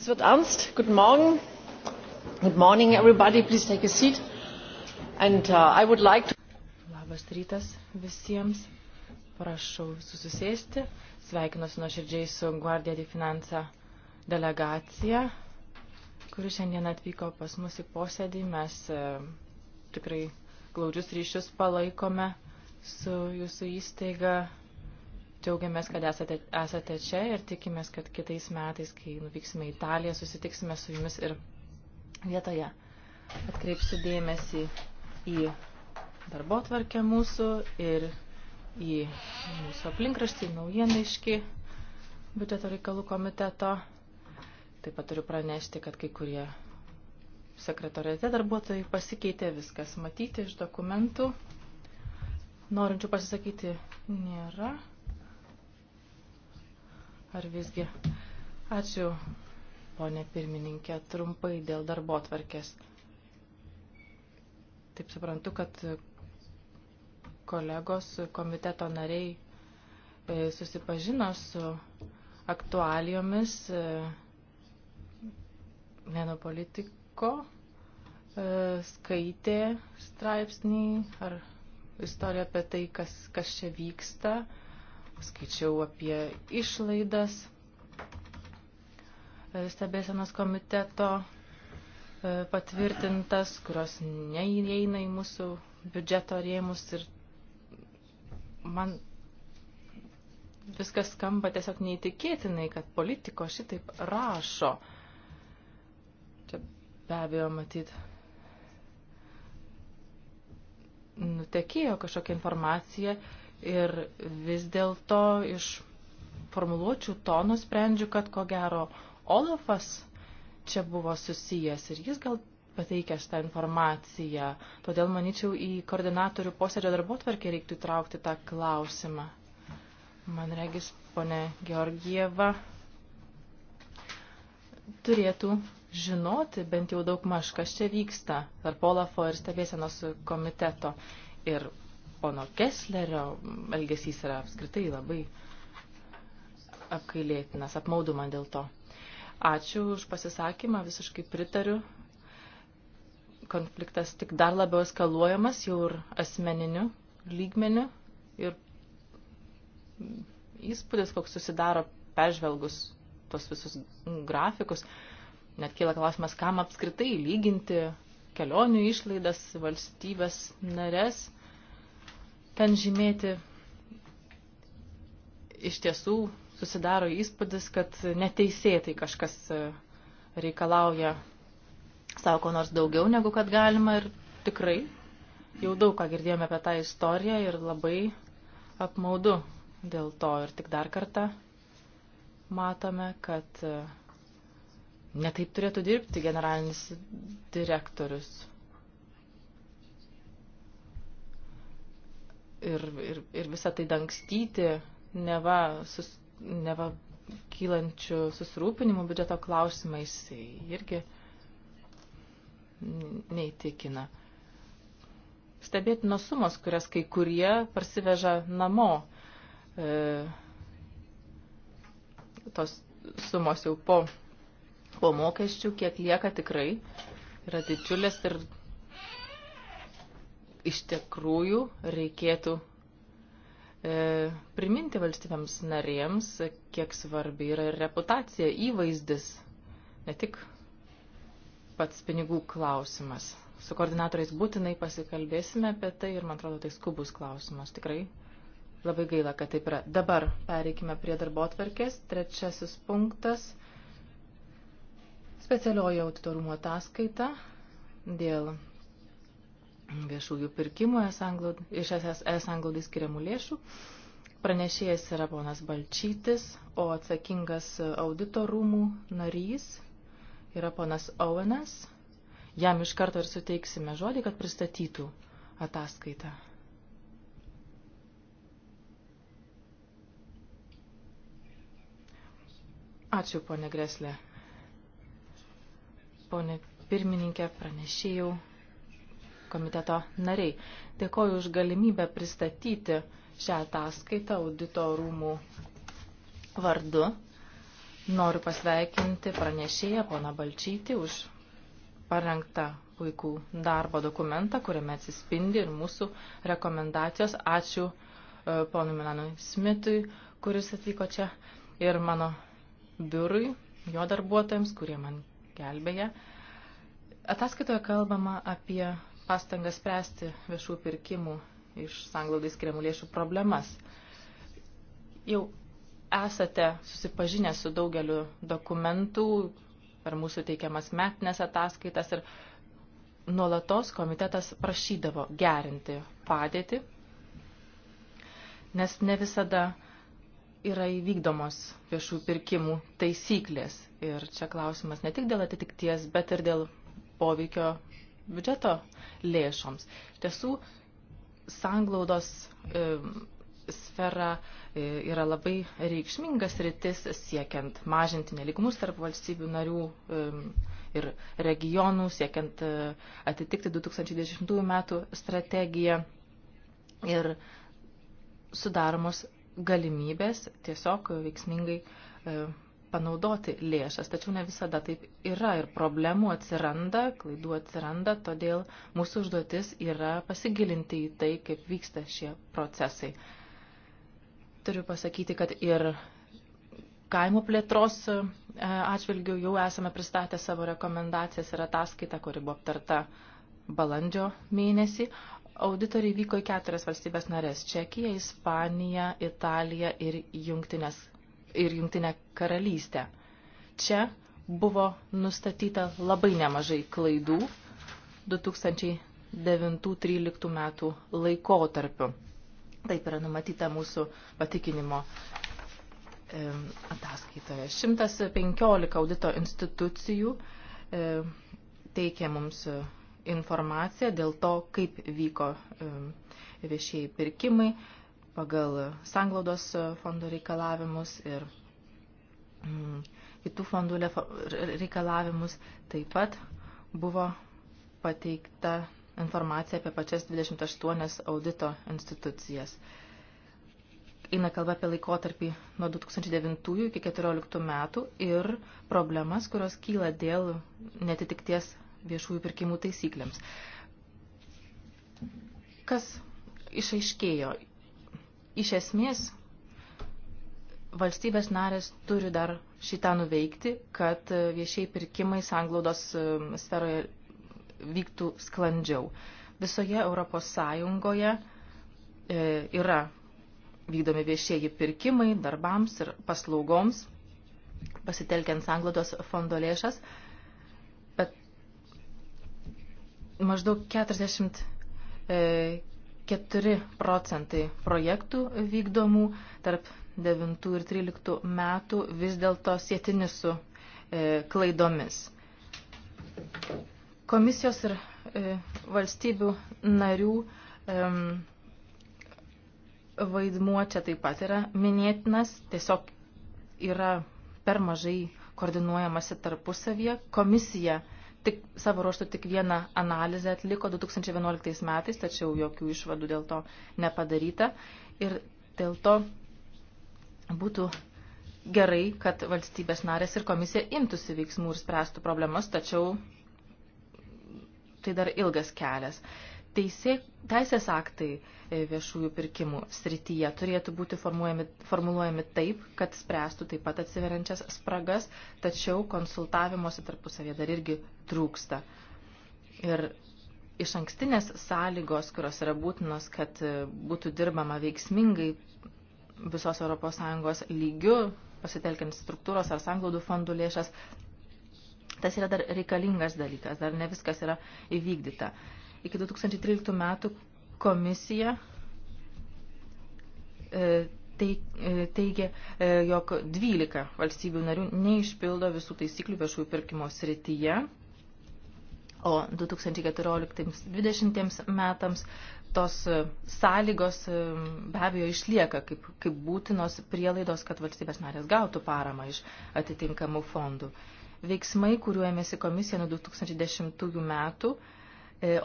Es wird ernst. Guten Morgen. Good morning, everybody. Please take a seat. And uh, I would like to... Labas rytas visiems. Prašau susisėsti. Sveikinuosi nuoširdžiai su Guardia di Finanza delegacija, kuri šiandien atvyko pas mus į posėdį. Mes uh, tikrai glaudžius ryšius palaikome su jūsų įstaiga Džiaugiamės, kad esate, esate čia ir tikimės, kad kitais metais, kai nuvyksime į Italiją, susitiksime su jumis ir vietoje. Atkreipsiu dėmesį į darbo tvarkę mūsų ir į mūsų aplinkraštį, naujienaiškį biudžeto reikalų komiteto. Taip pat turiu pranešti, kad kai kurie sekretoriate darbuotojai pasikeitė viskas matyti iš dokumentų. Norinčių pasisakyti nėra ar visgi? Ačiū, ponė pirmininkė, trumpai dėl darbo tvarkės. Taip suprantu, kad kolegos komiteto nariai e, susipažino su aktualijomis vieno e, politiko, e, skaitė straipsnį ar istoriją apie tai, kas, kas čia vyksta skaičiau apie išlaidas e, stebėsenos komiteto e, patvirtintas, kurios neįeina į mūsų biudžeto rėmus ir man viskas skamba tiesiog neįtikėtinai, kad politiko šitaip rašo. Čia be abejo matyt nutekėjo kažkokia informacija Ir vis dėlto iš formuluočių tonų sprendžiu, kad ko gero Olafas čia buvo susijęs ir jis gal pateikia šitą informaciją. Todėl, manyčiau, į koordinatorių posėdžio darbo tvarkę reiktų įtraukti tą klausimą. Man regis, ponė Georgieva turėtų žinoti bent jau daug maž, kas čia vyksta tarp Olafo ir stebėsenos komiteto. Ir pono Kesslerio elgesys yra apskritai labai apkailėtinas, apmaudu man dėl to. Ačiū už pasisakymą, visiškai pritariu. Konfliktas tik dar labiau eskaluojamas jau ir asmeniniu lygmeniu ir įspūdis, koks susidaro peržvelgus tos visus grafikus. Net kyla klausimas, kam apskritai lyginti kelionių išlaidas valstybės narės ten žymėti, iš tiesų susidaro įspūdis, kad neteisėtai kažkas e, reikalauja savo ko nors daugiau negu kad galima ir tikrai jau daug ką girdėjome apie tą istoriją ir labai apmaudu dėl to ir tik dar kartą matome, kad e, netaip turėtų dirbti generalinis direktorius. ir, ir, ir visą tai dangstyti, neva, sus, neva kylančių susirūpinimų biudžeto klausimais tai irgi neįtikina. Stebėtinos sumos, kurias kai kurie parsiveža namo. E, tos sumos jau po, po mokesčių, kiek lieka tikrai, yra didžiulės ir iš tikrųjų reikėtų e, priminti valstybėms narėms, kiek svarbi yra ir reputacija, įvaizdis, ne tik pats pinigų klausimas. Su koordinatoriais būtinai pasikalbėsime apie tai ir, man atrodo, tai skubus klausimas. Tikrai labai gaila, kad taip yra. Dabar pereikime prie darbo atvarkės. Trečiasis punktas. Specialioji auditorumo ataskaita dėl viešųjų pirkimų iš SS anglaudai skiriamų lėšų. Pranešėjas yra ponas Balčytis, o atsakingas audito rūmų narys yra ponas Owenas. Jam iš karto ir suteiksime žodį, kad pristatytų ataskaitą. Ačiū, ponė Greslė. Pone pirmininkė, pranešėjau, komiteto nariai. Dėkoju už galimybę pristatyti šią ataskaitą audito rūmų vardu. Noriu pasveikinti pranešėją poną Balčytį už parengtą puikų darbo dokumentą, kuriame atsispindi ir mūsų rekomendacijos. Ačiū e, ponui Milanui Smitui, kuris atvyko čia, ir mano biurui, jo darbuotojams, kurie man gelbėja. Ataskaitoje kalbama apie pastangas spręsti viešų pirkimų iš sanglaudai skiriamų lėšų problemas. Jau esate susipažinę su daugeliu dokumentų per mūsų teikiamas metinės ataskaitas ir nuolatos komitetas prašydavo gerinti padėtį, nes ne visada yra įvykdomos viešų pirkimų taisyklės. Ir čia klausimas ne tik dėl atitikties, bet ir dėl poveikio biudžeto lėšoms. Tiesų, sanglaudos e, sfera e, yra labai reikšmingas rytis siekiant mažinti neligumus tarp valstybių narių e, ir regionų, siekiant e, atitikti 2010 metų strategiją ir sudaromos galimybės tiesiog veiksmingai e, panaudoti lėšas, tačiau ne visada taip yra ir problemų atsiranda, klaidų atsiranda, todėl mūsų užduotis yra pasigilinti į tai, kaip vyksta šie procesai. Turiu pasakyti, kad ir kaimo plėtros e, atžvilgių jau esame pristatę savo rekomendacijas ir ataskaitą, kuri buvo aptarta balandžio mėnesį. Auditoriai vyko į keturias valstybės narės - Čekiją, Ispaniją, Italiją ir Jungtinės ir Jungtinę karalystę. Čia buvo nustatyta labai nemažai klaidų 2009-2013 metų laikotarpiu. Taip yra numatyta mūsų patikinimo ataskaitoje. 115 audito institucijų teikia mums e, informaciją dėl to, kaip vyko viešieji pirkimai, pagal sanglaudos fondo reikalavimus ir mm, kitų fondų reikalavimus taip pat buvo pateikta informacija apie pačias 28 audito institucijas. Eina kalba apie laikotarpį nuo 2009 iki 2014 metų ir problemas, kurios kyla dėl netitikties viešųjų pirkimų taisyklėms. Kas išaiškėjo? Iš esmės, valstybės narės turi dar šitą nuveikti, kad viešiai pirkimai sanglaudos um, sferoje vyktų sklandžiau. Visoje Europos Sąjungoje e, yra vykdomi viešieji pirkimai darbams ir paslaugoms, pasitelkiant sanglaudos fondo lėšas, bet maždaug 40 4 procentai projektų vykdomų tarp 9 ir 13 metų vis dėlto sėtini su e, klaidomis. Komisijos ir e, valstybių narių e, vaidmuo čia taip pat yra minėtinas, tiesiog yra per mažai koordinuojamasi tarpusavyje. Komisija e, tik, savo ruoštų tik vieną analizę atliko 2011 metais, tačiau jokių išvadų dėl to nepadaryta. Ir dėl to būtų gerai, kad valstybės narės ir komisija imtųsi veiksmų ir spręstų problemas, tačiau tai dar ilgas kelias. Teisė, teisės aktai e, viešųjų pirkimų srityje turėtų būti formuluojami taip, kad spręstų taip pat atsiveriančias spragas, tačiau konsultavimuose tarpusavė dar irgi trūksta. Ir iš ankstinės sąlygos, kurios yra būtinos, kad būtų dirbama veiksmingai visos ES lygių, pasitelkiant struktūros ar sanglaudų fondų lėšas, tas yra dar reikalingas dalykas, dar ne viskas yra įvykdyta. Iki 2013 metų komisija e, e, teigia, e, jog 12 valstybių narių neišpildo visų taisyklių viešųjų pirkimo srityje o 2014-2020 metams tos e, sąlygos e, be abejo išlieka kaip, kaip būtinos prielaidos, kad valstybės narės gautų paramą iš atitinkamų fondų. Veiksmai, kuriuo ėmėsi komisija nuo 2010 metų, e,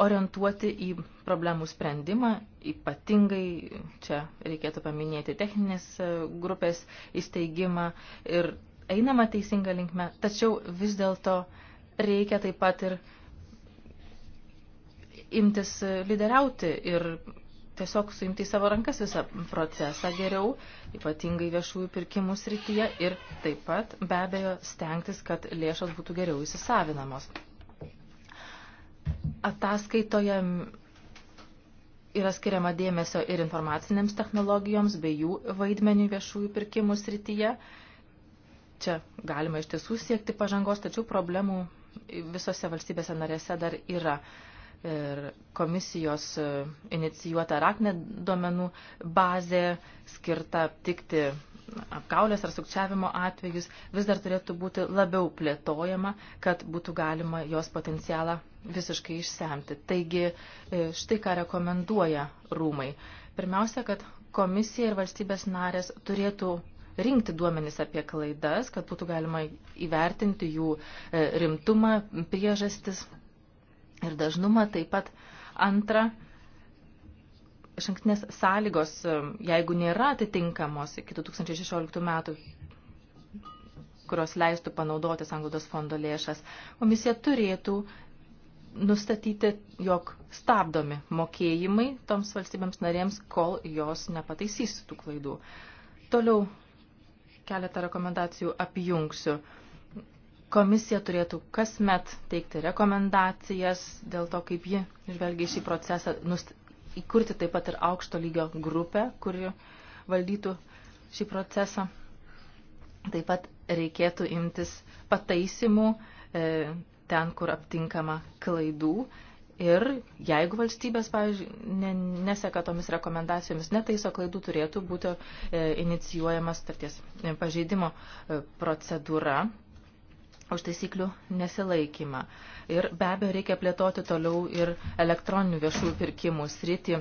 orientuoti į problemų sprendimą, ypatingai čia reikėtų paminėti techninės grupės įsteigimą ir einama teisinga linkme, tačiau vis dėlto reikia taip pat ir imtis lyderiauti ir tiesiog suimti į savo rankas visą procesą geriau, ypatingai viešųjų pirkimų srityje ir taip pat be abejo stengtis, kad lėšos būtų geriau įsisavinamos. Ataskaitoje yra skiriama dėmesio ir informacinėms technologijoms bei jų vaidmenių viešųjų pirkimų srityje. Čia galima iš tiesų siekti pažangos, tačiau problemų visose valstybėse narėse dar yra ir komisijos e, inicijuota rakne duomenų bazė skirta aptikti apkaulės ar sukčiavimo atvejus vis dar turėtų būti labiau plėtojama, kad būtų galima jos potencialą visiškai išsemti. Taigi e, štai ką rekomenduoja rūmai. Pirmiausia, kad komisija ir valstybės narės turėtų rinkti duomenis apie klaidas, kad būtų galima įvertinti jų e, rimtumą, priežastis ir dažnumą. Taip pat antra, šankstinės sąlygos, um, jeigu nėra atitinkamos iki 2016 metų, kurios leistų panaudoti sanglaudos fondo lėšas, komisija turėtų nustatyti, jog stabdomi mokėjimai toms valstybėms narėms, kol jos nepataisys tų klaidų. Toliau keletą rekomendacijų apjungsiu. Komisija turėtų kasmet teikti rekomendacijas dėl to, kaip ji žvelgia į šį procesą, įkurti taip pat ir aukšto lygio grupę, kuri valdytų šį procesą. Taip pat reikėtų imtis pataisimų e, ten, kur aptinkama klaidų. Ir jeigu valstybės, pavyzdžiui, ne, neseka tomis rekomendacijomis, netaiso klaidų, turėtų būti e, inicijuojamas tarties e, pažeidimo e, procedūra už taisyklių nesilaikymą. Ir be abejo reikia plėtoti toliau ir elektroninių viešųjų pirkimų sritį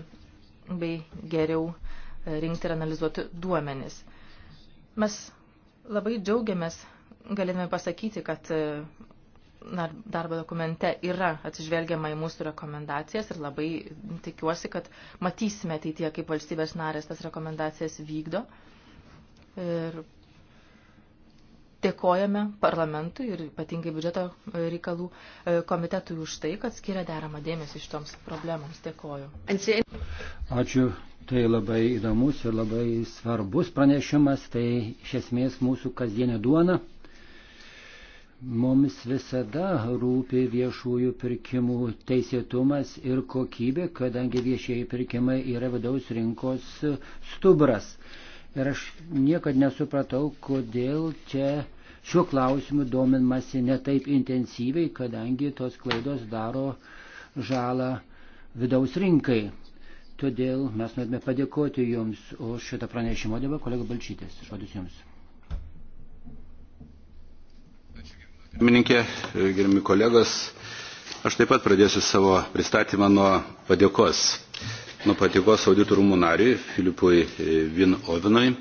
bei geriau e, rinkti ir analizuoti duomenis. Mes labai džiaugiamės, galime pasakyti, kad e, darbo dokumente yra atsižvelgiama į mūsų rekomendacijas ir labai tikiuosi, kad matysime ateityje, kaip valstybės narės tas rekomendacijas vykdo. Ir Dėkojame parlamentui ir ypatingai biudžeto reikalų e, komitetui už tai, kad skiria deramą dėmesį šitoms problemams. Dėkoju. Ačiū. Tai labai įdomus ir labai svarbus pranešimas. Tai iš esmės mūsų kasdienė duona. Mums visada rūpi viešųjų pirkimų teisėtumas ir kokybė, kadangi viešieji pirkimai yra vidaus rinkos stubras. Ir aš niekad nesupratau, kodėl čia šiuo klausimu dominmasi netaip intensyviai, kadangi tos klaidos daro žalą vidaus rinkai. Todėl mes norime padėkoti Jums už šitą pranešimą. Dabar kolega Balčytis, žodis Jums. Pirmininkė, gerimi kolegos, aš taip pat pradėsiu savo pristatymą nuo padėkos nuo patikos auditorumų nariui Filipui e, Vin Ovinui,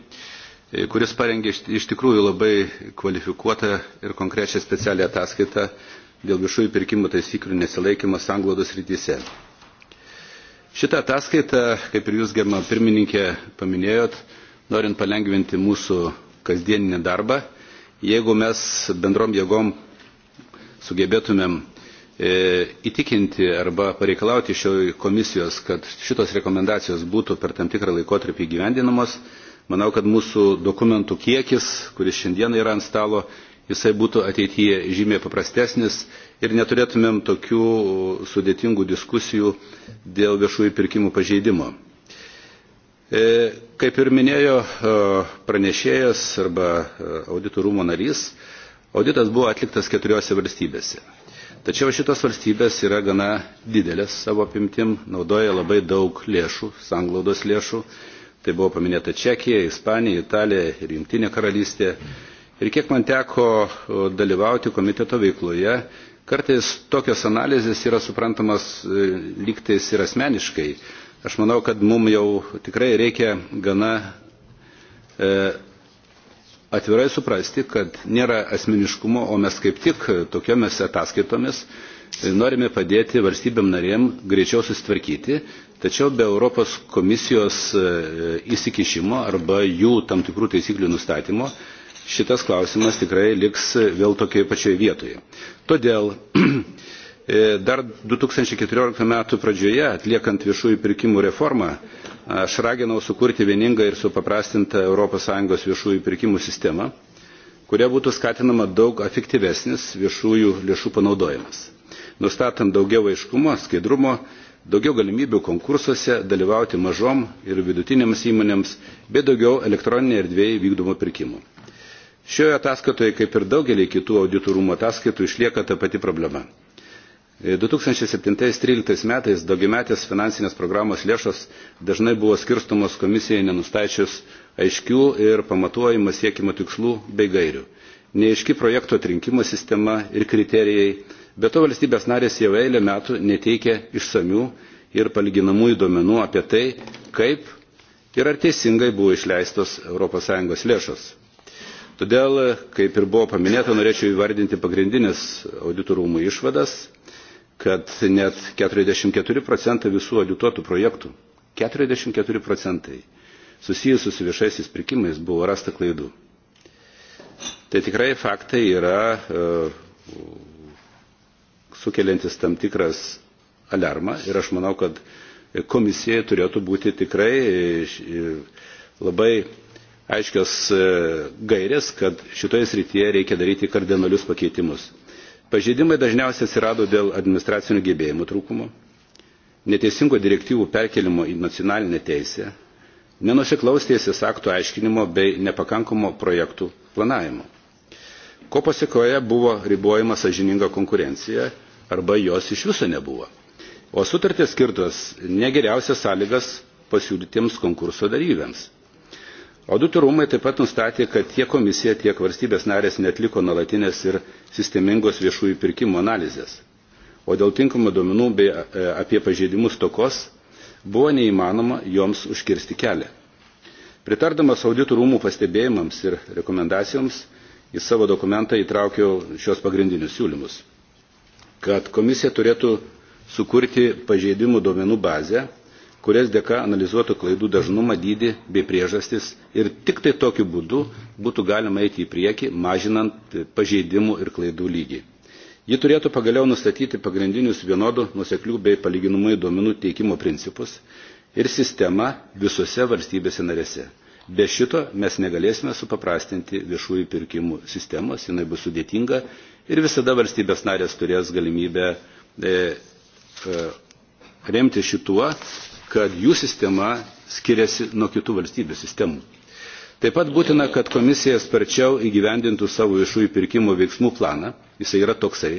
e, kuris parengė iš tikrųjų labai kvalifikuotą ir konkrečią specialią ataskaitą dėl viešųjų pirkimų taisyklių nesilaikymo sanglaudos rytise. Šitą ataskaitą, kaip ir jūs, germa pirmininkė, paminėjot, norint palengvinti mūsų kasdieninį darbą, jeigu mes bendrom jėgom sugebėtumėm E, įtikinti arba pareikalauti šio komisijos, kad šitos rekomendacijos būtų per tam tikrą laikotarpį gyvendinamos, manau, kad mūsų dokumentų kiekis, kuris šiandien yra ant stalo, jisai būtų ateityje žymiai paprastesnis ir neturėtumėm tokių sudėtingų diskusijų dėl viešųjų pirkimų pažeidimo. E, kaip ir minėjo e, pranešėjas arba auditų rūmo narys, auditas buvo atliktas keturiose valstybėse Tačiau šitos valstybės yra gana didelės savo apimtim, naudoja labai daug lėšų, sanglaudos lėšų. Tai buvo paminėta Čekija, Ispanija, Italija ir Junktinė karalystė. Ir kiek man teko dalyvauti komiteto veikloje, kartais tokios analizės yra suprantamas e, lygtais ir asmeniškai. Aš manau, kad mums jau tikrai reikia gana e, atvirai suprasti, kad nėra asmeniškumo, o mes kaip tik tokiomis ataskaitomis e, norime padėti valstybėm narėm greičiau susitvarkyti, tačiau be Europos komisijos e, įsikišimo arba jų tam tikrų taisyklių nustatymo šitas klausimas tikrai liks vėl tokioje pačioje vietoje. Todėl e, dar 2014 metų pradžioje atliekant viešųjų pirkimų reformą aš raginau sukurti vieningą ir supaprastintą ES viešųjų pirkimų sistemą, kuria būtų skatinama daug efektyvesnis viešųjų lėšų panaudojimas, nustatant daugiau aiškumo, skaidrumo, daugiau galimybių konkursuose dalyvauti mažom ir vidutinėms įmonėms, bei daugiau elektroninėje erdvėje vykdomo pirkimo. Šioje ataskatoje, kaip ir daugelį kitų auditorumų ataskaitų, išlieka ta pati problema 2007-2013 metais daugiametės finansinės programos lėšos dažnai buvo skirstomos komisijai nenustačius aiškių ir pamatuojimą siekimo tikslų bei gairių. Neiški projektų atrinkimo sistema ir kriterijai, bet to valstybės narės jau eilę metų neteikia išsamių ir palyginamųjų duomenų apie tai, kaip ir ar teisingai buvo išleistos ES lėšos. Todėl, kaip ir buvo paminėta, norėčiau įvardinti pagrindinės auditorumų išvadas kad net 44 procentai visų audituotų projektų, 44 procentai susijusių su viešaisiais pirkimais buvo rasta klaidų. Tai tikrai faktai yra e, sukeliantis tam tikras alarmą ir aš manau, kad komisija turėtų būti tikrai e, labai aiškios e, gairės, kad šitoje srityje reikia daryti kardinalius pakeitimus. Pažeidimai dažniausiai atsirado dėl administracinių gebėjimų trūkumo, neteisingo direktyvų perkelimo į nacionalinę teisę, nenusiklaus teisės aktų aiškinimo bei nepakankamo projektų planavimo, ko pasikoje buvo ribojama sažininga konkurencija arba jos iš viso nebuvo. O sutartės skirtos negeriausias sąlygas pasiūlytiems konkurso dalyviams. Auditų rūmai taip pat nustatė, kad tiek komisija, tiek valstybės narės netliko nuolatinės ir sistemingos viešųjų pirkimų analizės, o dėl tinkamų duomenų bei e, apie pažeidimus tokos buvo neįmanoma joms užkirsti kelią. Pritardamas auditų rūmų pastebėjimams ir rekomendacijoms, į savo dokumentą įtraukiau šios pagrindinius siūlymus, kad komisija turėtų sukurti pažeidimų duomenų bazę kurias dėka analizuotų klaidų dažnumą, dydį bei priežastis ir tik tai tokiu būdu būtų galima eiti į priekį, mažinant pažeidimų ir klaidų lygį. Ji turėtų pagaliau nustatyti pagrindinius vienodų nuseklių bei palyginamai duomenų teikimo principus ir sistemą visose valstybėse narėse. Be šito mes negalėsime supaprastinti viešųjų pirkimų sistemos, jinai bus sudėtinga ir visada valstybės narės turės galimybę e, e, remti šituo kad jų sistema skiriasi nuo kitų valstybių sistemų. Taip pat būtina, kad komisija sparčiau įgyvendintų savo viešųjų pirkimo veiksmų planą. Jisai yra toksai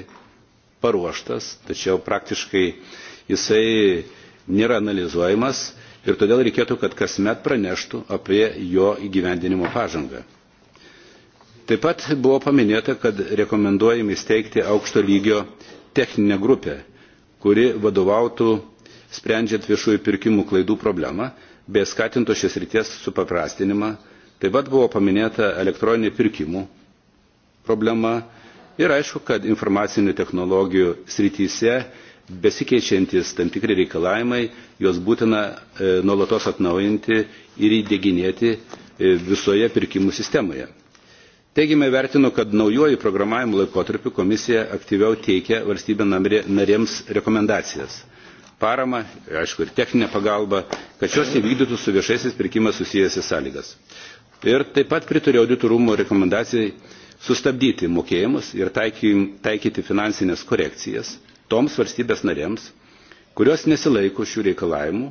paruoštas, tačiau praktiškai jisai nėra analizuojamas ir todėl reikėtų, kad kasmet praneštų apie jo įgyvendinimo pažangą. Taip pat buvo paminėta, kad rekomenduojami steigti aukšto lygio techninę grupę, kuri vadovautų sprendžiant viešųjų pirkimų klaidų problemą bei skatintų šios ryties supaprastinimą. Taip pat buvo paminėta elektroninė pirkimų problema ir aišku, kad informacinių technologijų srityse besikeičiantis tam tikri reikalavimai, juos būtina e, nuolatos atnaujinti ir įdėginėti e, visoje pirkimų sistemoje. Teigiamai vertinu, kad naujoji programavimo laikotarpiu komisija aktyviau teikia valstybė narėms rekomendacijas paramą, aišku, ir techninę pagalbą, kad šios įvykdytų su viešaisiais pirkimas susijęs sąlygas. Ir taip pat pritarė auditų rūmų rekomendacijai sustabdyti mokėjimus ir taikyti finansinės korekcijas toms valstybės narėms, kurios nesilaiko šių reikalavimų,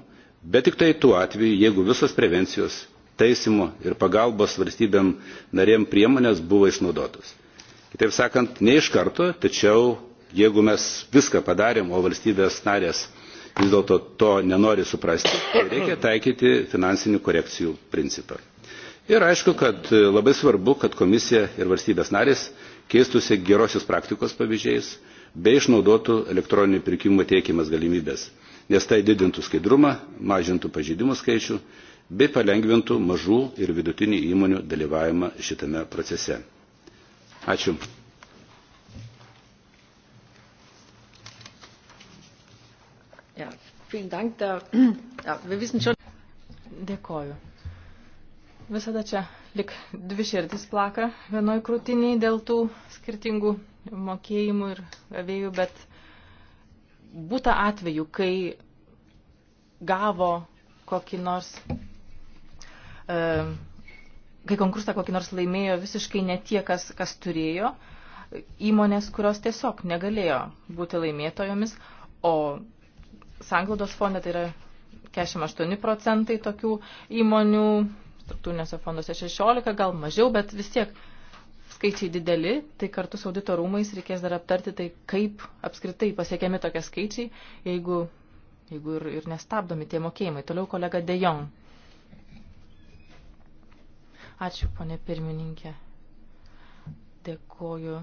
bet tik tai tuo atveju, jeigu visos prevencijos, taisymo ir pagalbos valstybėm narėm priemonės buvo išnaudotos. Kitaip sakant, ne iš karto, tačiau jeigu mes viską padarėm, o valstybės narės vis dėlto to nenori suprasti, tai reikia taikyti finansinių korekcijų principą. Ir aišku, kad labai svarbu, kad komisija ir valstybės narės keistųsi gerosios praktikos pavyzdžiais bei išnaudotų elektroninių pirkimų teikiamas galimybės, nes tai didintų skaidrumą, mažintų pažydimų skaičių bei palengvintų mažų ir vidutinių įmonių dalyvavimą šitame procese. Ačiū. Ja, Dank, da, ja, schon... Dėkoju. Visada čia lik dvi širdis plaka vienoj krūtiniai dėl tų skirtingų mokėjimų ir gavėjų, bet būta atveju, kai gavo kokį nors, e, kai konkursą kokį nors laimėjo visiškai ne tie, kas, kas turėjo, įmonės, kurios tiesiog negalėjo būti laimėtojomis, o sanglaudos fonde tai yra 48 procentai tokių įmonių, struktūrinėse fondose 16, gal mažiau, bet vis tiek skaičiai dideli, tai kartu su audito rūmais reikės dar aptarti tai, kaip apskritai pasiekiami tokie skaičiai, jeigu, jeigu ir, ir nestabdomi tie mokėjimai. Toliau kolega De Jong. Ačiū, ponė pirmininkė. Dėkoju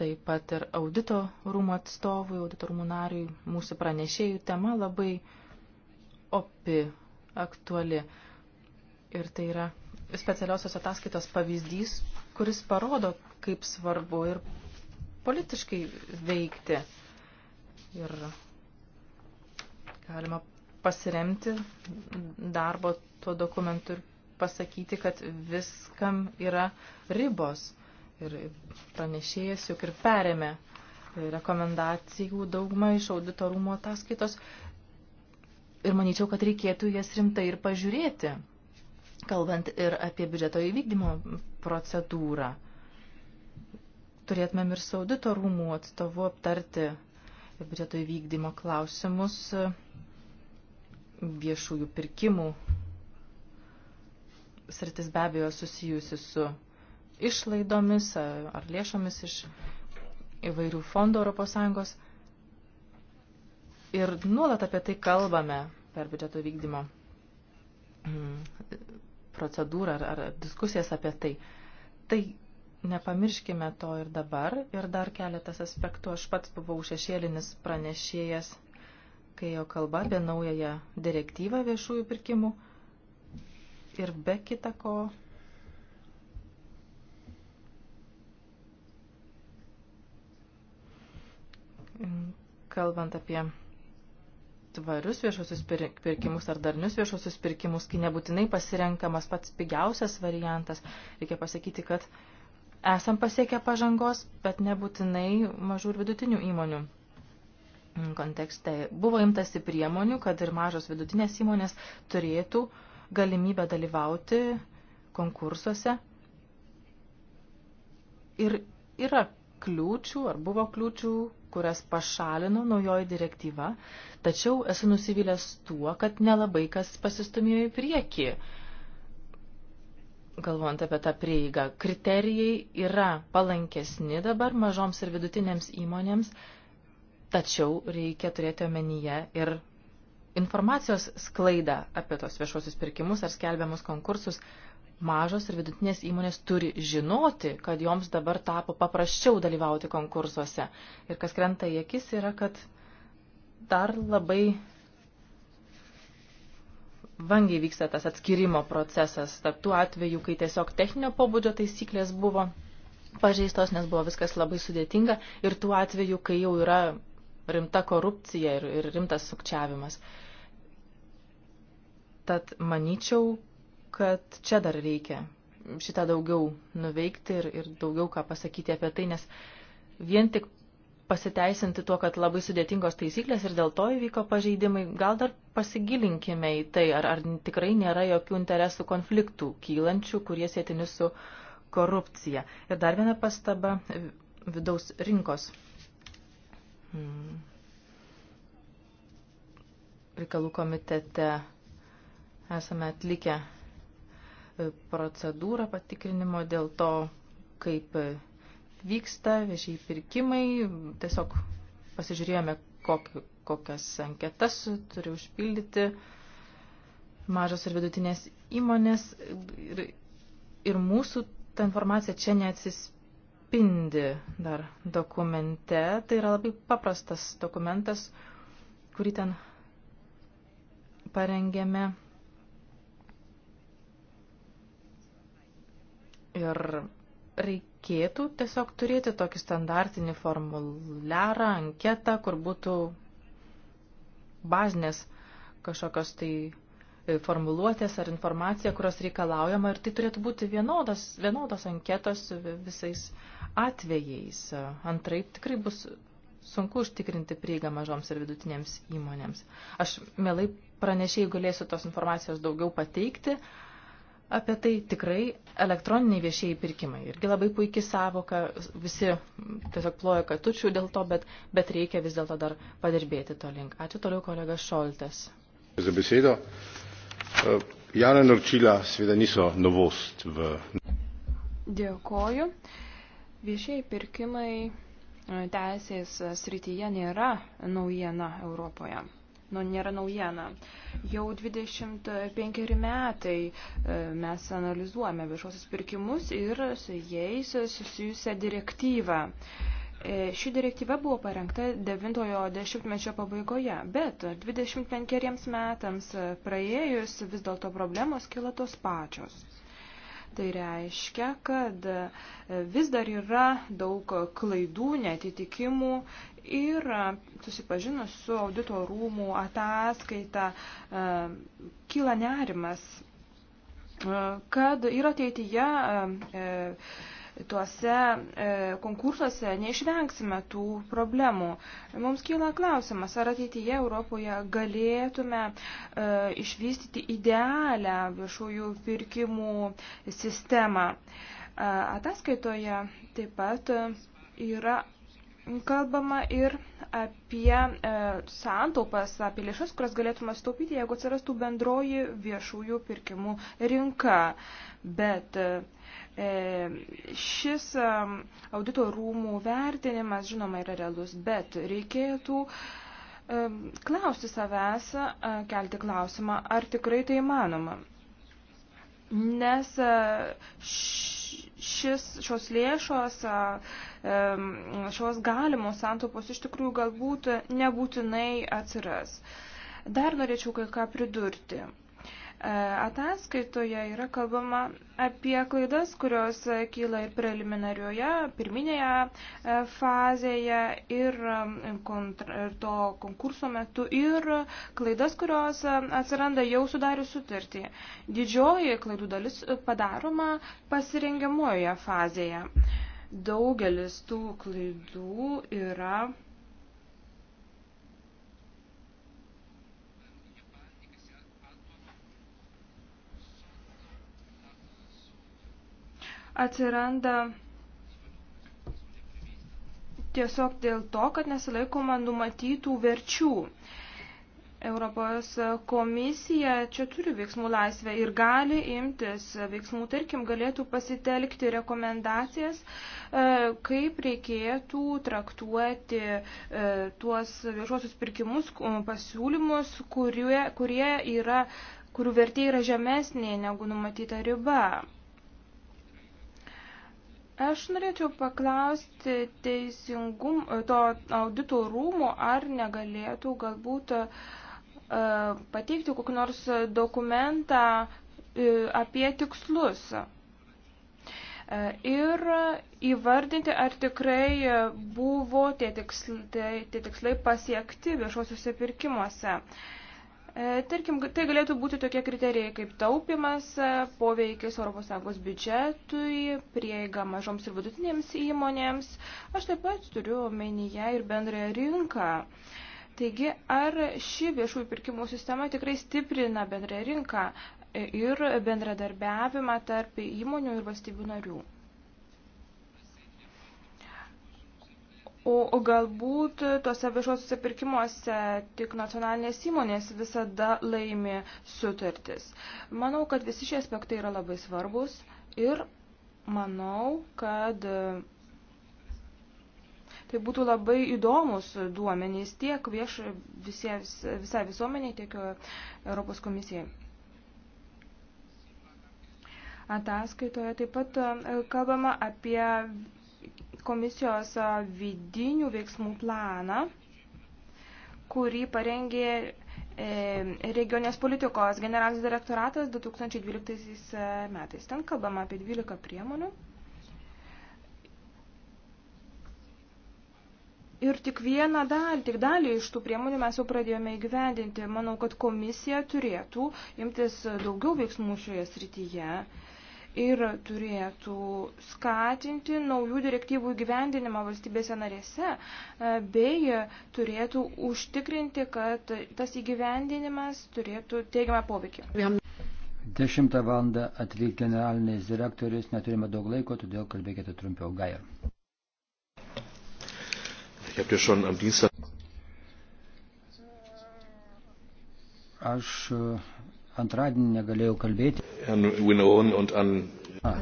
taip pat ir audito rūmų atstovui, audito rūmų nariui, mūsų pranešėjų tema labai opi, aktuali. Ir tai yra specialiosios ataskaitos pavyzdys, kuris parodo, kaip svarbu ir politiškai veikti. Ir galima pasiremti darbo tuo dokumentu ir pasakyti, kad viskam yra ribos ir pranešėjas juk ir perėmė rekomendacijų daugumą iš auditorumo ataskaitos ir manyčiau, kad reikėtų jas rimtai ir pažiūrėti, kalbant ir apie biudžeto įvykdymo procedūrą. Turėtumėm ir su auditorumų atstovu aptarti biudžeto įvykdymo klausimus viešųjų pirkimų sritis be abejo susijusi su išlaidomis ar lėšomis iš įvairių fondų ES. Ir nuolat apie tai kalbame per biudžeto vykdymo mm, procedūrą ar, ar diskusijas apie tai. Tai nepamirškime to ir dabar. Ir dar keletas aspektų. Aš pats buvau šešėlinis pranešėjas, kai jo kalba apie naująją direktyvą viešųjų pirkimų. Ir be kita ko, kalbant apie tvarius viešosius pirkimus ar darnius viešosius pirkimus, kai nebūtinai pasirenkamas pats pigiausias variantas, reikia pasakyti, kad esam pasiekę pažangos, bet nebūtinai mažų ir vidutinių įmonių kontekste. Buvo imtasi priemonių, kad ir mažos vidutinės įmonės turėtų galimybę dalyvauti konkursuose. Ir yra kliūčių, ar buvo kliūčių, kurias pašalino naujoji direktyva, tačiau esu nusivylęs tuo, kad nelabai kas pasistumėjo į priekį. Galvojant apie tą prieigą, kriterijai yra palankesni dabar mažoms ir vidutinėms įmonėms, tačiau reikia turėti omenyje ir informacijos sklaidą apie tos viešuosius pirkimus ar skelbiamus konkursus mažos ir vidutinės įmonės turi žinoti, kad joms dabar tapo paprasčiau dalyvauti konkursuose. Ir kas krenta į akis yra, kad dar labai vangiai vyksta tas atskirimo procesas tarp tų atvejų, kai tiesiog techninio pobūdžio taisyklės buvo pažeistos, nes buvo viskas labai sudėtinga, ir tų atvejų, kai jau yra rimta korupcija ir, ir rimtas sukčiavimas. Tad manyčiau, kad čia dar reikia šitą daugiau nuveikti ir, ir daugiau ką pasakyti apie tai, nes vien tik pasiteisinti tuo, kad labai sudėtingos taisyklės ir dėl to įvyko pažeidimai, gal dar pasigilinkime į tai, ar, ar tikrai nėra jokių interesų konfliktų kylančių, kurie sėtini su korupcija. Ir dar viena pastaba vidaus rinkos hmm. reikalų komitete esame atlikę procedūrą patikrinimo dėl to, kaip vyksta viešiai pirkimai. Tiesiog pasižiūrėjome, kokias anketas turi užpildyti mažos ir vidutinės įmonės. Ir, ir mūsų ta informacija čia neatsispindi dar dokumente. Tai yra labai paprastas dokumentas, kurį ten parengėme Ir reikėtų tiesiog turėti tokį standartinį formuliarą, anketą, kur būtų bazinės kažkokios tai e, formuluotės ar informacija, kurios reikalaujama ir tai turėtų būti vienodas, vienodos anketos visais atvejais. Antraip tikrai bus sunku užtikrinti prieigą mažoms ir vidutinėms įmonėms. Aš mielai pranešėjai galėsiu tos informacijos daugiau pateikti, uh, apie tai tikrai elektroniniai viešieji pirkimai. Irgi labai puikiai savoka, visi tiesiog ploja katučių dėl to, bet, bet reikia vis dėlto dar padirbėti to link. Ačiū toliau kolega Šoltas. Za besedo. E, Javna naročila sveda niso novost v. Dėkoju. Viešieji pirkimai e, teisės srityje nėra naujiena Europoje nu, nėra naujiena. Jau 25 metai e, mes analizuojame viešosius pirkimus ir su jais susijusią direktyvą. E, ši direktyva buvo parengta 9-ojo dešimtmečio pabaigoje, bet 25 metams praėjus vis dėlto problemos kila tos pačios. Tai reiškia, kad vis dar yra daug klaidų, netitikimų ir e, susipažinus su audito rūmų ataskaita e, kyla nerimas, e, kad ir ateityje tuose konkursuose neišvengsime tų problemų. Mums kyla klausimas, ar ateityje Europoje galėtume išvystyti idealią viešųjų pirkimų sistemą. Ataskaitoje taip pat yra kalbama ir apie e, santaupas, apie lėšas, kurias galėtume staupyti, jeigu atsirastų bendroji viešųjų pirkimų rinka. Bet e, e, šis e, audito rūmų vertinimas, žinoma, yra realus, bet reikėtų e, klausti savęs, e, kelti klausimą, ar tikrai tai įmanoma. Nes e, š, šis, šios lėšos, šios galimos santopos iš tikrųjų galbūt nebūtinai atsiras. Dar norėčiau kai ką pridurti. E, ataskaitoje yra kalbama apie klaidas, kurios kyla ir preliminarioje, pirminėje e, fazėje e, ir to konkurso metu ir klaidas, kurios atsiranda jau sudarius sutartį. Didžioji klaidų dalis padaroma pasirengiamoje fazėje. Daugelis tų klaidų yra atsiranda tiesiog dėl to, kad nesilaikoma numatytų verčių. Europos komisija čia turi veiksmų laisvę ir gali imtis veiksmų, tarkim, galėtų pasitelkti rekomendacijas, e, kaip reikėtų traktuoti e, tuos viešuosius pirkimus, um, pasiūlymus, kurie, kurie yra, kurių vertė yra žemesnė negu numatyta riba. Aš norėčiau paklausti teisingum, to audito rūmų, ar negalėtų galbūt e, pateikti kokį nors dokumentą e, apie tikslus e, ir įvardinti, ar tikrai buvo tie tikslai, tie, tie tikslai pasiekti viešuosiuose pirkimuose. E, E, tarkim, tai galėtų būti tokie kriterijai kaip taupimas, e, poveikis ES biudžetui, prieiga mažoms ir vidutinėms įmonėms. Aš taip pat turiu omenyje ir bendrąją rinką. Taigi, ar ši viešųjų pirkimų sistema tikrai stiprina bendrąją rinką e, ir bendradarbiavimą tarp įmonių ir valstybių narių? O galbūt tose viešuosiuose pirkimuose tik nacionalinės įmonės visada laimi sutartis. Manau, kad visi šie aspektai yra labai svarbus ir manau, kad tai būtų labai įdomus duomenys tiek vieš, visies, visai visuomeniai, tiek Europos komisijai. Ataskaitoje taip pat e, kalbama apie komisijos vidinių veiksmų planą, kurį parengė e, regionės politikos generalinis direktoratas 2012 e, metais. Ten kalbama apie 12 priemonių. Ir tik vieną dalį, tik dalį iš tų priemonių mes jau pradėjome įgyvendinti. Manau, kad komisija turėtų imtis daugiau veiksmų šioje srityje ir turėtų skatinti naujų direktyvų įgyvendinimą valstybėse narėse, e, bei turėtų užtikrinti, kad tas įgyvendinimas turėtų teigiamą poveikį. 10 val. atvyk generalinis direktorius, neturime daug laiko, todėl kalbėkite trumpiau, Gair. Aš antradienį negalėjau kalbėti. A,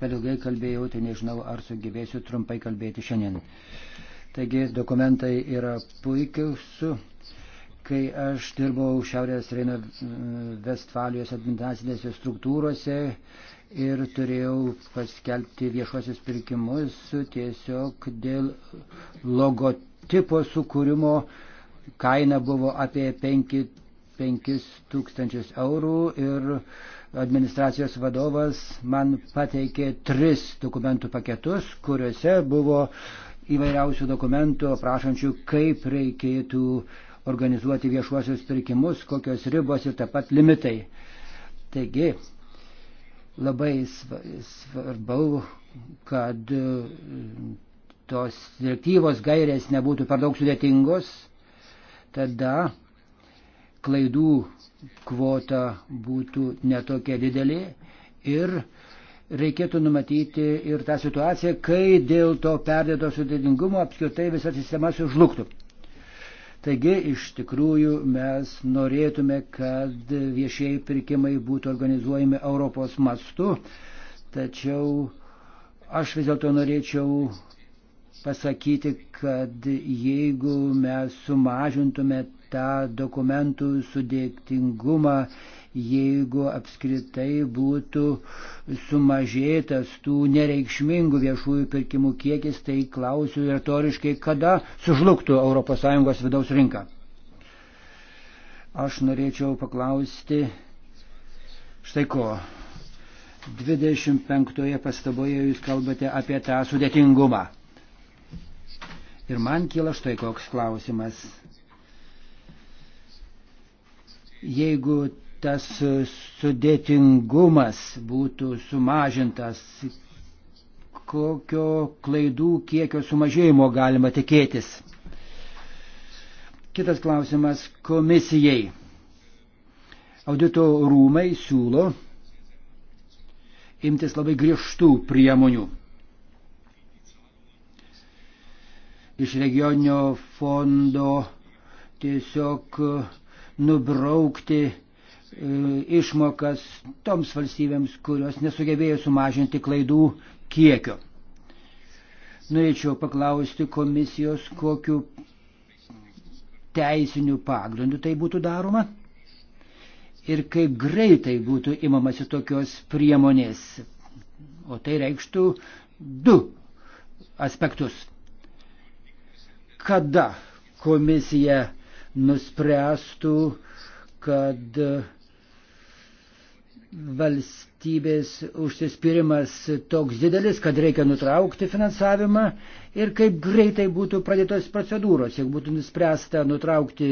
per ilgai kalbėjau, tai nežinau, ar sugebėsiu trumpai kalbėti šiandien. Taigi dokumentai yra puikius. Kai aš dirbau Šiaurės Reino mm, Vestfalijos administracinėse struktūrose ir turėjau paskelbti viešuosius pirkimus tiesiog dėl logotipo sukūrimo, kaina buvo apie 5 5000 eurų ir administracijos vadovas man pateikė tris dokumentų paketus, kuriuose buvo įvairiausių dokumentų aprašančių, kaip reikėtų organizuoti viešuosius pirkimus, kokios ribos ir taip pat limitai. Taigi, labai svarbu, kad tos direktyvos gairės nebūtų per daug sudėtingos, tada klaidų kvota būtų netokia didelė ir reikėtų numatyti ir tą situaciją, kai dėl to perdėto sudėtingumo apskritai visa sistema sužlugtų. Taigi iš tikrųjų mes norėtume, kad viešieji pirkimai būtų organizuojami Europos mastu, tačiau aš vis dėlto norėčiau pasakyti, kad jeigu mes sumažintume tą dokumentų sudėtingumą, jeigu apskritai būtų sumažėtas tų nereikšmingų viešųjų pirkimų kiekis, tai klausiu retoriškai, kada sužlugtų ES vidaus rinka. Aš norėčiau paklausti štai ko. 25 pastaboje jūs kalbate apie tą sudėtingumą. Ir man kyla štai koks klausimas. Jeigu tas sudėtingumas būtų sumažintas, kokio klaidų kiekio sumažėjimo galima tikėtis? Kitas klausimas komisijai. Audito rūmai siūlo imtis labai griežtų priemonių. Iš regioninio fondo tiesiog uh, nubraukti e, išmokas toms valstybėms, kurios nesugebėjo sumažinti klaidų kiekio. Norėčiau paklausti komisijos, kokiu teisiniu pagrindu tai būtų daroma ir kaip greitai būtų imamasi tokios priemonės. O tai reikštų du aspektus. Kada komisija nuspręstų, kad valstybės užsispyrimas toks didelis, kad reikia nutraukti finansavimą ir kaip greitai būtų pradėtos procedūros, jeigu būtų nuspręsta nutraukti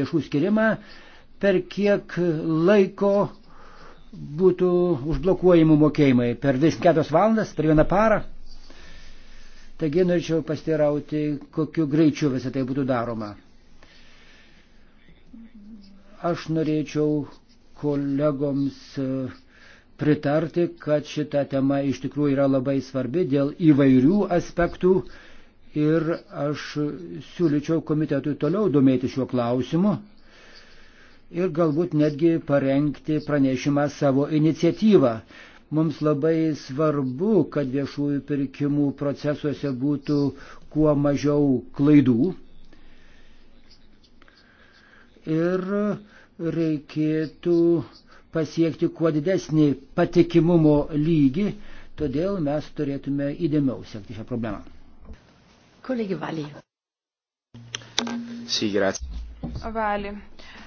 lėšų skirimą, per kiek laiko būtų užblokuojimų mokėjimai, per 24 valandas, per vieną parą. Taigi norėčiau pastirauti, kokiu greičiu visą tai būtų daroma. Aš norėčiau kolegoms e, pritarti, kad šita tema iš tikrųjų yra labai svarbi dėl įvairių aspektų ir aš siūlyčiau komitetui toliau domėti šiuo klausimu ir galbūt netgi parengti pranešimą savo iniciatyvą. Mums labai svarbu, kad viešųjų pirkimų procesuose būtų kuo mažiau klaidų. Ir uh, reikėtų pasiekti kuo didesnį patikimumo lygį, todėl mes turėtume įdėmiau sekti šią problemą. Kolegė Valį. Sigrats. Valį.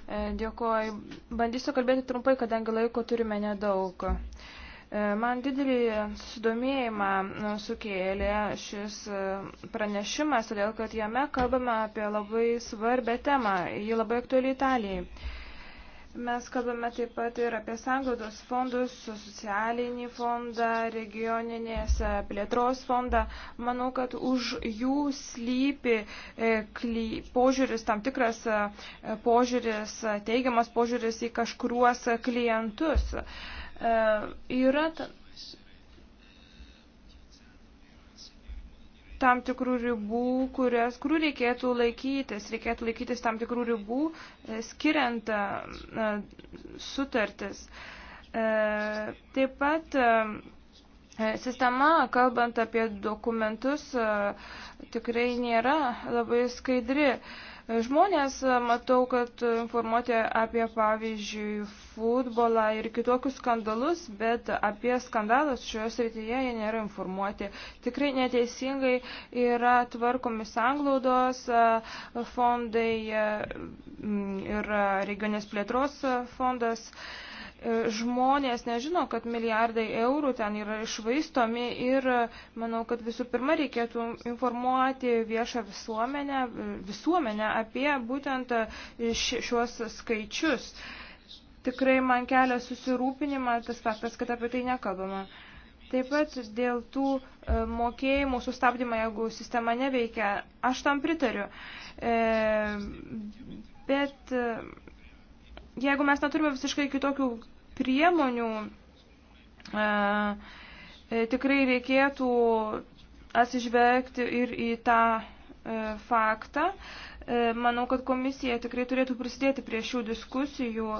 E, Dėkuoju. Bandysiu kalbėti trumpai, kadangi laiko turime nedaug. E, man didelį sudomėjimą e, sukėlė šis pranešimas, todėl kad jame kalbame apie labai svarbę temą. Ji labai aktuali Italijai. Mes kalbame taip pat ir apie sanglaudos fondus, socialinį fondą, regioninės e, plėtros fondą. Manau, kad už jų slypi e, požiūris, tam tikras e, požiūris, teigiamas požiūris į kažkuriuos klientus. Yra tam tikrų ribų, kurias, kurių reikėtų laikytis. Reikėtų laikytis tam tikrų ribų, e, skiriant e, e, sutartis. Taip pat sistema, kalbant apie dokumentus, tikrai nėra labai skaidri. Žmonės, e, matau, kad informuoti apie, pavyzdžiui, futbolą ir kitokius skandalus, bet apie skandalus šioje srityje jie nėra informuoti. Tikrai neteisingai yra tvarkomi sanglaudos e, fondai e, ir regionės plėtros fondas. E, žmonės nežino, kad milijardai eurų ten yra išvaistomi ir e, manau, kad visų pirma reikėtų informuoti viešą visuomenę, e, visuomenę apie būtent šiuos skaičius. Tikrai man kelia susirūpinimą tas faktas, kad apie tai nekalbama. Taip pat dėl tų mokėjimų sustabdymą, jeigu sistema neveikia, aš tam pritariu. Bet jeigu mes neturime visiškai kitokių priemonių e, e, tikrai reikėtų atsižvelgti ir į tą e, faktą. E, manau, kad komisija tikrai turėtų prisidėti prie šių diskusijų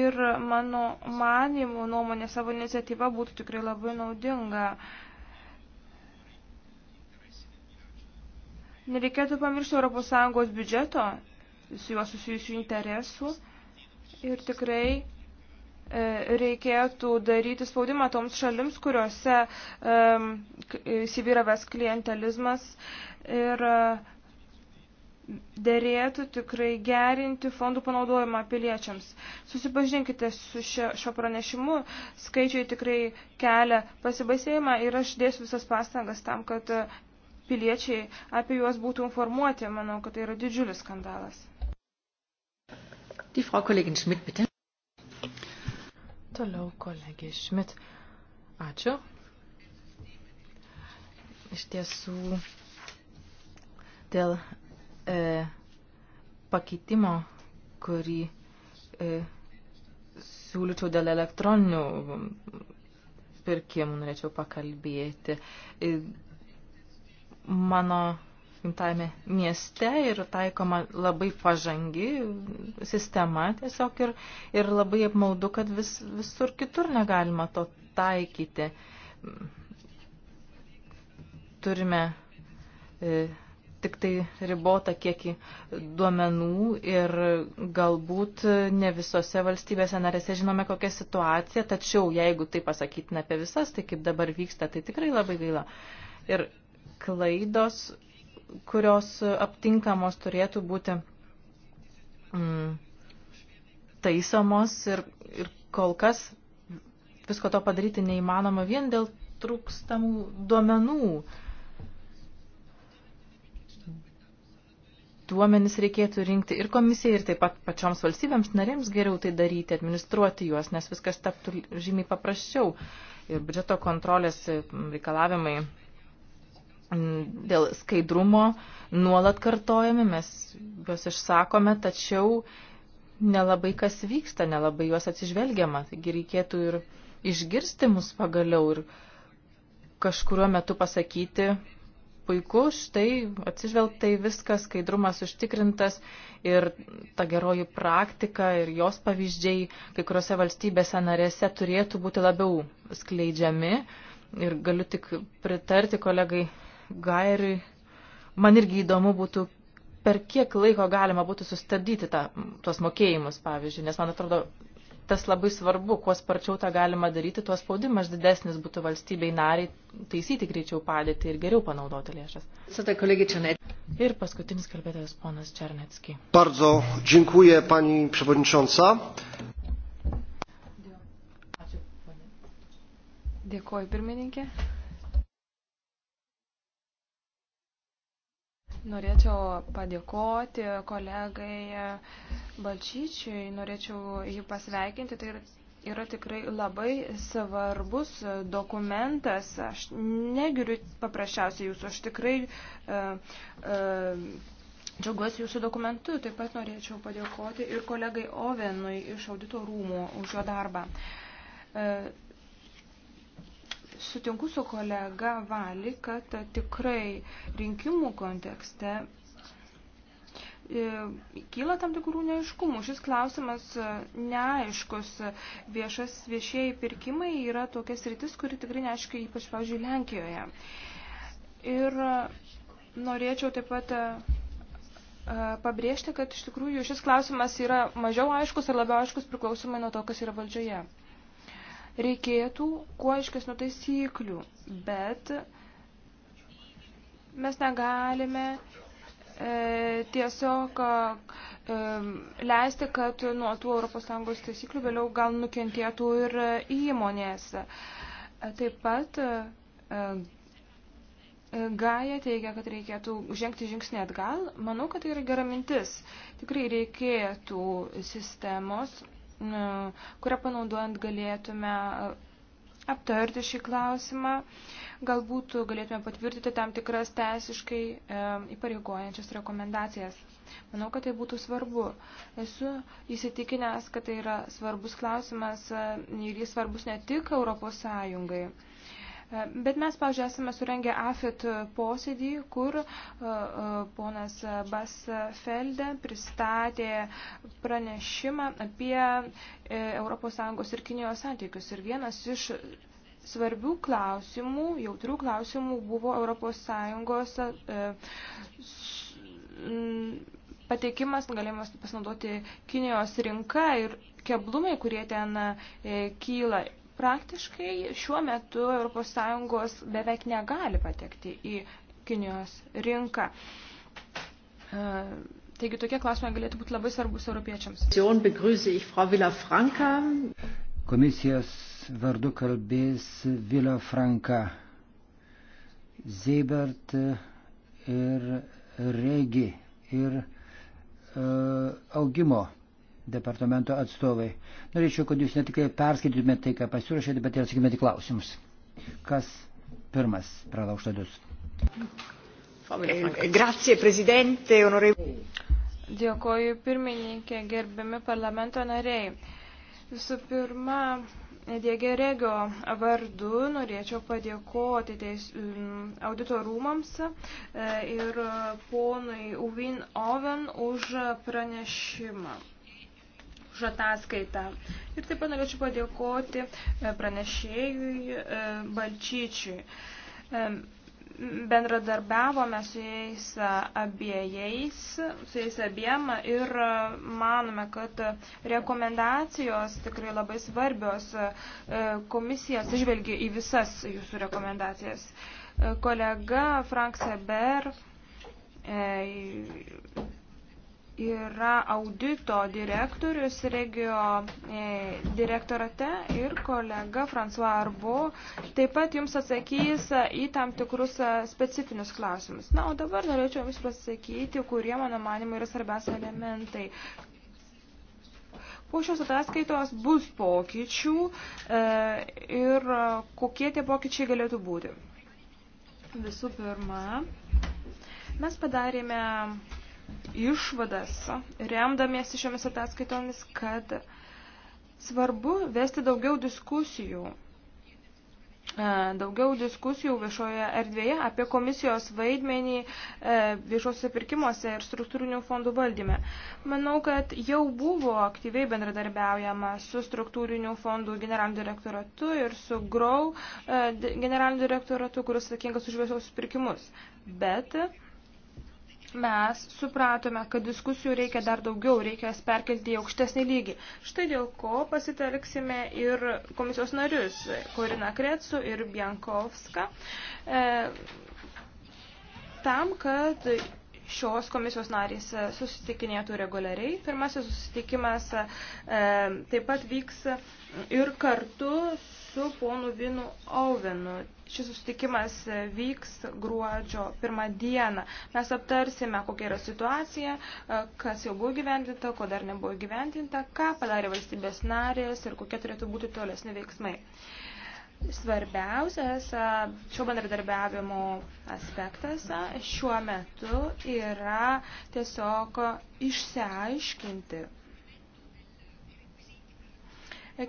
ir mano manimų nuomonė savo iniciatyva būtų tikrai labai naudinga. Nereikėtų pamiršti ES biudžeto, su juo susijusių interesų ir tikrai E, reikėtų daryti spaudimą toms šalims, kuriuose e, įsivyravęs klientelizmas ir e, dėrėtų tikrai gerinti fondų panaudojimą piliečiams. Susipažinkite su šio, šio pranešimu, skaičiai tikrai kelia pasibaisėjimą ir aš dėsiu visas pastangas tam, kad piliečiai apie juos būtų informuoti. Manau, kad tai yra didžiulis skandalas. Die Frau Kollegin Schmidt, bitte. Toliau kolegė Šmit. Ačiū. Iš tiesų, dėl e, pakeitimo, kurį e, siūlyčiau dėl elektroninių pirkimų, norėčiau pakalbėti. E, mano gimtajame mieste ir taikoma labai pažangi sistema tiesiog ir, ir labai apmaudu, kad vis, visur kitur negalima to taikyti. Turime e, tik tai ribotą kiekį duomenų ir galbūt ne visose valstybėse narėse žinome kokią situaciją, tačiau jeigu tai pasakytume apie visas, tai kaip dabar vyksta, tai tikrai labai gaila. Ir klaidos kurios aptinkamos turėtų būti mm, taisomos ir, ir kol kas visko to padaryti neįmanoma vien dėl trūkstamų duomenų. Duomenis reikėtų rinkti ir komisijai, ir taip pat pačioms valstybėms narėms geriau tai daryti, administruoti juos, nes viskas taptų žymiai paprasčiau. Ir biudžeto kontrolės reikalavimai Mm, dėl skaidrumo nuolat kartojami, mes juos išsakome, tačiau nelabai kas vyksta, nelabai juos atsižvelgiama. Taigi reikėtų ir išgirsti mus pagaliau ir kažkuriuo metu pasakyti, puiku, štai atsižvelgtai viskas, skaidrumas užtikrintas ir ta geroji praktika ir jos pavyzdžiai kai kuriuose valstybėse narėse turėtų būti labiau skleidžiami. Ir galiu tik pritarti kolegai Gairiui, man irgi įdomu būtų, per kiek laiko galima būtų sustabdyti tą, tuos mokėjimus, pavyzdžiui, nes man atrodo, tas labai svarbu, kuo sparčiau tą galima daryti, tuo spaudimas didesnis būtų valstybei nariai taisyti greičiau padėti ir geriau panaudoti lėšas. Ir paskutinis kalbėtojas ponas Černecki. Bardzo dziękuję pani przewodnicząca. Dėkoju pirmininkė. Norėčiau padėkoti kolegai Balčyčiui, norėčiau jį pasveikinti. Tai yra tikrai labai svarbus dokumentas. Aš negiriu paprasčiausiai jūsų, aš tikrai uh, uh, Džiaugiuosi jūsų dokumentu, taip pat norėčiau padėkoti ir kolegai Ovenui iš audito rūmų už jo darbą. E, sutinku su kolega Vali, kad tikrai rinkimų kontekste e, kyla tam tikrų neaiškumų. Šis klausimas e, neaiškus. Viešas viešieji pirkimai yra tokia sritis, kuri tikrai neaiškiai, ypač, pavyzdžiui, Lenkijoje. Ir e, norėčiau taip pat pabrėžti, kad iš tikrųjų šis klausimas yra mažiau aiškus ar labiau aiškus priklausomai nuo to, kas yra valdžioje reikėtų kuo aiškesnių taisyklių, bet mes negalime e, tiesiog e, leisti, kad nuo tų ES taisyklių vėliau gal nukentėtų ir įmonės. Taip pat e, e Gaja teigia, kad reikėtų žengti žingsnį atgal. Manau, kad tai yra gera mintis. Tikrai reikėtų sistemos E, kurią panaudojant galėtume e, aptarti šį klausimą. Galbūt galėtume patvirtinti tam tikras teisiškai e, įpareigojančias rekomendacijas. Manau, kad tai būtų svarbu. Esu įsitikinęs, kad tai yra svarbus klausimas e, ir jis svarbus ne tik Europos Sąjungai. Bet mes, pavyzdžiui, esame surengę AFIT posėdį, kur e, e, ponas Basfelde pristatė pranešimą apie ES ir Kinijos santykius. Ir vienas iš svarbių klausimų, jautrių klausimų buvo ES e, pateikimas, galėjimas pasinaudoti Kinijos rinką ir keblumai, kurie ten kyla Praktiškai šiuo metu ES beveik negali patekti į Kinijos rinką. E, taigi tokie klausimai galėtų būti labai svarbus europiečiams. Komisijos vardu kalbės Vila Franka, Zeibert ir Regi ir uh, augimo departamento atstovai. Norėčiau, kad jūs ne tik perskaitytumėte tai, ką pasiūrėšėte, bet ir atsakytumėte klausimus. Kas pirmas pralauštadus? Eh, grazie, prezidente, onorevoli. Dėkoju pirmininkė, gerbiami parlamento nariai. Visų pirma, Diegė Regio vardu norėčiau padėkoti teis, mm, audito rūmams eh, ir ponui Uvin Oven už pranešimą už ataskaitą. Ir taip pat norėčiau padėkoti e, pranešėjui e, Balčyčiui. E, bendradarbiavome su jais abiejais, su jais abiem ir manome, kad rekomendacijos tikrai labai svarbios. Komisija atsižvelgia į visas jūsų rekomendacijas. Kolega Frank Seber yra audito direktorius regio e, direktorate ir kolega François Arbu taip pat jums atsakys į tam tikrus e, specifinius klausimus. Na, o dabar norėčiau jums pasakyti, kurie mano manimo yra svarbiausia elementai. Po šios ataskaitos bus pokyčių e, ir kokie tie pokyčiai galėtų būti. Visų pirma, mes padarėme išvadas, remdamiesi šiomis ataskaitomis, kad svarbu vesti daugiau diskusijų, e, daugiau diskusijų viešoje erdvėje apie komisijos vaidmenį e, viešuose pirkimuose ir struktūrinių fondų valdyme. Manau, kad jau buvo aktyviai bendradarbiaujama su struktūrinių fondų generaliniu direktoratu ir su GROW e, generaliniu direktoratu, kuris atsakingas už viešuosius pirkimus. Bet mes supratome, kad diskusijų reikia dar daugiau, reikia jas perkelti į aukštesnį lygį. Štai dėl ko pasitelksime ir komisijos narius, Korina Kretsu ir Biankovska, e, tam, kad šios komisijos narys susitikinėtų reguliariai. Pirmasis susitikimas e, taip pat vyks ir kartu su ponu Vinu Auvenu. Šis susitikimas vyks gruodžio pirmą dieną. Mes aptarsime, kokia yra situacija, kas jau buvo gyventinta, ko dar nebuvo gyventinta, ką padarė valstybės narės ir kokie turėtų būti tolesni veiksmai. Svarbiausias šio bendradarbiavimo aspektas šiuo metu yra tiesiog išsiaiškinti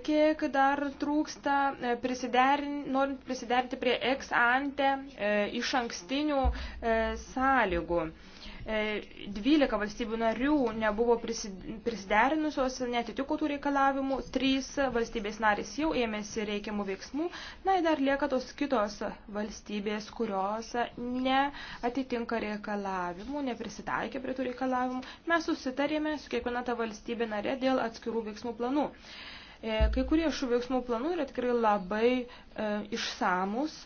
kiek dar trūksta, e, prisiderin, norint prisiderinti prie ex ante e, iš ankstinių e, sąlygų. 12 valstybių narių nebuvo prisiderinusios, netitiko tų reikalavimų, 3 valstybės narės jau ėmėsi reikiamų veiksmų, na ir dar lieka tos kitos valstybės, kurios neatitinka reikalavimų, neprisitaikė prie tų reikalavimų. Mes susitarėme su kiekviena ta valstybė narė dėl atskirų veiksmų planų. E, E, kai kurie šių veiksmų planų yra tikrai labai e, išsamus,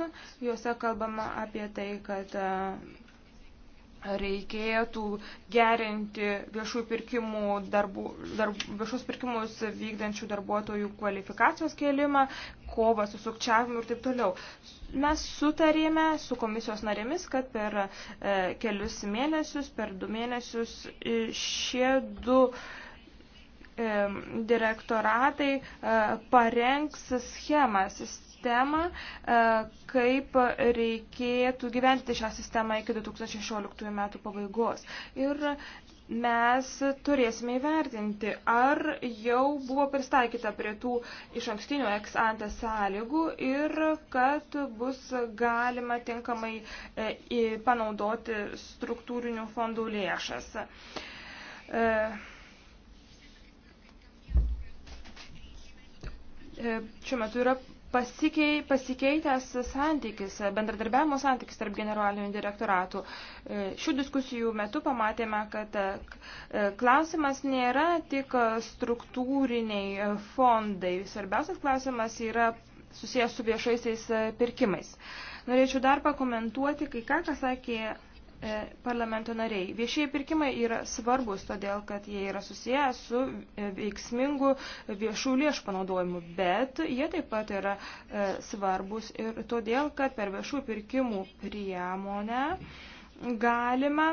juose kalbama apie tai, kad e, reikėtų gerinti viešų pirkimų darbų, darb, viešus pirkimus vykdančių darbuotojų kvalifikacijos kėlimą, kovą su sukčiavimu ir taip toliau. Mes sutarėme su komisijos narėmis, kad per e, kelius mėnesius, per du mėnesius e, šie du e, E, direktoratai e, parengs schemą, sistemą, e, kaip reikėtų gyventi šią sistemą iki 2016 metų pabaigos. Ir mes turėsime įvertinti, ar jau buvo pristaikyta prie tų iš ankstinių ex-ante sąlygų ir kad bus galima tinkamai panaudoti struktūrinių fondų lėšas. E, E, šiuo metu yra pasikei, pasikeitęs santykis, bendradarbiavimo santykis tarp generalinių direktoratų. E, šių diskusijų metu pamatėme, kad e, klausimas nėra tik struktūriniai fondai. Svarbiausias klausimas yra susijęs su viešaisiais pirkimais. Norėčiau dar pakomentuoti kai ką, ką sakė E, parlamento nariai. Viešieji pirkimai yra svarbus, todėl kad jie yra susiję su e, veiksmingu viešų lėšų panaudojimu, bet jie taip pat yra e, svarbus ir todėl, kad per viešų pirkimų priemonę galima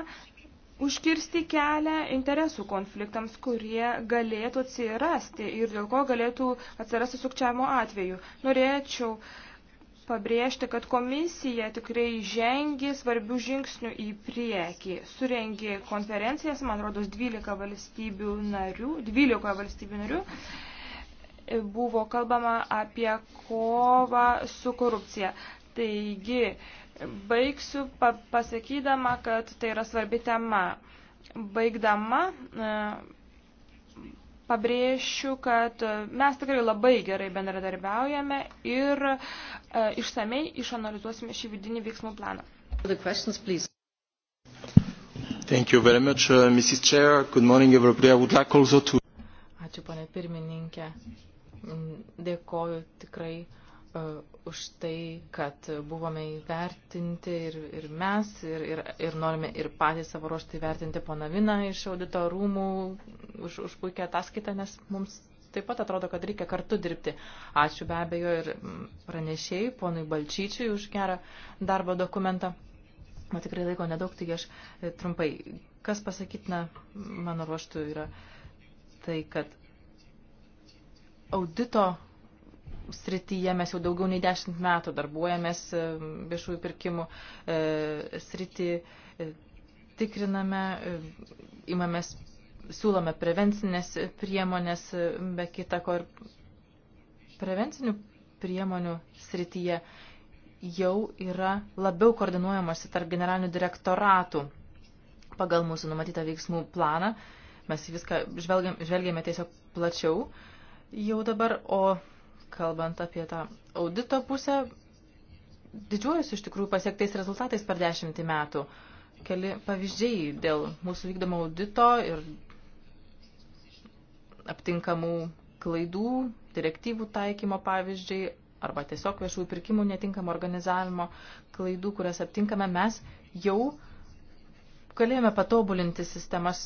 užkirsti kelią interesų konfliktams, kurie galėtų atsirasti ir dėl ko galėtų atsirasti sukčiavimo atveju. Norėčiau uh, pabrėžti, kad komisija tikrai žengė svarbių žingsnių į priekį. Surengė konferencijas, man rodos, 12 valstybių narių, 12 valstybių narių buvo kalbama apie kovą su korupcija. Taigi, baigsiu pasakydama, kad tai yra svarbi tema. Baigdama, pabrėšiu, kad e, mes tikrai labai gerai bendradarbiaujame ir e, išsamei išanalizuosime šį vidinį veiksmų planą. Thank you very much, uh, Mrs. Chair. Good morning, everybody. I would like also to... Ačiū, ponė pirmininkė. Mm, dėkoju tikrai E, už tai, kad buvome įvertinti ir, ir mes, ir, ir, ir norime ir patys savo ruoštą įvertinti ponaviną iš audito rūmų už, už puikią ataskaitą, nes mums taip pat atrodo, kad reikia kartu dirbti. Ačiū be abejo ir pranešėjai, ponui Balčyčiui, už gerą darbo dokumentą. O tikrai laiko nedaug, taigi aš e, trumpai. Kas pasakytina, mano ruoštų yra tai, kad audito srityje mes jau daugiau nei dešimt metų darbuojamės e, viešųjų pirkimų e, srity, e, tikriname, imamės, siūlome prevencinės priemonės, be kita ko ir prevencinių priemonių srityje jau yra labiau koordinuojamasi tarp generalinių direktoratų pagal mūsų numatytą veiksmų planą. Mes viską žvelgiame tiesiog plačiau jau dabar, o kalbant apie tą audito pusę, didžiuojuosi iš tikrųjų pasiektais rezultatais per dešimtį metų. Keli pavyzdžiai dėl mūsų vykdomo audito ir aptinkamų klaidų, direktyvų taikymo pavyzdžiai arba tiesiog viešųjų pirkimų netinkamo organizavimo klaidų, kurias aptinkame, mes jau galėjome patobulinti sistemas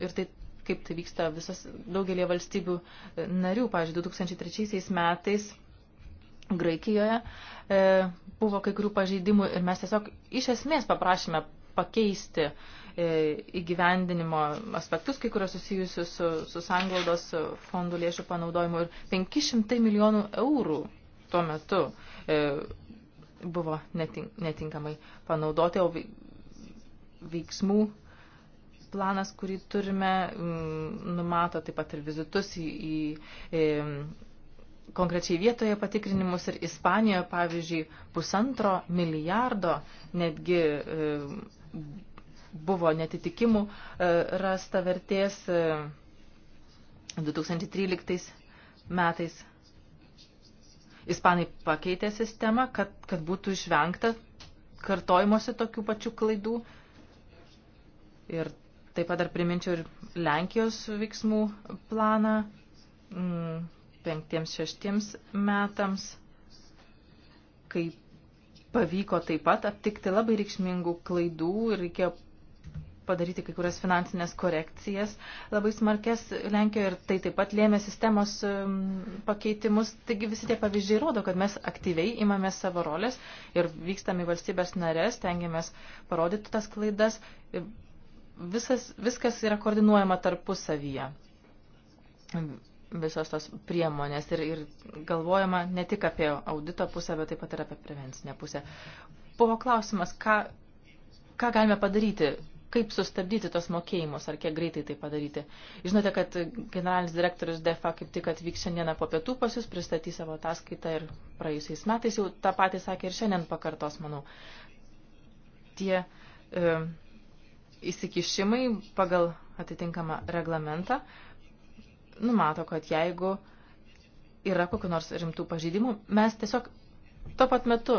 ir tai kaip tai vyksta visas daugelie valstybių e, narių. Pavyzdžiui, 2003 metais Graikijoje e, buvo kai kurių pažeidimų ir mes tiesiog iš esmės paprašėme pakeisti e, įgyvendinimo aspektus, kai kurios susijusius su, su sanglaudos fondų lėšų panaudojimu ir 500 milijonų eurų tuo metu e, buvo netink, netinkamai panaudoti, o veiksmų planas, kurį turime, mm, numato taip pat ir vizitus į, į, į konkrečiai vietoje patikrinimus ir Ispanijoje, pavyzdžiui, pusantro milijardo netgi e, buvo netitikimų e, rasta vertės 2013 e, metais. Ispanai pakeitė sistemą, kad, kad būtų išvengta kartojimuose tokių pačių klaidų. Ir Taip pat dar priminčiau ir Lenkijos veiksmų planą mm, penktiems šeštiems metams, kai pavyko taip pat aptikti labai reikšmingų klaidų ir reikėjo padaryti kai kurias finansinės korekcijas labai smarkės Lenkijoje ir tai taip pat lėmė sistemos mm, pakeitimus. Taigi visi tie pavyzdžiai rodo, kad mes aktyviai imamės savo rolės ir vykstam į valstybės narės, tengiamės parodyti tas klaidas, visas, viskas yra koordinuojama tarpusavyje. Visos tos priemonės ir, ir galvojama ne tik apie audito pusę, bet taip pat ir apie prevencinę pusę. Buvo klausimas, ką, ką galime padaryti, kaip sustabdyti tos mokėjimus, ar kiek greitai tai padaryti. Žinote, kad generalinis direktorius DEFA kaip tik atvyks šiandieną po pietų pas jūs, pristatys savo ataskaitą ir praėjusiais metais jau tą patį sakė ir šiandien pakartos, manau. Tie, e, įsikišimai pagal atitinkamą reglamentą numato, kad jeigu yra kokiu nors rimtų pažydimų, mes tiesiog tuo pat metu,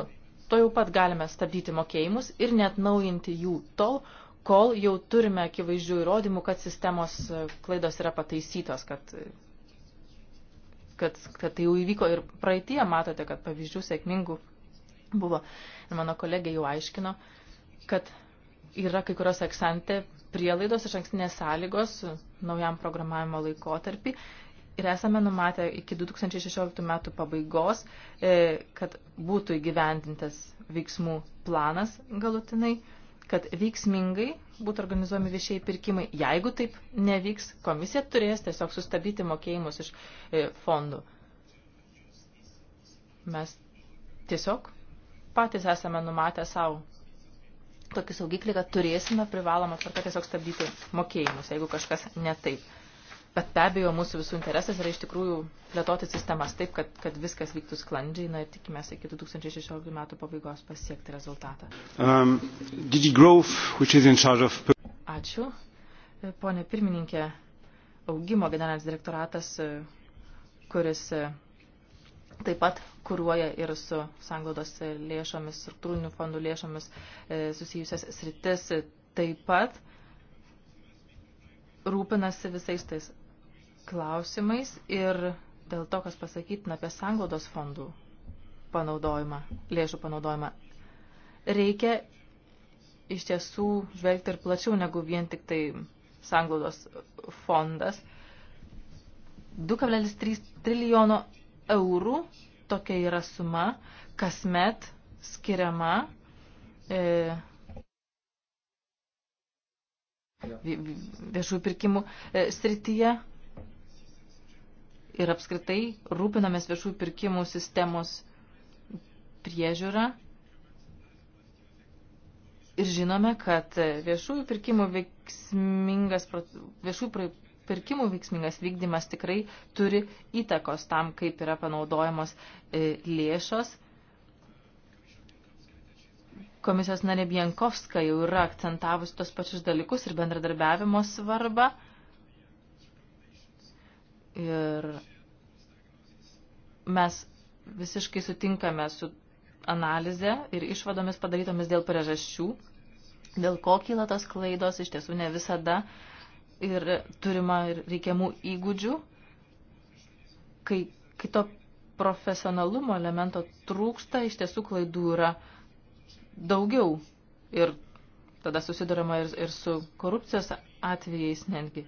to jau pat galime stabdyti mokėjimus ir net naujinti jų tol, kol jau turime akivaizdžių įrodymų, kad sistemos e, klaidos yra pataisytos, kad, e, kad, kad tai jau įvyko ir praeitie, matote, kad pavyzdžių sėkmingų buvo. Ir mano kolegė jau aiškino, kad yra kai kurios eksante prielaidos iš ankstinės sąlygos naujam programavimo laikotarpį. Ir esame numatę iki 2016 metų pabaigos, e, kad būtų įgyvendintas veiksmų planas galutinai, kad veiksmingai būtų organizuojami viešieji pirkimai. Jeigu taip nevyks, komisija turės tiesiog sustabdyti mokėjimus iš e, fondų. Mes tiesiog patys esame numatę savo tokį saugiklį, kad turėsime privalomą tvarką tiesiog stabdyti mokėjimus, jeigu kažkas ne taip. Bet be abejo, mūsų visų interesas yra iš tikrųjų plėtoti sistemas taip, kad, kad viskas vyktų sklandžiai na, ir tikimės iki 2016 metų pabaigos pasiekti rezultatą. Um, Growth, of... Ačiū. Pone pirmininkė, augimo generalinis direktoratas, kuris taip pat kūruoja ir su sanglaudos lėšomis, struktūrinių fondų lėšomis e, susijusias sritis, e, taip pat rūpinasi visais tais klausimais ir dėl to, kas pasakytina apie sanglaudos fondų panaudojimą, lėšų panaudojimą, reikia iš tiesų žvelgti ir plačiau negu vien tik tai sanglaudos fondas. 2,3 trilijono eurų, tokia yra suma, kasmet skiriama e, viešųjų pirkimų e, srityje. Ir apskritai rūpinamės viešųjų pirkimų sistemos priežiūrą. Ir žinome, kad viešųjų pirkimų veiksmingas, viešųjų pirkimų veiksmingas vykdymas tikrai turi įtakos tam, kaip yra panaudojamos e, lėšos. Komisijos narė Bienkovska jau yra akcentavusi tos pačius dalykus ir bendradarbiavimo svarbą. Ir mes visiškai sutinkame su analizė ir išvadomis padarytomis dėl priežasčių, dėl ko kyla tos klaidos, iš tiesų ne visada uh, ir turima ir reikiamų įgūdžių, kai kito profesionalumo elemento trūksta, iš tiesų klaidų yra daugiau ir tada susidurama ir, ir su korupcijos atvejais netgi.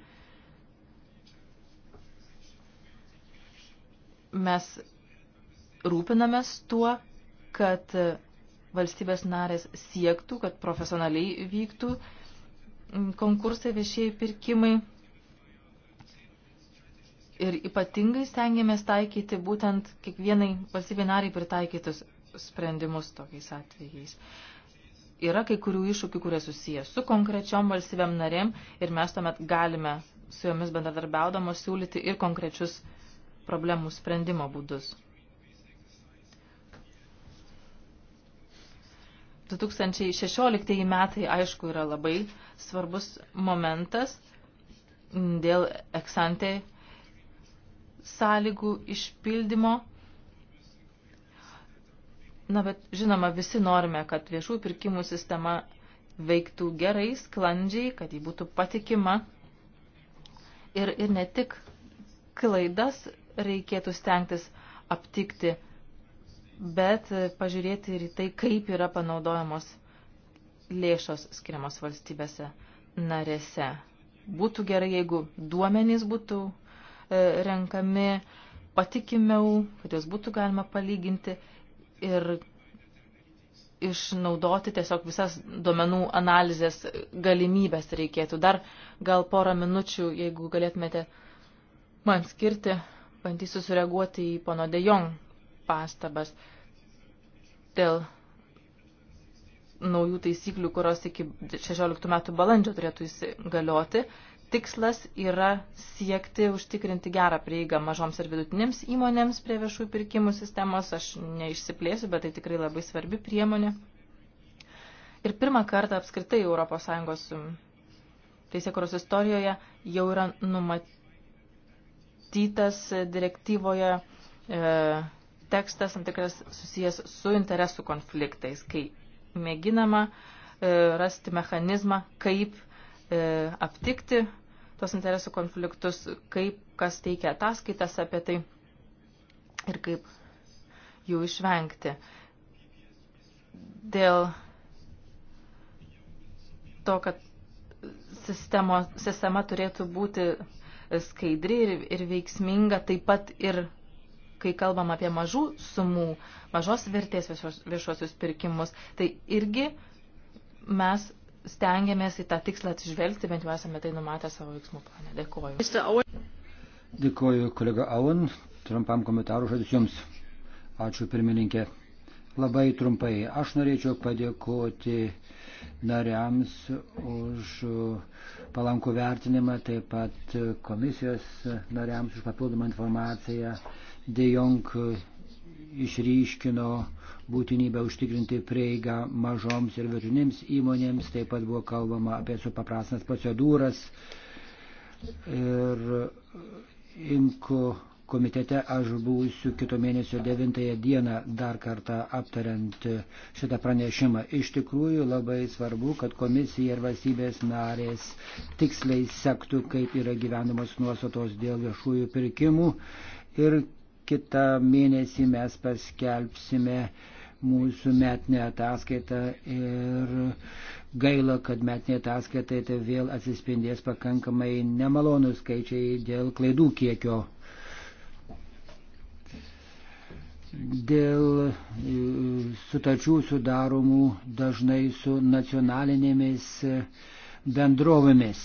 Mes rūpinamės tuo, kad valstybės narės siektų, kad profesionaliai vyktų uh, konkursai, viešieji pirkimai. Ir ypatingai stengiamės taikyti būtent kiekvienai valstybinariai pritaikytus sprendimus tokiais atvejais. Yra kai kurių iššūkių, kurie susiję su konkrečiom valstybėm narėm ir mes tuomet galime su jomis bendradarbiaudamos siūlyti ir konkrečius problemų sprendimo būdus. 2016 metai, aišku, yra labai svarbus momentas dėl eksante sąlygų išpildymo. Na, bet žinoma, visi norime, kad viešųjų pirkimų sistema veiktų gerai, sklandžiai, kad jį būtų patikima. Ir, ir ne tik klaidas reikėtų stengtis aptikti, bet pažiūrėti ir į tai, kaip yra panaudojamos lėšos skiriamos valstybėse narėse. Būtų gerai, jeigu duomenys būtų e, renkami patikimiau, kad jos būtų galima palyginti ir išnaudoti tiesiog visas duomenų analizės galimybės reikėtų. Dar gal porą minučių, jeigu galėtumėte man skirti, bandysiu sureaguoti į pono Dejong pastabas dėl naujų taisyklių, kurios iki 16 metų balandžio turėtų įsigalioti, tikslas yra siekti užtikrinti gerą prieigą mažoms ir vidutinėms įmonėms prie viešųjų pirkimų sistemos. Aš neišsiplėsiu, bet tai tikrai labai svarbi priemonė. Ir pirmą kartą apskritai ES um, teisėkuros istorijoje jau yra numatytas direktyvoje e, tekstas, tam tikras susijęs su interesų konfliktais, kai mėginama e, rasti mechanizmą, kaip e, aptikti tos interesų konfliktus, kaip kas teikia ataskaitas apie tai ir kaip jų išvengti. Dėl to, kad sistemo, sistema turėtų būti skaidri ir, ir veiksminga, taip pat ir kai kalbam apie mažų sumų, mažos vertės viešos, viešuosius pirkimus, tai irgi mes stengiamės į tą tikslą atsižvelgti, bent jau esame tai numatę savo veiksmų plane. Dėkuoju. Dėkuoju kolega Auen, trumpam komentaru žodis Jums. Ačiū pirmininkė. Labai trumpai, aš norėčiau padėkoti nariams už palankų vertinimą, taip pat komisijos nariams už papildomą informaciją. Dejong e, išryškino būtinybę užtikrinti prieigą mažoms ir vidutinėms įmonėms, taip pat buvo kalbama apie supaprastas procedūras. Ir e, Inko komitete aš būsiu kito mėnesio 9 dieną dar kartą aptariant šitą pranešimą. Iš tikrųjų labai svarbu, kad komisija ir valstybės narės tiksliai sektų, kaip yra gyvenamos nuostatos dėl viešųjų pirkimų ir Kita mėnesį mes paskelbsime mūsų metinę ataskaitą ir gaila, kad metinė ataskaita tai vėl atsispindės pakankamai nemalonus skaičiai dėl klaidų kiekio. Dėl e, sutarčių sudaromų dažnai su nacionalinėmis e, bendrovėmis.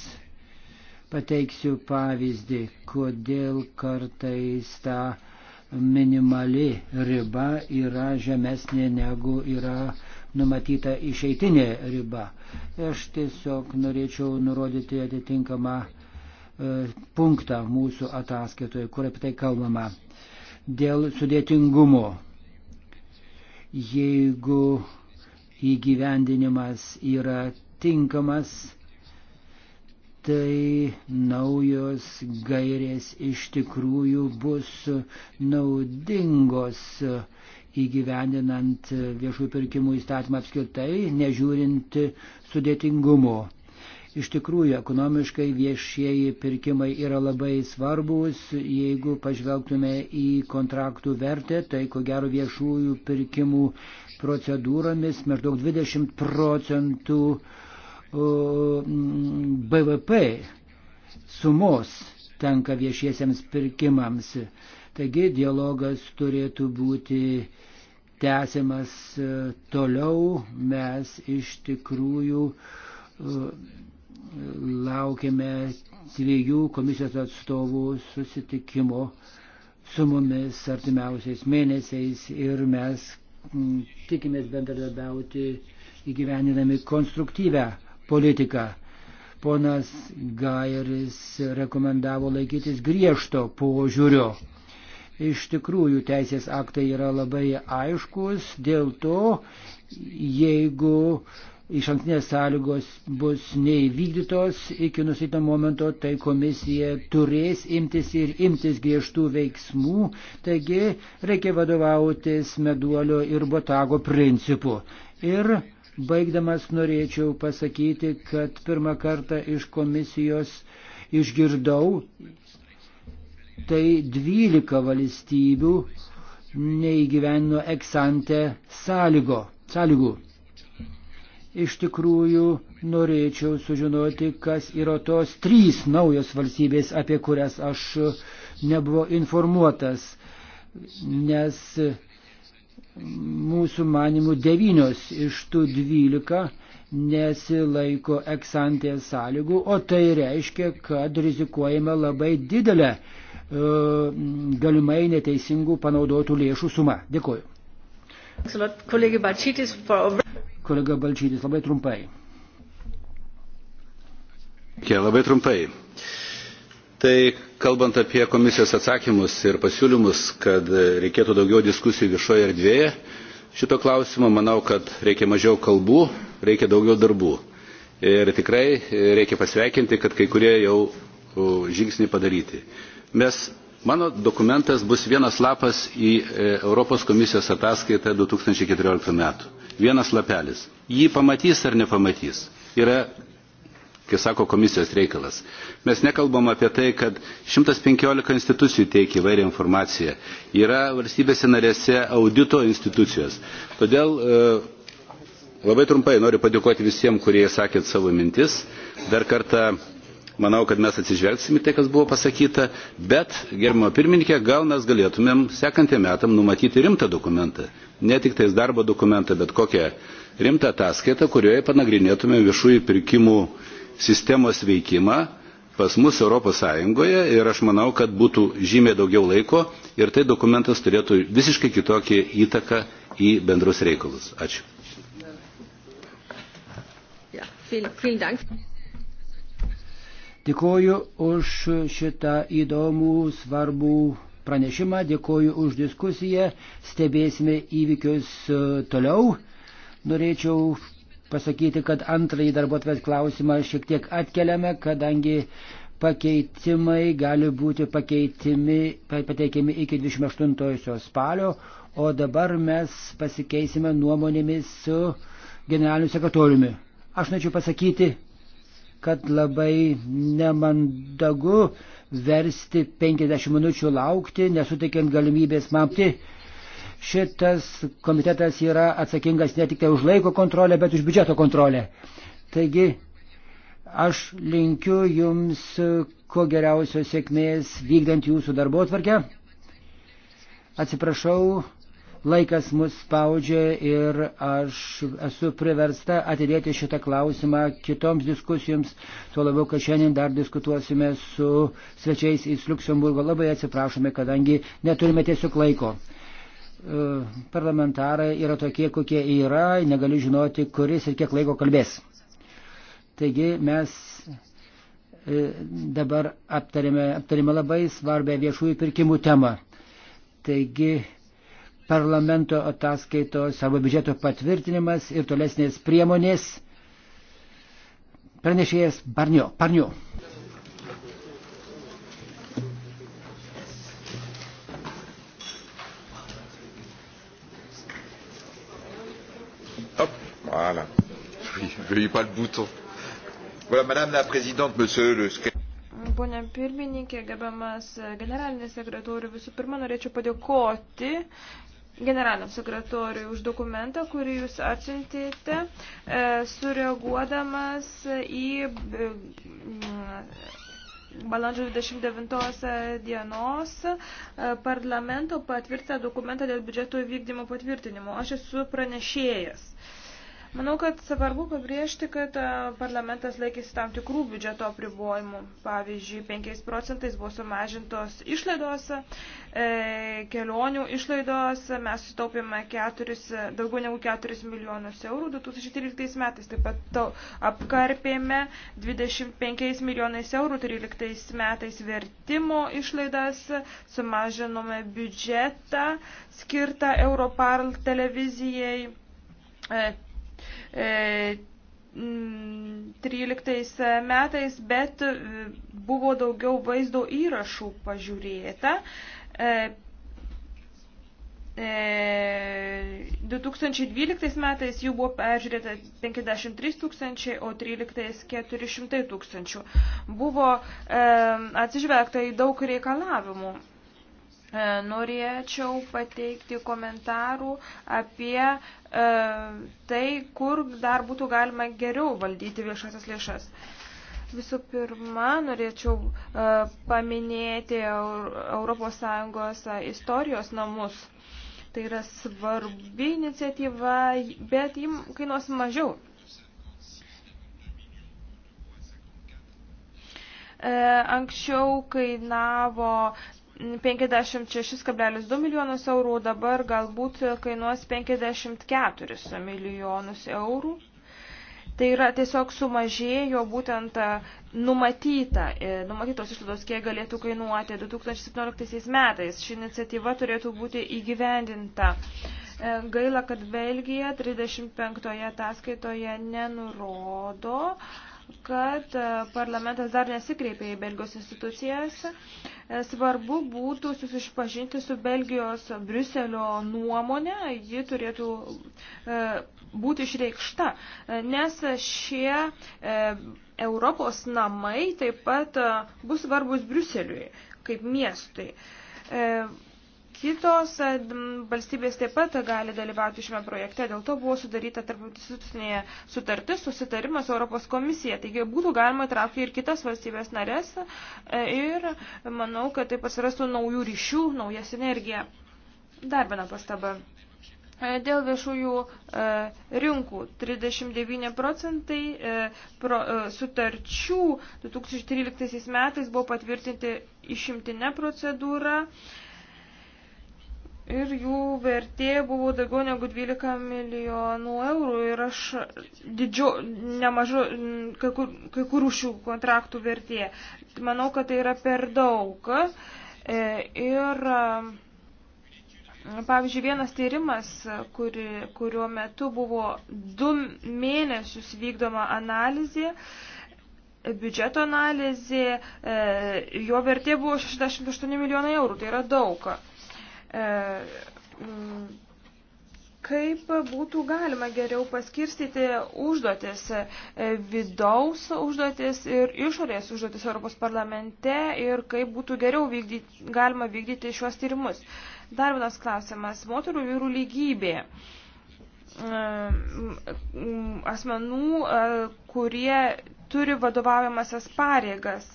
Pateiksiu pavyzdį, kodėl kartais tą ta minimali riba yra žemesnė negu yra numatyta išeitinė riba. Aš tiesiog norėčiau nurodyti atitinkamą e, punktą mūsų ataskaitoje, kur apie tai kalbama. Dėl sudėtingumo. Jeigu įgyvendinimas yra tinkamas, tai naujos gairės iš tikrųjų bus naudingos įgyvendinant viešųjų pirkimų įstatymą apskritai, nežiūrint sudėtingumo. Iš tikrųjų, ekonomiškai viešieji pirkimai yra labai svarbus. Jeigu pažvelgtume į kontraktų vertę, tai ko gero viešųjų pirkimų procedūromis maždaug 20 procentų uh, Mm, BVP sumos tenka viešiesiems pirkimams. Taigi dialogas turėtų būti tęsiamas e, toliau. Mes iš tikrųjų e, laukiame dviejų komisijos atstovų susitikimo su mumis artimiausiais mėnesiais ir mes tikimės bendradarbiauti įgyveninami konstruktyvę politiką. Ponas Gairis rekomendavo laikytis griežto požiūrio. Iš tikrųjų, teisės aktai yra labai aiškus, dėl to, jeigu iš ankstinės sąlygos bus neįvykdytos iki nusito momento, tai komisija turės imtis ir imtis griežtų veiksmų, taigi reikia vadovautis meduolio ir botago principu. Ir Baigdamas norėčiau pasakyti, kad pirmą kartą iš komisijos išgirdau, tai 12 valstybių neįgyvenino eksante sąlygo, sąlygų. Iš tikrųjų norėčiau sužinoti, kas yra tos trys naujos valstybės, apie kurias aš nebuvau informuotas, nes mūsų manimų devynios iš tų dvylika nesilaiko eksantės sąlygų, o tai reiškia, kad rizikuojame labai didelę e, galimai neteisingų panaudotų lėšų sumą. Dėkuoju. Kolega Balčytis, for... Kolega Balčytis labai trumpai. Labai trumpai. Tai kalbant apie komisijos atsakymus ir pasiūlymus, kad reikėtų daugiau diskusijų viešoje erdvėje, šito klausimo manau, kad reikia mažiau kalbų, reikia daugiau darbų. Ir tikrai reikia pasveikinti, kad kai kurie jau žingsniai padaryti. Mes, mano dokumentas bus vienas lapas į e, Europos komisijos ataskaitą 2014 metų. Vienas lapelis. Jį pamatys ar nepamatys. Yra kai sako komisijos reikalas. Mes nekalbam apie tai, kad 115 institucijų teikia įvairią informaciją. Yra valstybėse narėse audito institucijos. Todėl e, labai trumpai noriu padėkoti visiems, kurie sakėt savo mintis. Dar kartą manau, kad mes atsižvelgsime tai, kas buvo pasakyta, bet, gerbimo pirmininkė, gal mes galėtumėm sekantį metam numatyti rimtą dokumentą. Ne tik tais darbo dokumentą, bet kokią rimtą ataskaitą, kurioje panagrinėtumėm viešųjų pirkimų uh, sistemos veikimą pas mus Europos Sąjungoje ir aš manau, kad būtų žymiai daugiau laiko ir tai dokumentas turėtų visiškai kitokį įtaką į bendrus reikalus. Ačiū. Dėkoju už šitą įdomų, svarbų pranešimą, dėkoju už diskusiją, stebėsime įvykius e, toliau. Norėčiau pasakyti, kad antrąjį darbuotvės klausimą šiek tiek atkeliame, kadangi pakeitimai gali būti pakeitimi, pateikiami iki 28 spalio, o dabar mes pasikeisime nuomonėmis su generaliniu sekretoriumi. Aš norėčiau pasakyti, kad labai nemandagu versti 50 minučių laukti, nesuteikiant galimybės mapti Šitas komitetas yra atsakingas ne tik tai už laiko kontrolę, bet už biudžeto kontrolę. Taigi, aš linkiu Jums ko geriausios sėkmės vykdant Jūsų darbo atvarkę. Atsiprašau, laikas mus spaudžia ir aš esu priversta atidėti šitą klausimą kitoms diskusijoms, tuo labiau, kad šiandien dar diskutuosime su svečiais iš Luxemburgo. Labai atsiprašome, kadangi neturime tiesiog laiko parlamentarai yra tokie, kokie yra, negaliu žinoti, kuris ir kiek laiko kalbės. Taigi mes e, dabar aptarėme, aptarėme labai svarbę viešųjų pirkimų temą. Taigi parlamento ataskaitos arba biudžeto patvirtinimas ir tolesnės priemonės. Pranešėjas Barnio. Barnio. Voilà. Oui, je n'ai pas le bouton. Voilà, Madame la Présidente, Monsieur le Secrétaire. Pone pirmininkė, gerbiamas e, generalinis sekretorius, visų pirma norėčiau padėkoti generaliniam sekretoriui už dokumentą, kurį jūs atsintėte, e, sureaguodamas į e, balandžio 29 dienos parlamento patvirtą dokumentą dėl biudžeto įvykdymo patvirtinimo. Aš esu pranešėjas. Manau, kad svarbu pabrėžti, kad e, parlamentas laikėsi tam tikrų biudžeto apribojimų. Pavyzdžiui, 5 procentais buvo sumažintos išlaidos, e, kelionių išlaidos, mes sutaupėme 4, daugiau negu 4 milijonus eurų 2013 metais, taip pat apkarpėme 25 milijonais eurų 13 metais vertimo išlaidas, sumažinome biudžetą skirtą Europarl televizijai e, 13 e, mm, e, metais, bet e, buvo daugiau vaizdo įrašų pažiūrėta. 2012 metais jų buvo peržiūrėta 53 tūkstančiai, o 13 400 tūkstančių. Buvo e, atsižvelgta į daug reikalavimų. E, norėčiau pateikti komentarų apie e, tai, kur dar būtų galima geriau valdyti viešasias lėšas. Visų pirma, norėčiau e, paminėti ES istorijos namus. Tai yra svarbi iniciatyva, bet jim kainuos mažiau. E, anksčiau kainavo 56,2 milijonus eurų, dabar galbūt kainuos 54 milijonus eurų. Tai yra tiesiog sumažėjo būtent e, numatyta, e, numatytos išlaidos, kiek galėtų kainuoti 2017 metais. Ši iniciatyva turėtų būti įgyvendinta. E, gaila, kad Belgija 35 ataskaitoje nenurodo kad e, parlamentas dar nesikreipė į Belgijos institucijas. E, svarbu būtų susipažinti su Belgijos Briuselio nuomonė, ji turėtų e, būti išreikšta, nes šie Europos namai taip pat bus svarbus Briuseliui kaip miestui kitos e, valstybės taip pat gali dalyvauti šiame projekte. Dėl to buvo sudaryta tarp institucinėje sutartis, susitarimas Europos komisija. Taigi būtų galima įtraukti ir kitas valstybės narės e, ir manau, kad taip pasirastų naujų ryšių, nauja sinergija. Dar viena pastaba. E, dėl viešųjų rinkų 39 procentai sutarčių 2013 metais buvo patvirtinti išimtinė procedūra ir jų vertė buvo daugiau negu 12 milijonų eurų ir aš didžio, nemažu, kai, kur, kai kurių šių kontraktų vertė. Manau, kad tai yra per daug. E, ir pavyzdžiui, vienas tyrimas, kuri, kurio metu buvo du mėnesius vykdoma analizė, biudžeto analizė, e, jo vertė buvo 68 milijonai eurų, tai yra daug. E, mm, kaip būtų galima geriau paskirstyti užduotis, e, vidaus užduotis ir išorės užduotis Europos parlamente ir kaip būtų geriau vykdyti, galima vykdyti šiuos tyrimus. Dar vienas klausimas - moterų vyrų lygybė. E, mm, asmenų, kurie turi vadovaujamasias pareigas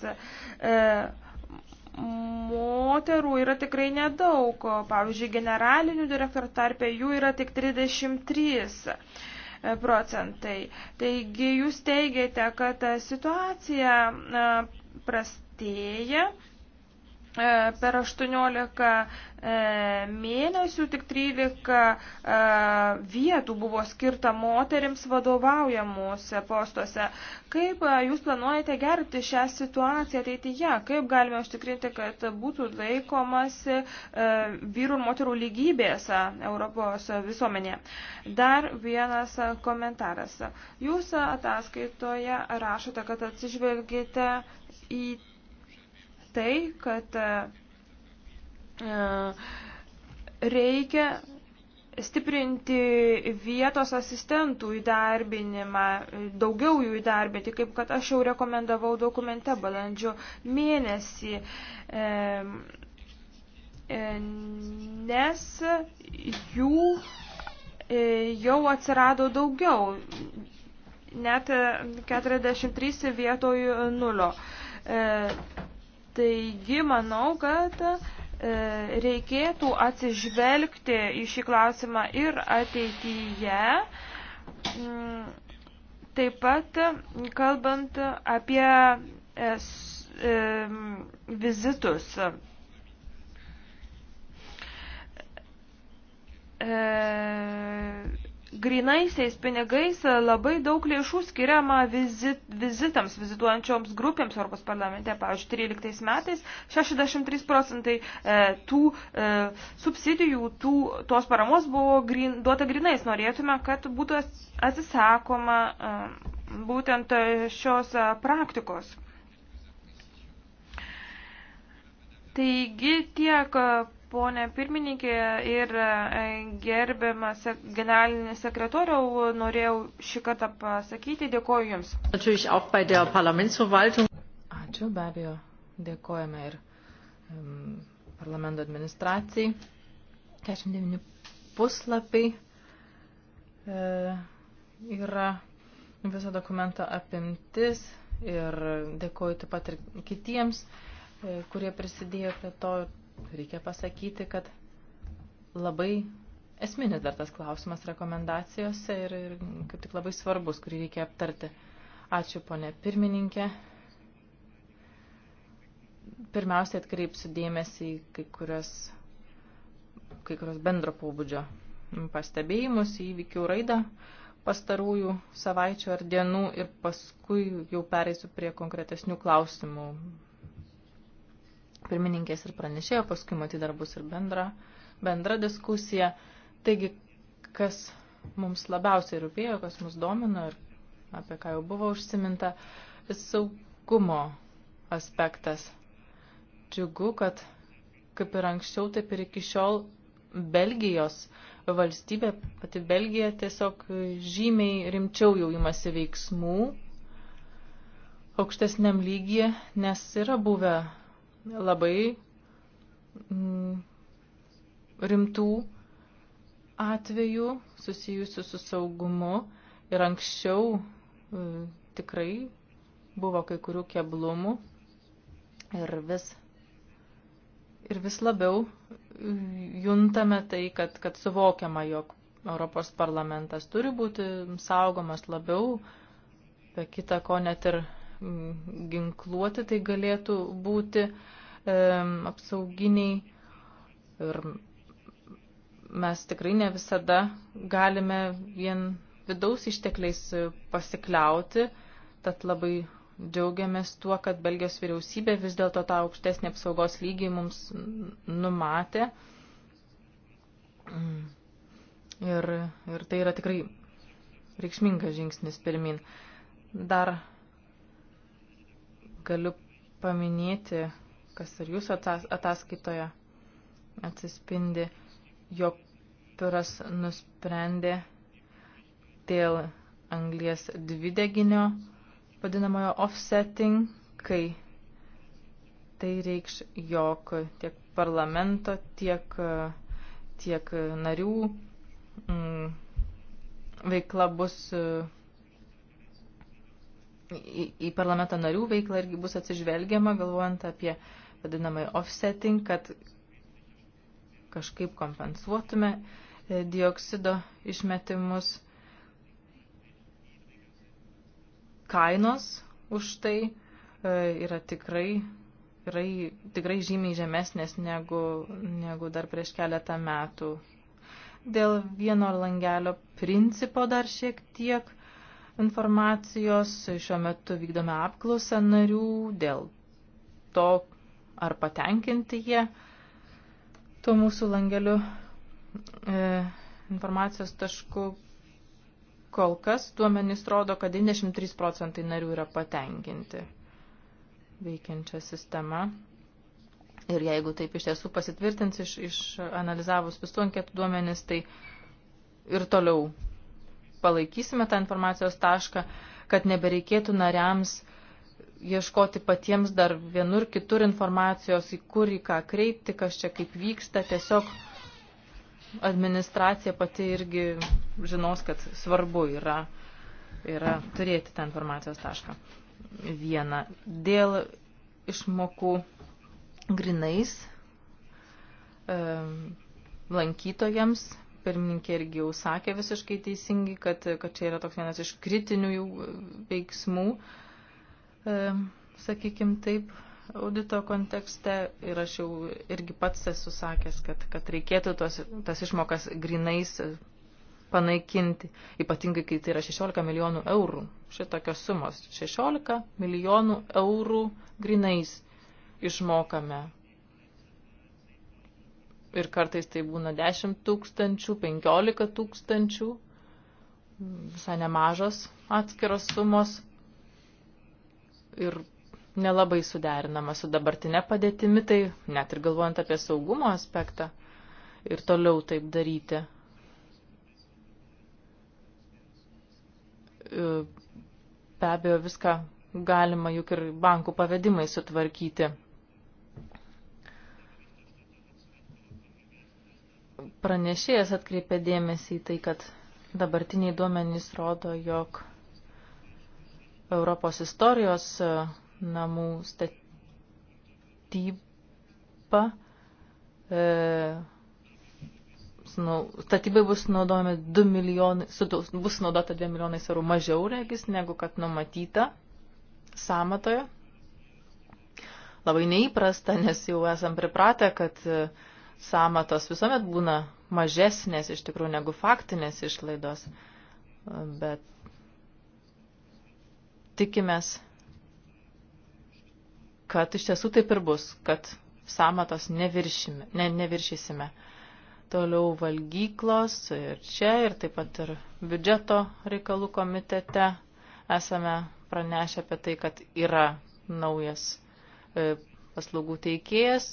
moterų yra tikrai nedaug. Pavyzdžiui, generalinių direktorių tarpė jų yra tik 33 procentai. Taigi jūs teigiate, kad situacija prastėja E, per 18 e, mėnesių tik 13 e, vietų buvo skirta moterims vadovaujamuose postuose. Kaip jūs planuojate gerti šią situaciją ateityje? Kaip galime užtikrinti, kad būtų laikomasi vyrų ir moterų lygybės Europos visuomenėje? Dar vienas komentaras. Jūs ataskaitoje rašote, kad atsižvelgite į tai, kad e, e, reikia stiprinti vietos asistentų įdarbinimą, daugiau jų įdarbinti, kaip kad aš jau rekomendavau dokumente balandžio mėnesį. E, e nes jų jau atsirado daugiau, net 43 vietoj nulio. Taigi, manau, kad e, reikėtų atsižvelgti į šį klausimą ir ateityje. Mm, taip pat, kalbant apie e, e, vizitus. E, grinaisiais pinigais e, labai daug lėšų skiriama vizit, vizitams, vizituojančioms grupėms Europos parlamente. Pavyzdžiui, 13 metais 63 procentai e, tų e, subsidijų, tų, tos paramos buvo grin, duota grinais. Norėtume, kad būtų atsisakoma e, būtent e, šios e, praktikos. Taigi tiek e, Pone pirmininkė ir e, gerbiamas generalinis sekretoriau, norėjau šį kartą pasakyti, dėkoju Jums. Ačiū, be abejo, dėkojame ir um, parlamento administracijai. 49 puslapiai e, yra viso dokumento apimtis ir dėkoju taip pat ir kitiems, e, kurie prisidėjo prie to reikia pasakyti, kad labai esminis dar tas klausimas rekomendacijose ir, ir kaip tik labai svarbus, kurį reikia aptarti. Ačiū, ponė pirmininkė. Pirmiausiai atkreipsiu dėmesį į kai kurios, kai kurios bendro pobūdžio pastebėjimus, įvykių raidą pastarųjų savaičių ar dienų ir paskui jau pereisiu prie konkretesnių klausimų pirmininkės ir pranešėjo, paskui matyti dar bus ir bendra, bendra diskusija. Taigi, kas mums labiausiai rūpėjo, kas mus domino ir apie ką jau buvo užsiminta, saugumo aspektas. Džiugu, kad kaip ir anksčiau, taip ir iki šiol Belgijos valstybė, pati Belgija tiesiog žymiai rimčiau jau imasi veiksmų aukštesniam lygiai, nes yra buvę labai mm, rimtų atvejų susijusių su saugumu ir anksčiau mm, tikrai buvo kai kurių keblumų ir vis, ir vis labiau e, juntame tai, kad, kad suvokiama, jog Europos parlamentas turi būti saugomas labiau, be kita ko net ir Mm, ginkluoti, tai galėtų būti e, apsauginiai ir mes tikrai ne visada galime vien vidaus ištekliais pasikliauti, tad labai džiaugiamės tuo, kad Belgijos vyriausybė vis dėlto tą aukštesnį apsaugos lygį mums numatė. Ir, ir tai yra tikrai reikšmingas žingsnis pirmin. Dar galiu paminėti, kas ir jūsų ataskaitoje atsispindi, jog Piras nusprendė dėl anglies dvideginio vadinamojo offsetting, kai tai reikš, jog tiek parlamento, tiek, tiek narių m, mm, veikla bus į, į parlamento narių veiklą irgi bus atsižvelgiama, galvojant apie vadinamai offsetting, kad kažkaip kompensuotume e, dioksido išmetimus kainos už tai e, yra tikrai, tikrai, tikrai žymiai žemesnės negu, negu dar prieš keletą metų. Dėl vieno langelio principo dar šiek tiek informacijos. Šiuo metu vykdome apklausą narių dėl to, ar patenkinti jie tuo mūsų langeliu e, informacijos tašku. Kol kas duomenys rodo, kad 93 procentai narių yra patenkinti veikiančią sistemą. Ir jeigu taip iš tiesų pasitvirtins, iš, iš analizavus visų anketų duomenis, tai ir toliau palaikysime tą informacijos tašką, kad nebereikėtų nariams ieškoti patiems dar vienur kitur informacijos, į kur į ką kreipti, kas čia kaip vyksta. Tiesiog administracija pati irgi žinos, kad svarbu yra, yra turėti tą informacijos tašką. Viena. Dėl išmokų grinais lankytojams pirmininkė irgi jau sakė visiškai teisingai, kad, kad čia yra toks vienas iš kritinių jau veiksmų, e, sakykim taip, audito kontekste. Ir aš jau irgi pats esu sakęs, kad, kad reikėtų tos, tas išmokas grinais panaikinti, ypatingai kai tai yra 16 milijonų eurų. Šitokios sumos 16 milijonų eurų grinais išmokame ir kartais tai būna 10 tūkstančių, 15 tūkstančių, visai nemažos atskiros sumos ir nelabai suderinama su dabartinė padėtimi, tai net ir galvojant apie saugumo aspektą ir toliau taip daryti. E, be abejo, viską galima juk ir bankų pavedimai sutvarkyti. pranešėjas atkreipė dėmesį į tai, kad dabartiniai duomenys rodo, jog Europos istorijos e, namų statyba, e, nu, statybai bus naudojami 2 milijonai, bus naudota 2 milijonai eurų mažiau regis, negu kad numatyta samatoje. Labai neįprasta, nes jau esam pripratę, kad e, samatos visuomet būna mažesnės iš tikrųjų negu faktinės išlaidos, bet tikimės, kad iš tiesų taip ir bus, kad samatos neviršime, ne, neviršysime. Toliau valgyklos ir čia, ir taip pat ir biudžeto reikalų komitete esame pranešę apie tai, kad yra naujas e, paslaugų teikėjas,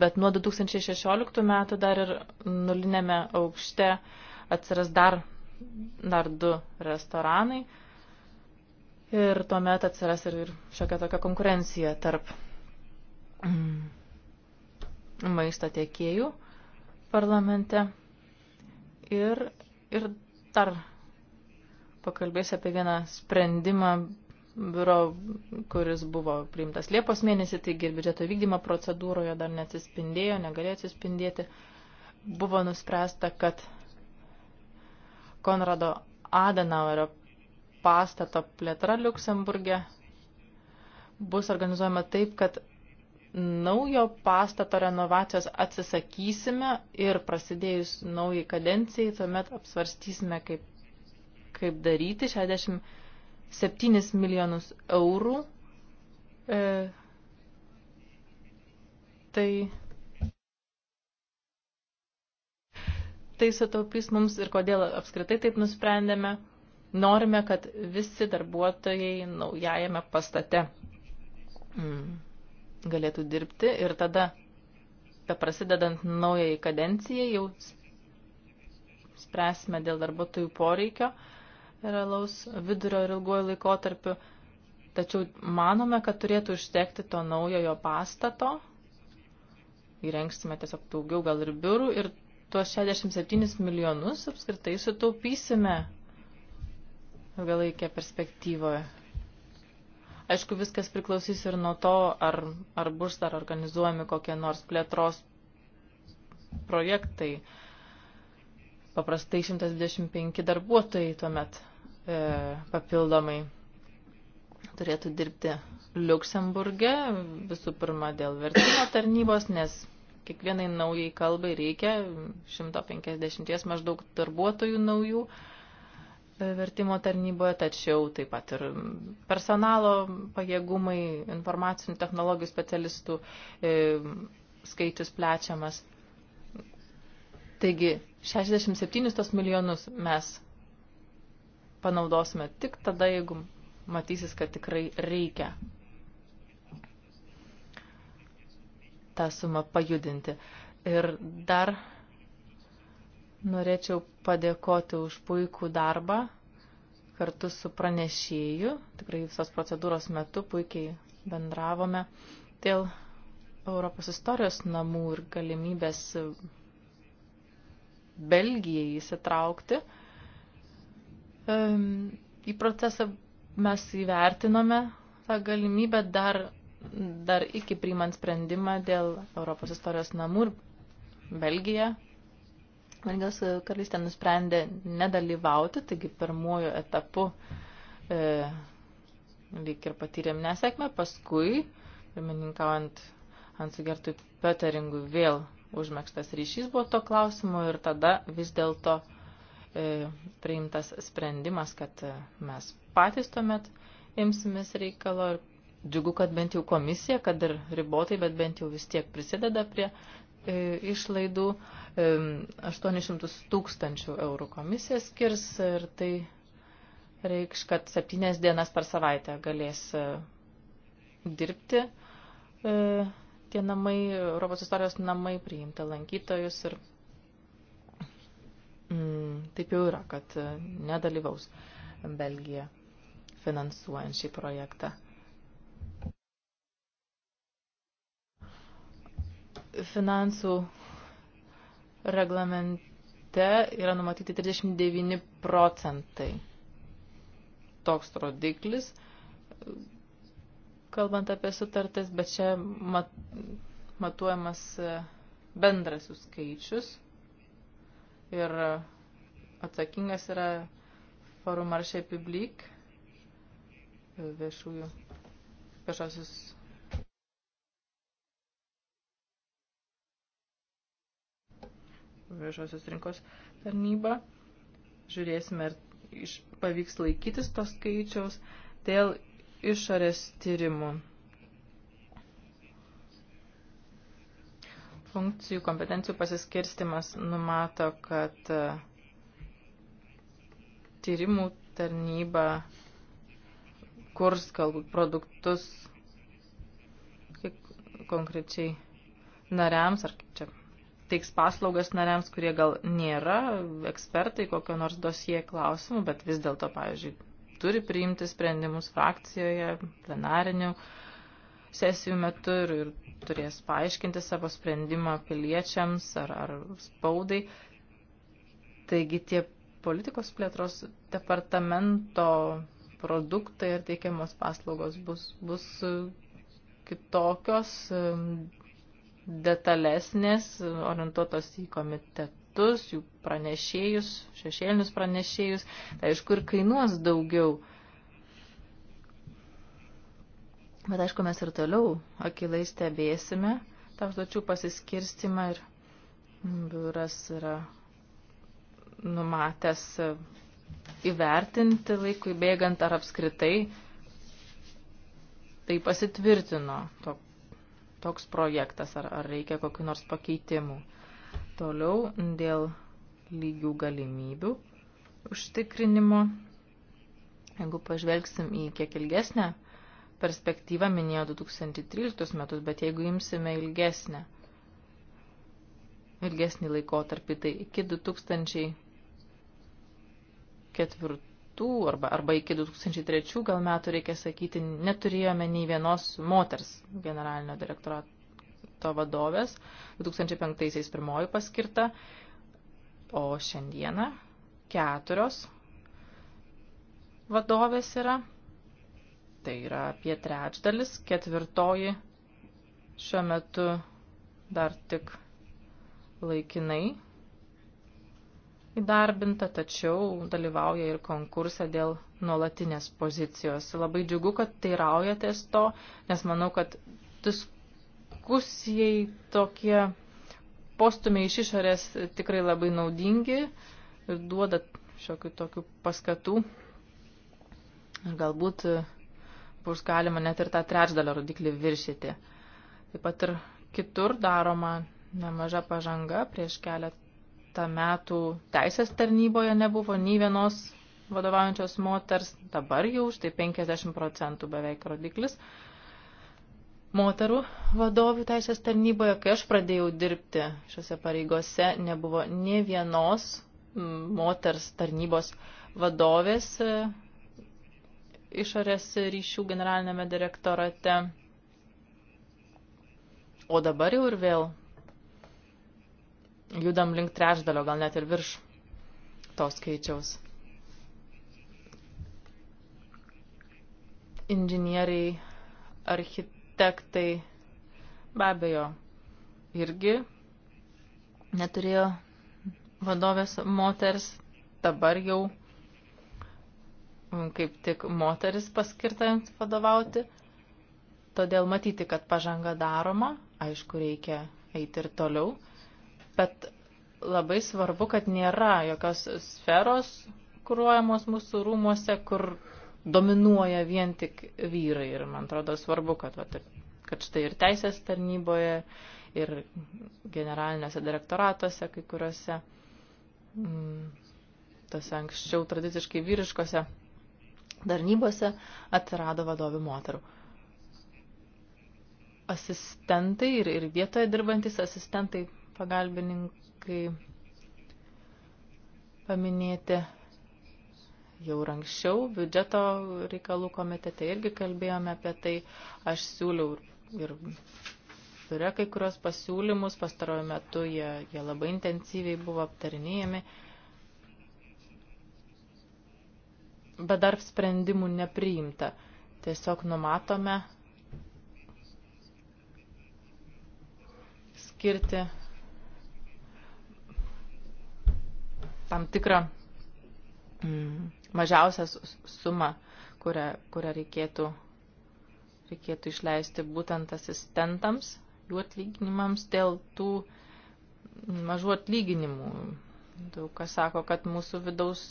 bet nuo 2016 metų dar ir nulinėme aukšte atsiras dar, dar du restoranai ir tuomet atsiras ir, ir šiokia tokia konkurencija tarp maisto tiekėjų parlamente. Ir, ir dar pakalbėsiu apie vieną sprendimą biuro, kuris buvo priimtas Liepos mėnesį, taigi ir biudžeto vykdymo procedūroje dar neatsispindėjo, negalėjo atsispindėti, buvo nuspręsta, kad Konrado Adenauerio pastato plėtra Luksemburgė bus organizuojama taip, kad naujo pastato renovacijos atsisakysime ir prasidėjus naujai kadencijai, tuomet apsvarstysime, kaip, kaip daryti. 60 7 milijonus eurų. E, tai tai sutaupys mums ir kodėl apskritai taip nusprendėme. Norime, kad visi darbuotojai naujajame pastate mm, galėtų dirbti ir tada, beprasidedant naujai kadencijai, jau spręsime dėl darbuotojų poreikio. E, realaus vidurio ir ilguoju laikotarpiu, tačiau manome, kad turėtų užtekti to naujojo pastato. Įrengsime tiesiog daugiau gal ir biurų ir tuos 67 milijonus apskritai sutaupysime ilgalaikė perspektyvoje. Aišku, viskas priklausys ir nuo to, ar, ar bus dar organizuojami kokie nors plėtros projektai. Paprastai 125 darbuotojai tuomet E, papildomai turėtų dirbti Luksemburge, visų pirma dėl vertimo tarnybos, nes kiekvienai naujai kalbai reikia 150 maždaug darbuotojų naujų e, vertimo tarnyboje, tačiau taip pat ir personalo pajėgumai, informacinių technologijų specialistų e, skaičius plečiamas. Taigi 67 tos milijonus mes panaudosime tik tada, jeigu matysis, kad tikrai reikia tą sumą pajudinti. Ir dar norėčiau padėkoti už puikų darbą kartu su pranešėju. Tikrai visos procedūros metu puikiai bendravome dėl Europos istorijos namų ir galimybės Belgijai įsitraukti į procesą mes įvertinome tą galimybę dar, dar iki priimant sprendimą dėl Europos istorijos namų ir Belgija. Belgijos karalystė nusprendė nedalyvauti, taigi pirmuoju etapu e, lyg ir patyrėm nesėkmę, paskui, pirmininkaujant Hansu Gertui Pöteringui, vėl užmėgstas ryšys buvo to klausimu ir tada vis dėlto e, E, priimtas sprendimas, kad e, mes patys tuomet imsimės reikalo ir džiugu, kad bent jau komisija, kad ir ribotai, bet bent jau vis tiek prisideda prie e, išlaidų. 800 tūkstančių eurų komisija skirs ir tai reikš, kad septynės dienas per savaitę galės dirbti tie namai, Europos istorijos namai, priimti lankytojus ir mm, taip jau yra, kad e, nedalyvaus Belgija finansuojant šį projektą. Finansų reglamente yra numatyti 39 procentai. Toks rodiklis, kalbant apie sutartis, bet čia mat, matuojamas e, bendras jų skaičius ir atsakingas yra Forum Marché Public viešųjų viešosios viešosios rinkos tarnyba. Žiūrėsime, ar iš, pavyks laikytis to skaičiaus dėl išorės tyrimų. funkcijų, kompetencijų pasiskirstimas numato, kad e, tyrimų tarnyba kurs galbūt produktus konkrečiai nariams, ar kaip čia teiks paslaugas nariams, kurie gal nėra ekspertai kokio nors dosie klausimų, bet vis dėlto, pavyzdžiui, turi priimti sprendimus frakcijoje, plenarinių sesijų metu ir, ir turės paaiškinti savo sprendimą piliečiams ar, ar spaudai. Taigi tie politikos plėtros departamento produktai ir teikiamos paslaugos bus, bus kitokios, detalesnės, orientuotos į komitetus, jų pranešėjus, šešėlinius pranešėjus, tai aišku ir kainuos daugiau. Bet aišku, mes ir toliau akilai stebėsime tą užduočių pasiskirstimą ir biuras yra numatęs įvertinti laikui bėgant ar apskritai tai pasitvirtino to, toks projektas, ar, ar reikia kokiu nors pakeitimų. Toliau dėl lygių galimybių užtikrinimo, jeigu pažvelgsim į kiek ilgesnę perspektyvą minėjo 2013 metus, bet jeigu imsime ilgesnę, ilgesnį laikotarpį, tai iki 2004 arba, arba iki 2003 gal metų reikia sakyti, neturėjome nei vienos moters generalinio direktorato vadovės, 2005-aisiais pirmoji paskirta, o šiandieną keturios vadovės yra tai yra apie trečdalis, ketvirtoji šiuo metu dar tik laikinai įdarbinta, tačiau dalyvauja ir konkurse dėl nuolatinės pozicijos. Labai džiugu, kad teiraujatės to, nes manau, kad diskusijai tokie postumiai iš išorės tikrai labai naudingi ir duoda šiokių tokių paskatų. Galbūt bus galima net ir tą trečdalio rodiklį viršyti. Taip pat ir kitur daroma nemaža pažanga. Prieš keletą metų teisės tarnyboje nebuvo nei vienos vadovaujančios moters, dabar jau štai 50 procentų beveik rodiklis moterų vadovių teisės tarnyboje. Kai aš pradėjau dirbti šiuose pareigose, nebuvo ne vienos moters tarnybos vadovės išorės ryšių generalinėme direktorate. O dabar jau ir vėl judam link trečdalio, gal net ir virš to skaičiaus. Inžinieriai, architektai be abejo irgi neturėjo vadovės moters, dabar jau kaip tik moteris paskirta vadovauti. Todėl matyti, kad pažanga daroma, aišku, reikia eiti ir toliau, bet labai svarbu, kad nėra jokios sferos kūruojamos mūsų rūmuose, kur dominuoja vien tik vyrai. Ir man atrodo svarbu, kad, vat, kad štai ir teisės tarnyboje, ir generaliniuose direktoratuose, kai kuriuose, mm, tose anksčiau tradiciškai vyriškose tarnybose atsirado vadovių moterų. Asistentai ir, ir vietoje dirbantis asistentai, pagalbininkai paminėti jau anksčiau biudžeto reikalų komitete irgi kalbėjome apie tai. Aš siūliau ir turiu kai kurios pasiūlymus, pastaruoju metu jie, jie labai intensyviai buvo aptarinėjami. Uh, bet dar sprendimų nepriimta. Tiesiog numatome skirti tam tikrą mm, mažiausią sumą, kurią, kurią reikėtų, reikėtų išleisti būtent asistentams, jų atlyginimams dėl tų mm, mažų atlyginimų. Daug kas sako, kad mūsų vidaus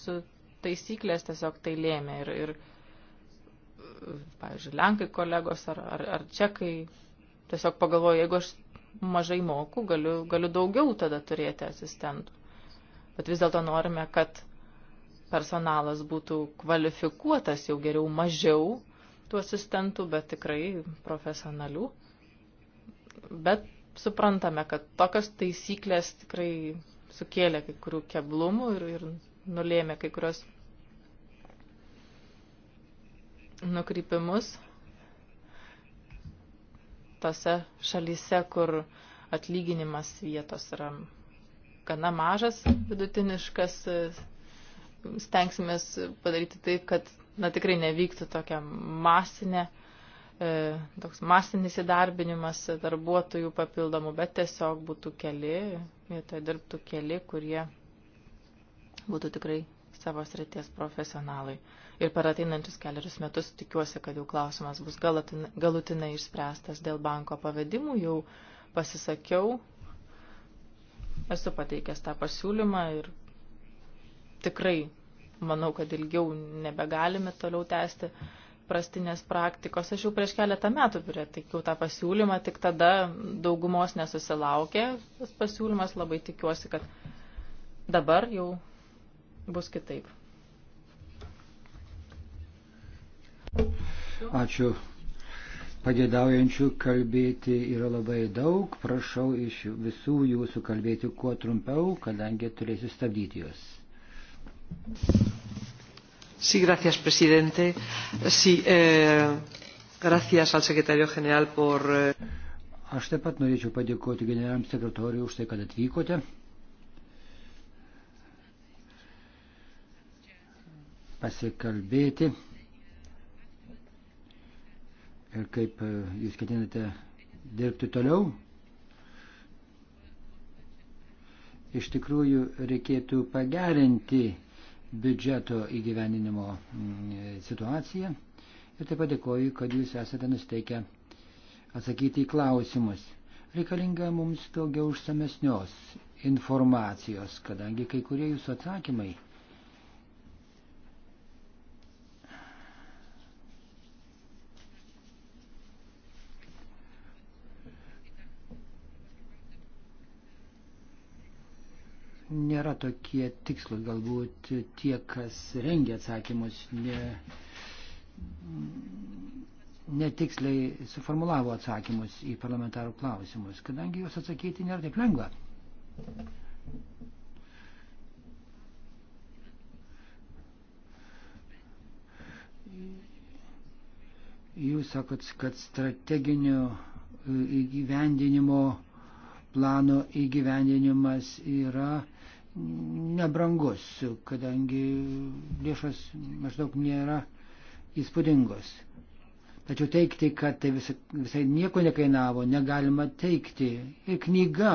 taisyklės tiesiog tai lėmė. Ir, ir pavyzdžiui, Lenkai kolegos ar, ar, ar Čekai tiesiog pagalvojo, jeigu aš mažai moku, galiu, galiu daugiau tada turėti asistentų. Bet vis dėlto norime, kad personalas būtų kvalifikuotas jau geriau mažiau tų asistentų, bet tikrai profesionalių. Bet suprantame, kad tokios taisyklės tikrai sukėlė kai kurių keblumų ir, ir nulėmė kai kurios nukrypimus tose šalyse, kur atlyginimas vietos yra gana mažas, vidutiniškas, stengsimės padaryti taip, kad na, tikrai nevyktų tokia masinė, e, toks masinis įdarbinimas darbuotojų papildomų, bet tiesiog būtų keli, vietoje dirbtų keli, kurie būtų tikrai savo srities profesionalai ir per ateinančius keliarius metus tikiuosi, kad jau klausimas bus galutinai išspręstas dėl banko pavedimų, jau pasisakiau, esu pateikęs tą pasiūlymą ir tikrai manau, kad ilgiau nebegalime toliau tęsti prastinės praktikos. Aš jau prieš keletą metų priteikiau tą pasiūlymą, tik tada daugumos nesusilaukė. Tas pasiūlymas labai tikiuosi, kad dabar jau bus kitaip. Ačiū. Pagėdaujančių kalbėti yra labai daug. Prašau iš visų jūsų kalbėti kuo trumpiau, kadangi turėsiu stabdyti juos. Sí, gracias, presidente. Sí, eh, gracias al secretario general por. Eh, Aš taip pat norėčiau padėkoti generaliniam sekretoriui už tai, kad atvykote. Pasikalbėti ir kaip e, jūs ketinate dirbti toliau. Iš tikrųjų, reikėtų pagerinti biudžeto įgyveninimo mm, e, situaciją. Ir taip pat dėkoju, kad jūs esate nusteikę atsakyti į klausimus. Reikalinga mums daugiau užsamesnios informacijos, kadangi kai kurie jūsų atsakymai nėra tokie tikslai. Galbūt tie, kas rengia atsakymus, ne, netiksliai suformulavo atsakymus į parlamentarų klausimus, kadangi juos atsakyti nėra taip lengva. Jūs sakot, kad strateginio e, įgyvendinimo plano įgyvendinimas yra nebrangus, kadangi lėšos maždaug nėra įspūdingos. Tačiau teikti, kad tai vis, visai nieko nekainavo, negalima teikti. Ir knyga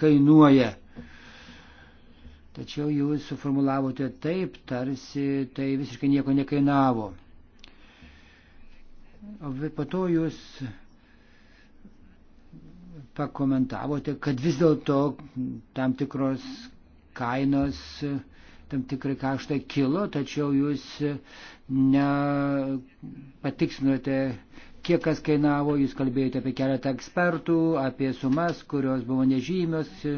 kainuoja. Tačiau jūs suformulavote taip, tarsi tai visiškai nieko nekainavo. O po to jūs pakomentavote, kad vis dėlto tam tikros kainos tam tikrai kaštai kilo, tačiau jūs e, nepatiksinote, kiek kas kainavo, jūs kalbėjote apie keletą ekspertų, apie sumas, kurios buvo nežymios, e,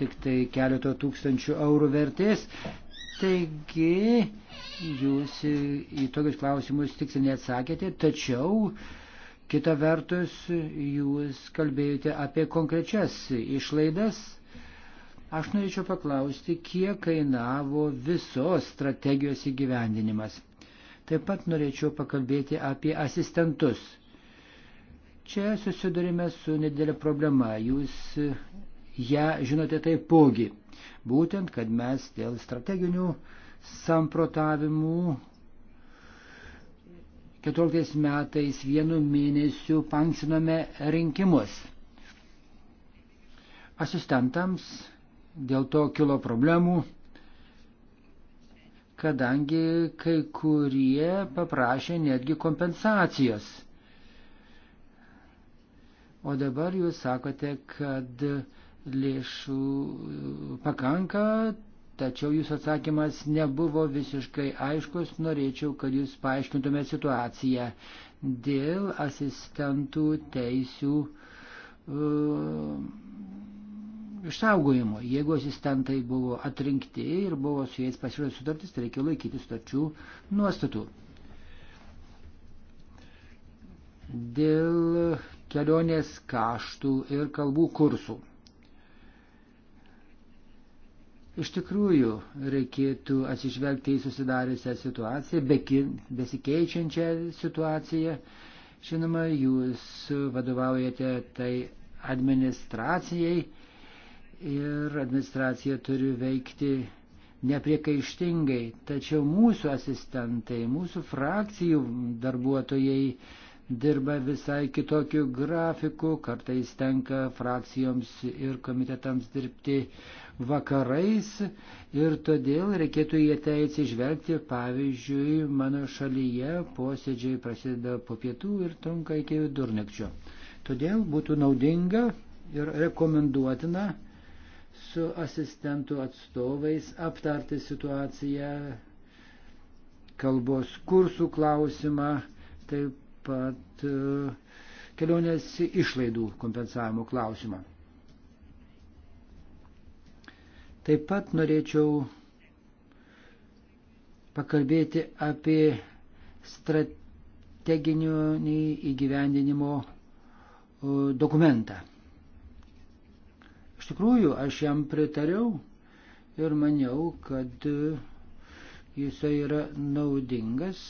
tik tai keleto tūkstančių eurų vertės. Taigi, jūs e, į tokius klausimus tiksliai neatsakėte, tačiau kita vertus jūs kalbėjote apie konkrečias išlaidas Aš norėčiau paklausti, kiek kainavo visos strategijos įgyvendinimas. Taip pat norėčiau pakalbėti apie asistentus. Čia susidurime su nedėlė problema. Jūs ją žinote taipogi. Būtent, kad mes dėl strateginių samprotavimų 14 metais vienu mėnesiu panksinome rinkimus. Asistentams dėl to kilo problemų, kadangi kai kurie paprašė netgi kompensacijos. O dabar jūs sakote, kad lėšų pakanka, tačiau jūsų atsakymas nebuvo visiškai aiškus. Norėčiau, kad jūs paaiškintumėte situaciją dėl asistentų teisių. Uh, išsaugojimo. Jeigu asistentai buvo atrinkti ir buvo su jais pasiūlyta sutartis, tai reikėjo laikyti sutarčių nuostatų. Dėl kelionės kaštų ir kalbų kursų. Iš tikrųjų, reikėtų atsižvelgti į susidariusią situaciją, besikeičiančią situaciją. Žinoma, jūs vadovaujate tai administracijai, ir administracija turi veikti nepriekaištingai. Tačiau mūsų asistentai, mūsų frakcijų darbuotojai dirba visai kitokiu grafiku, kartais tenka frakcijoms ir komitetams dirbti vakarais ir todėl reikėtų į tai atsižvelgti. Pavyzdžiui, mano šalyje posėdžiai prasideda po pietų ir tunka iki vidurnakčio. Todėl būtų naudinga ir rekomenduotina su asistentų atstovais aptarti situaciją, kalbos kursų klausimą, taip pat e, kelionės išlaidų kompensavimo klausimą. Taip pat norėčiau pakalbėti apie strateginio įgyvendinimo e, dokumentą tikrųjų, aš jam pritariau ir maniau, kad e, jisai yra naudingas,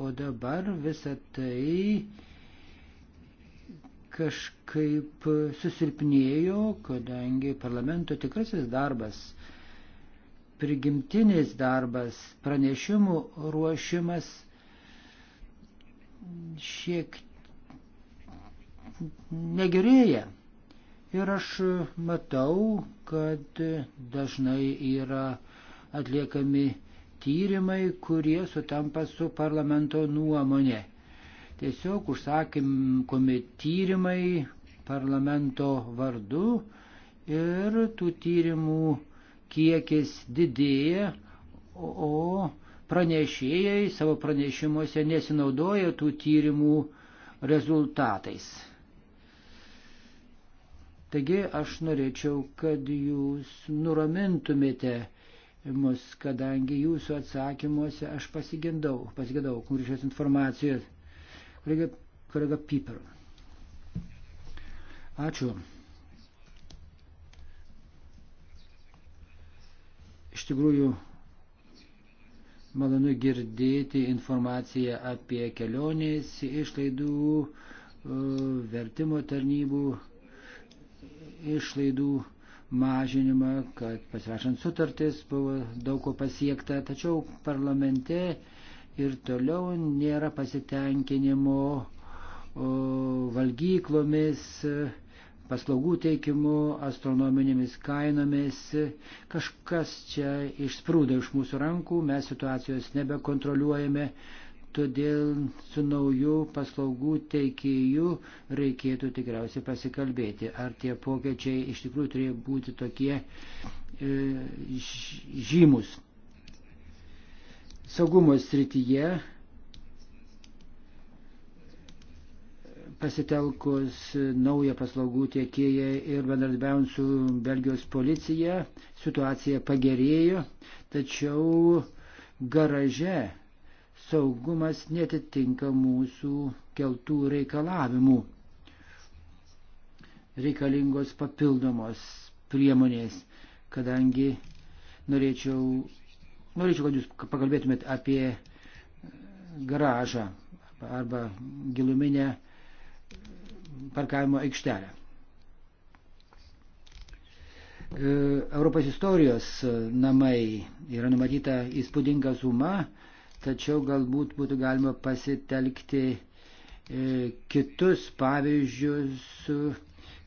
o dabar visa tai kažkaip susilpnėjo, kadangi parlamento tikrasis darbas, prigimtinis darbas, pranešimų ruošimas šiek negerėja. Ir aš matau, kad dažnai yra atliekami tyrimai, kurie sutampa su parlamento nuomonė. Tiesiog užsakymkomi tyrimai parlamento vardu ir tų tyrimų kiekis didėja, o pranešėjai savo pranešimuose nesinaudoja tų tyrimų rezultatais. Taigi aš norėčiau, kad jūs nuramintumėte mus, kadangi jūsų atsakymuose aš pasigindau, pasigindau konkrečios informacijos. Kolega, kolega Piper. Ačiū. Iš tikrųjų, malonu girdėti informaciją apie kelionės išlaidų, e, vertimo tarnybų išlaidų mažinimą, kad pasirašant sutartis buvo daug ko pasiekta, tačiau parlamente ir toliau nėra pasitenkinimo valgyklomis, paslaugų teikimu, astronominėmis kainomis. Kažkas čia išsprūdo iš mūsų rankų, mes situacijos nebekontroliuojame, Todėl su naujų paslaugų teikėjų reikėtų tikriausiai pasikalbėti, ar tie pokyčiai iš tikrųjų turėjo būti tokie e, žymus. Saugumo srityje pasitelkus naują paslaugų tiekėją ir bendradarbiaujant su Belgijos policija situacija pagerėjo, tačiau garaže saugumas netitinka mūsų keltų reikalavimų. Reikalingos papildomos priemonės, kadangi norėčiau, norėčiau kad jūs pakalbėtumėt apie garažą arba giluminę parkavimo aikštelę. E, Europos istorijos namai yra numatyta įspūdinga suma tačiau galbūt būtų galima pasitelkti e, kitus pavyzdžius,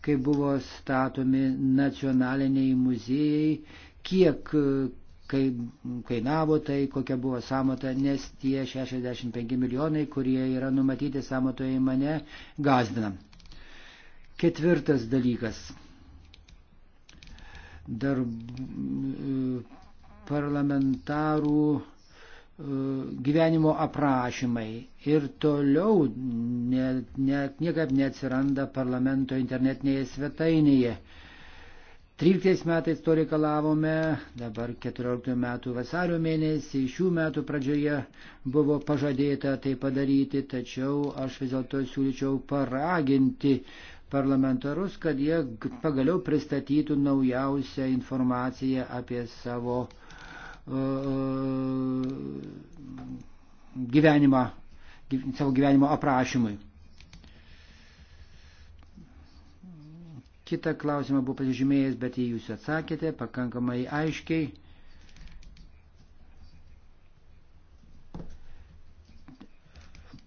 kai buvo statomi nacionaliniai muziejai, kiek e, kai, kainavo tai, kokia buvo samota, nes tie 65 milijonai, kurie yra numatyti samotoje mane, gazdina. Ketvirtas dalykas. Dar e, parlamentarų gyvenimo aprašymai ir toliau ne, ne, niekaip neatsiranda parlamento internetinėje svetainėje. 13 metais to reikalavome, dabar 14 metų vasario mėnesį, šių metų pradžioje buvo pažadėta tai padaryti, tačiau aš vis dėlto siūlyčiau paraginti parlamentarus, kad jie pagaliau pristatytų naujausią informaciją apie savo E, gyvenimą, savo gyvenimo aprašymui. Kita klausimą buvo pasižymėjęs, bet jį jūs atsakėte pakankamai aiškiai.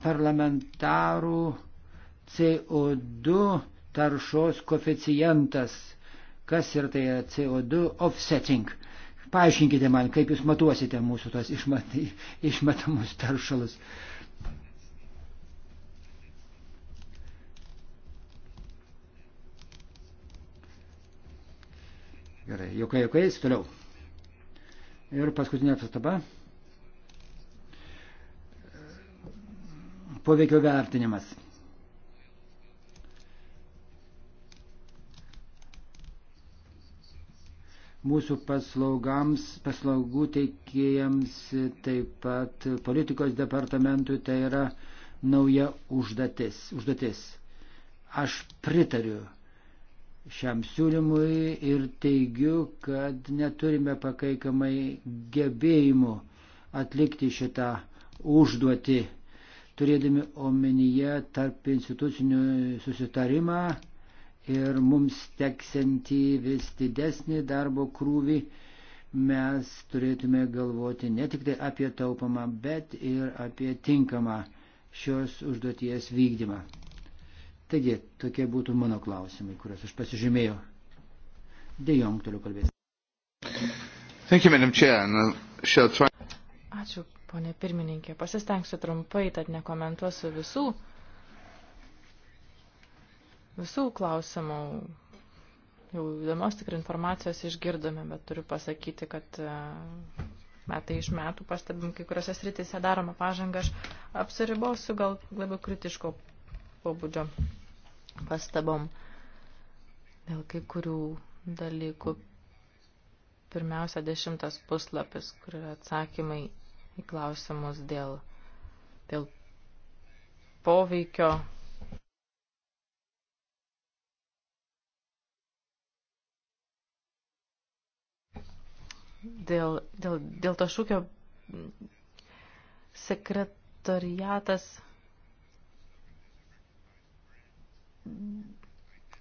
Parlamentarų CO2 taršos koficijantas. Kas ir tai yra CO2 offsetting? Paaiškinkite man, kaip jūs matuosite mūsų tos išmat, išmetamus taršalus. Gerai, jokai, jokais, toliau. Ir paskutinė pastaba. Poveikio vertinimas. mūsų paslaugams, paslaugų teikėjams, taip pat politikos departamentui tai yra nauja užduotis. užduotis. Aš pritariu šiam siūlymui ir teigiu, kad neturime pakankamai gebėjimų atlikti šitą užduotį, turėdami omenyje tarp institucinių susitarimą ir mums teksinti vis didesnį darbo krūvį, mes turėtume galvoti ne tik tai apie taupamą, bet ir apie tinkamą šios užduoties vykdymą. Taigi, tokie būtų mano klausimai, kuriuos aš pasižymėjau. Dejong toliau kalbės. Thank you, Madam Chair, and I shall try. Ačiū, ponė pirmininkė. Pasistengsiu trumpai, tad nekomentuosiu visų visų klausimų. Jau įdomios tikrai informacijos išgirdome, bet turiu pasakyti, kad e, metai iš metų pastebim, kai kuriuose sritise daroma pažanga. Aš apsiribosiu gal labiau kritiško pobūdžio pastabom dėl kai kurių dalykų. Pirmiausia, dešimtas puslapis, kur yra atsakymai į klausimus dėl, dėl poveikio dėl, dėl, dėl to šūkio sekretariatas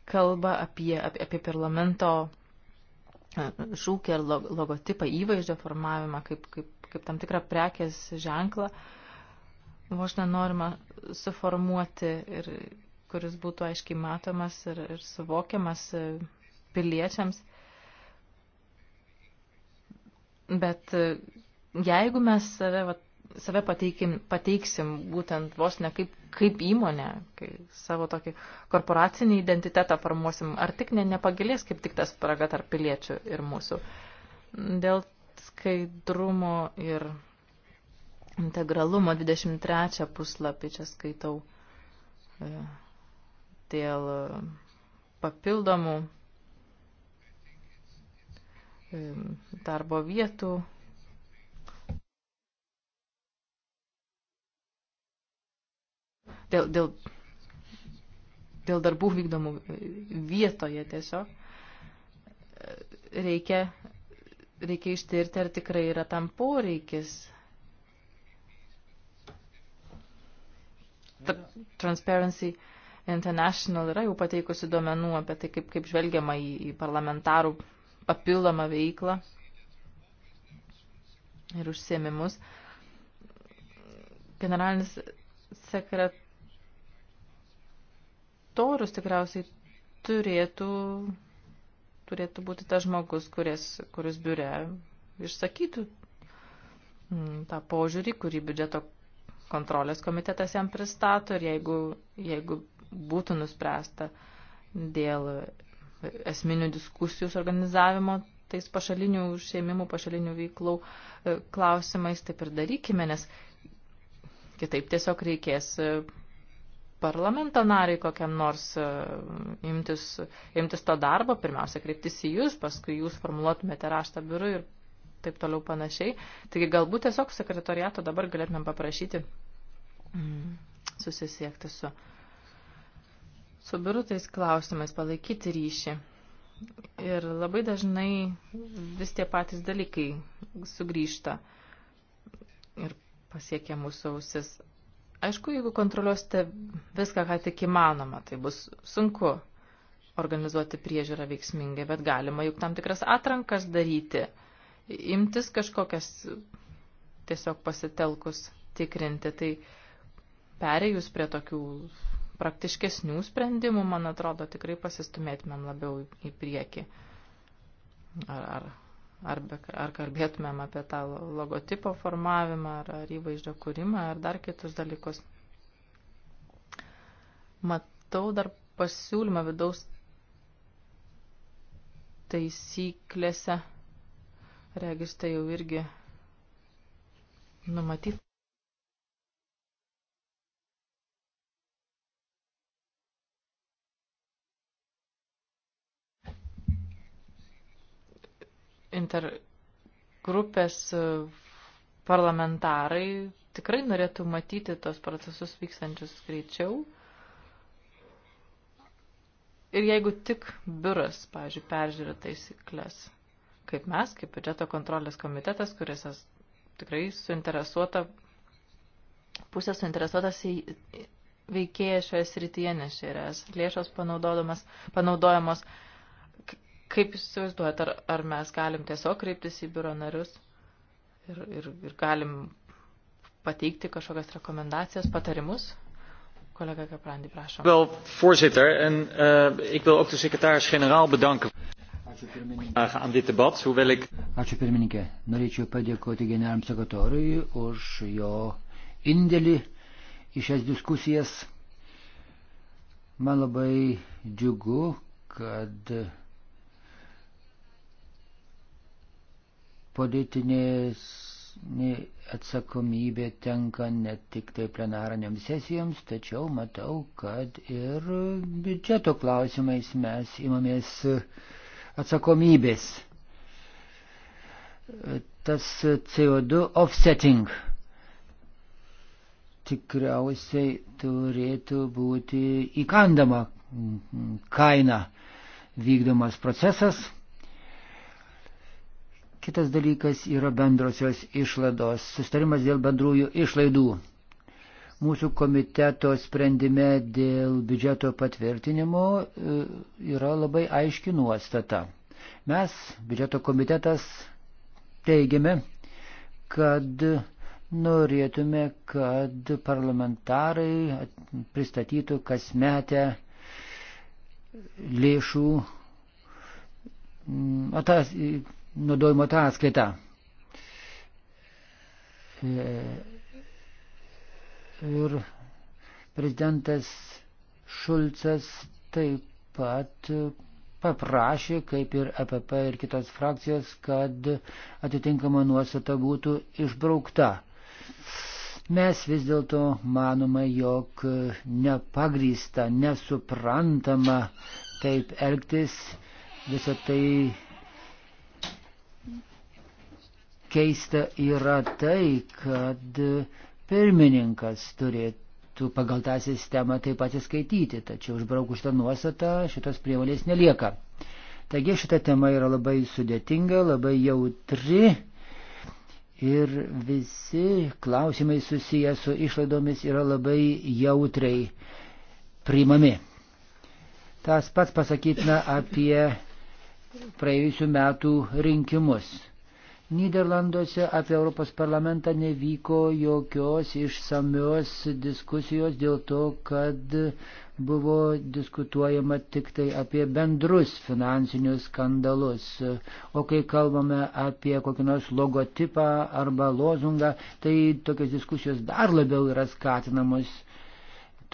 kalba apie, apie, apie parlamento e, šūkį ar logotipą įvaizdžio formavimą kaip, kaip, kaip tam tikrą prekės ženklą. Vos nenorima suformuoti, ir, kuris būtų aiškiai matomas ir, ir suvokiamas piliečiams. Bet e, jeigu mes save, va, save pateikim, pateiksim būtent vos ne kaip, kaip įmonė, kai savo tokį korporacinį identitetą formuosim, ar tik ne, nepagilės kaip tik tas spraga tarp piliečių ir mūsų. Dėl skaidrumo ir integralumo 23 puslapį čia skaitau e, dėl e, papildomų darbo vietų. Dėl, dėl, dėl darbų vykdomų vietoje tiesiog reikia, reikia ištirti, ar tikrai yra tam poreikis. Transparency International yra jau pateikusi duomenų apie tai, kaip, kaip žvelgiama į, į parlamentarų papildomą veiklą ir užsiemimus. Generalinis sekretorius tikriausiai turėtų, turėtų būti tas žmogus, kuris, kuris biure išsakytų mm, tą požiūrį, kurį biudžeto kontrolės komitetas jam pristato ir jeigu, jeigu būtų nuspręsta dėl esminių diskusijų organizavimo tais pašalinių užsiemimų, pašalinių veiklų e, klausimais, taip ir darykime, nes kitaip tiesiog reikės e, parlamento nariai kokiam nors e, imtis, imtis to darbo, pirmiausia kreiptis į jūs, paskui jūs formuluotumėte raštą biurui ir taip toliau panašiai. Taigi galbūt tiesiog sekretoriato dabar galėtumėm paprašyti mm, susisiekti su su birutais klausimais, palaikyti ryšį. Ir labai dažnai vis tie patys dalykai sugrįžta ir pasiekia mūsų ausis. Aišku, jeigu kontroliuosite viską, ką tik įmanoma, tai bus sunku organizuoti priežiūrą veiksmingai, bet galima juk tam tikras atrankas daryti, imtis kažkokias tiesiog pasitelkus tikrinti. Tai perėjus prie tokių praktiškesnių sprendimų, man atrodo, tikrai pasistumėtumėm labiau į priekį. Ar, ar, ar, be, ar kalbėtumėm apie tą logotipo formavimą, ar, ar įvaizdžio kūrimą, ar dar kitus dalykus. Matau dar pasiūlymą vidaus taisyklėse. Regis tai jau irgi numatyti. intergrupės e, parlamentarai tikrai norėtų matyti tos procesus vykstančius greičiau. Ir jeigu tik biuras, pavyzdžiui, peržiūrė taisyklės, kaip mes, kaip biudžeto kontrolės komitetas, kuris tikrai suinteresuota, pusė suinteresuotas į veikėjas šioje srityje, nes čia yra lėšos panaudojamas Kaip jūs įsivaizduojat, ar, ar mes galim tiesiog kreiptis į biuro narius ir, ir, ir galim pateikti kažkokias rekomendacijas, patarimus? Collega Caprandi, prašom. Wel, voorzitter, en uh, ik wil ook de secretaris-generaal bedanken aan dit debat, hoewel ik... Ačiū pirmininkė. Norėčiau padėkoti generaliniam sekretoriui už jo indėlį į šias diskusijas. Man labai džiugu, kad politinės atsakomybė tenka ne tik tai plenariniams sesijoms, tačiau matau, kad ir biudžeto klausimais mes imamės atsakomybės. Tas CO2 offsetting tikriausiai turėtų būti įkandama kaina vykdomas procesas. Kitas dalykas yra bendrosios išlados, sustarimas dėl bendrųjų išlaidų. Mūsų komiteto sprendime dėl biudžeto patvirtinimo e, yra labai aiški nuostata. Mes, biudžeto komitetas, teigiame, kad norėtume, kad parlamentarai pristatytų kasmetę lėšų mm, atas, naudojimo ataskaitą. Ir prezidentas Šulcas taip pat paprašė, kaip ir EPP ir kitos frakcijos, kad atitinkama nuostata būtų išbraukta. Mes vis dėlto manome, jog nepagrysta, nesuprantama taip elgtis, visą tai keista yra tai, kad pirmininkas turėtų pagal tą sistemą taip pat įskaityti, tačiau užbraukus tą nuostatą šitos prievalės nelieka. Taigi šita tema yra labai sudėtinga, labai jautri ir visi klausimai susiję su išlaidomis yra labai jautriai priimami. Tas pats pasakytina apie praėjusių metų rinkimus. Niderlanduose apie Europos parlamentą nevyko jokios išsamios diskusijos dėl to, kad buvo diskutuojama tik tai apie bendrus finansinius skandalus. O kai kalbame apie kokį nors logotipą arba lozungą, tai tokios diskusijos dar labiau yra skatinamos.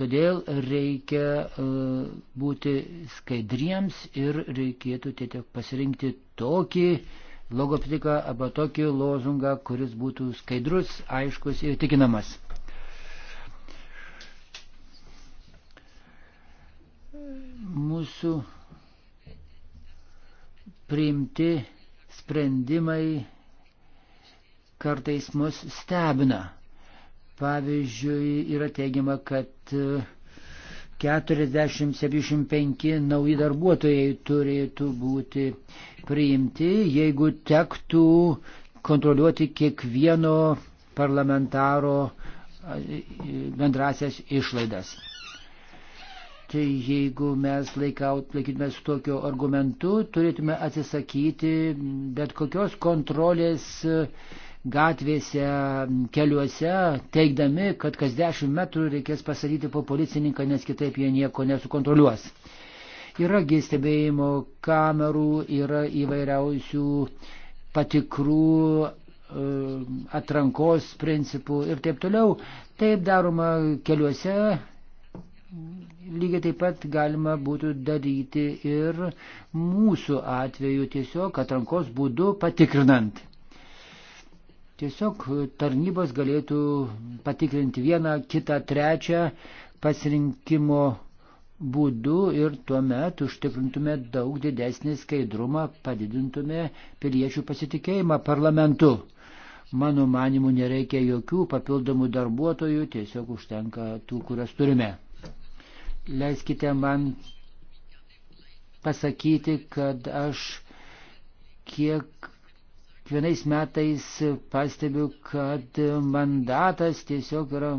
Todėl reikia uh, būti skaidriems ir reikėtų tiesiog pasirinkti tokį uh, logoptiką arba tokį lozungą, kuris būtų skaidrus, aiškus ir tikinamas. Mūsų priimti sprendimai kartais mus stebina. Pavyzdžiui, yra teigiama, kad uh, 40-75 nauji darbuotojai turėtų būti priimti, jeigu tektų kontroliuoti kiekvieno parlamentaro bendrasias išlaidas. Tai jeigu mes laikaut, laikytume su tokiu argumentu, turėtume atsisakyti bet kokios kontrolės uh, gatvėse, keliuose, teikdami, kad kas dešimt metrų reikės pasakyti po policininką, nes kitaip jie nieko nesukontroliuos. Yra gėstebėjimo kamerų, yra įvairiausių patikrų, e, atrankos principų ir taip toliau. Taip daroma keliuose, Lygiai taip pat galima būtų daryti ir mūsų atveju tiesiog atrankos būdu patikrinant. Tiesiog tarnybos galėtų patikrinti vieną, kitą, trečią pasirinkimo būdu ir tuomet užtikrintume daug didesnį skaidrumą, padidintume piliečių pasitikėjimą parlamentu. Mano manimu, nereikia jokių papildomų darbuotojų, tiesiog užtenka tų, kurias turime. Leiskite man pasakyti, kad aš kiek kiekvienais metais pastebiu, kad mandatas tiesiog yra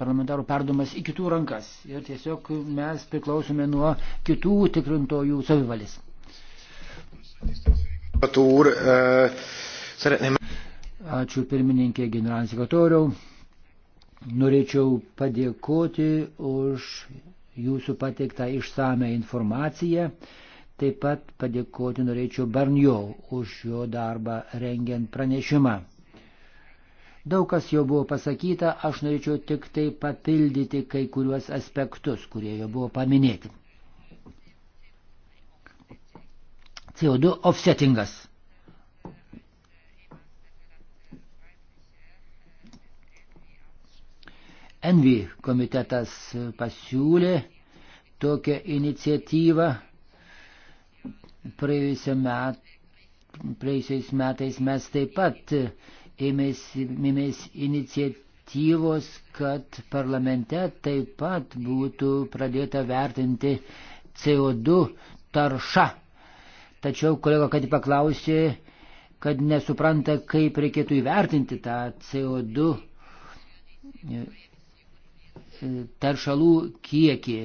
parlamentarų perdumas į kitų rankas ir tiesiog mes priklausome nuo kitų tikrintojų savivalės. Ačiū pirmininkė generalinis sekretoriau. Norėčiau padėkoti už jūsų pateiktą išsame informaciją. Taip pat padėkoti norėčiau Barnio už jo darbą rengiant pranešimą. Daug kas jau buvo pasakyta, aš norėčiau tik tai papildyti kai kuriuos aspektus, kurie jau buvo paminėti. CO2 offsettingas. Envy komitetas pasiūlė tokią iniciatyvą met, praėjusiais metais mes taip pat ėmėmės iniciatyvos, kad parlamente taip pat būtų pradėta vertinti CO2 taršą. Tačiau kolega, kad paklausė, kad nesupranta, kaip reikėtų įvertinti tą CO2 e, taršalų kiekį.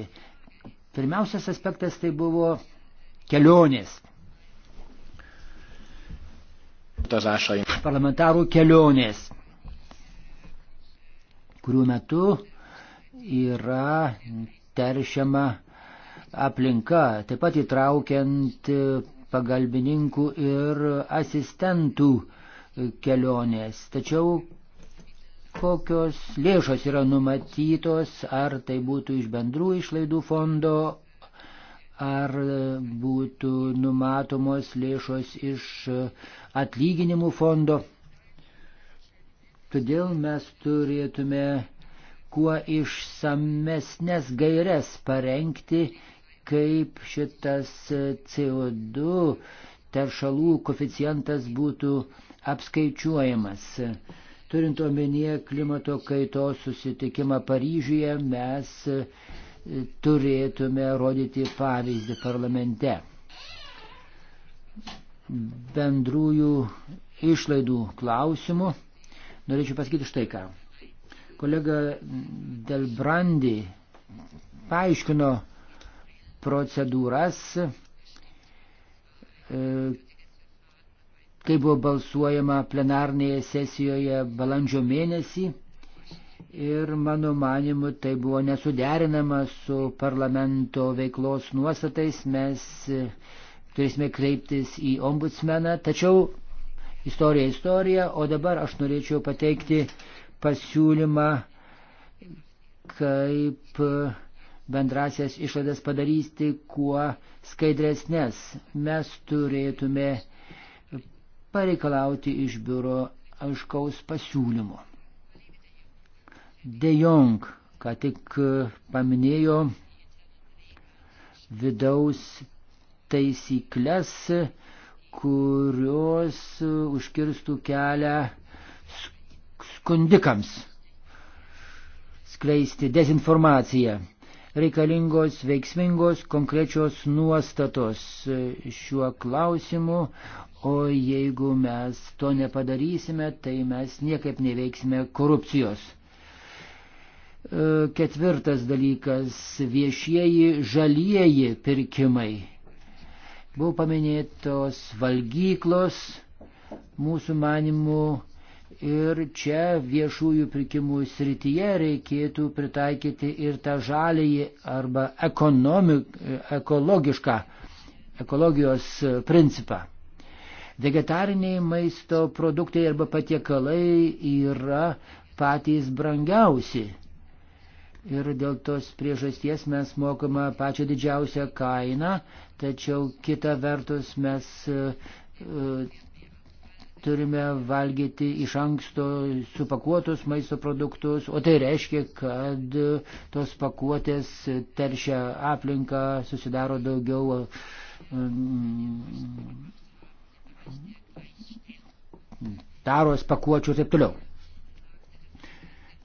Pirmiausias aspektas tai buvo kelionės. Parlamentarų kelionės, kurių metu yra teršiama aplinka, taip pat įtraukiant pagalbininkų ir asistentų kelionės. Tačiau kokios lėšos yra numatytos, ar tai būtų iš bendrų išlaidų fondo, ar būtų numatomos lėšos iš atlyginimų fondo. Todėl mes turėtume kuo išsamesnės gairias parengti, kaip šitas CO2 teršalų koficijantas būtų apskaičiuojamas. Turint omenyje klimato kaitos susitikimą Paryžiuje, mes turėtume rodyti pavyzdį parlamente. Bendrųjų išlaidų klausimų norėčiau pasakyti štai ką. Kolega Delbrandi paaiškino procedūras, e, kai buvo balsuojama plenarnėje sesijoje balandžio mėnesį ir mano manimu tai buvo nesuderinama su parlamento veiklos nuostatais. Mes e, turėsime kreiptis į ombudsmeną, tačiau istorija istorija, o dabar aš norėčiau pateikti pasiūlymą, kaip bendrasias išvadas padarysti kuo skaidresnės. Mes turėtume pareikalauti iš biuro aiškaus pasiūlymo. De Jong ką tik e, paminėjo vidaus taisyklės, kurios užkirstų kelią skundikams skleisti dezinformaciją. Reikalingos veiksmingos konkrečios nuostatos šiuo klausimu, o jeigu mes to nepadarysime, tai mes niekaip neveiksime korupcijos. E, ketvirtas dalykas - viešieji žalieji pirkimai. Buvo paminėtos valgyklos, mūsų manimų, ir čia viešųjų pirkimų srityje reikėtų pritaikyti ir tą žalįjį arba ekonomik, ekologišką, ekologijos principą. Vegetariniai maisto produktai arba patiekalai yra patys brangiausi Ir dėl tos priežasties mes mokame pačią didžiausią kainą, tačiau kita vertus mes e, e, turime valgyti iš anksto supakuotus maisto produktus, o tai reiškia, kad tos pakuotės teršia aplinką, susidaro daugiau e, taros pakuočių ir taip toliau.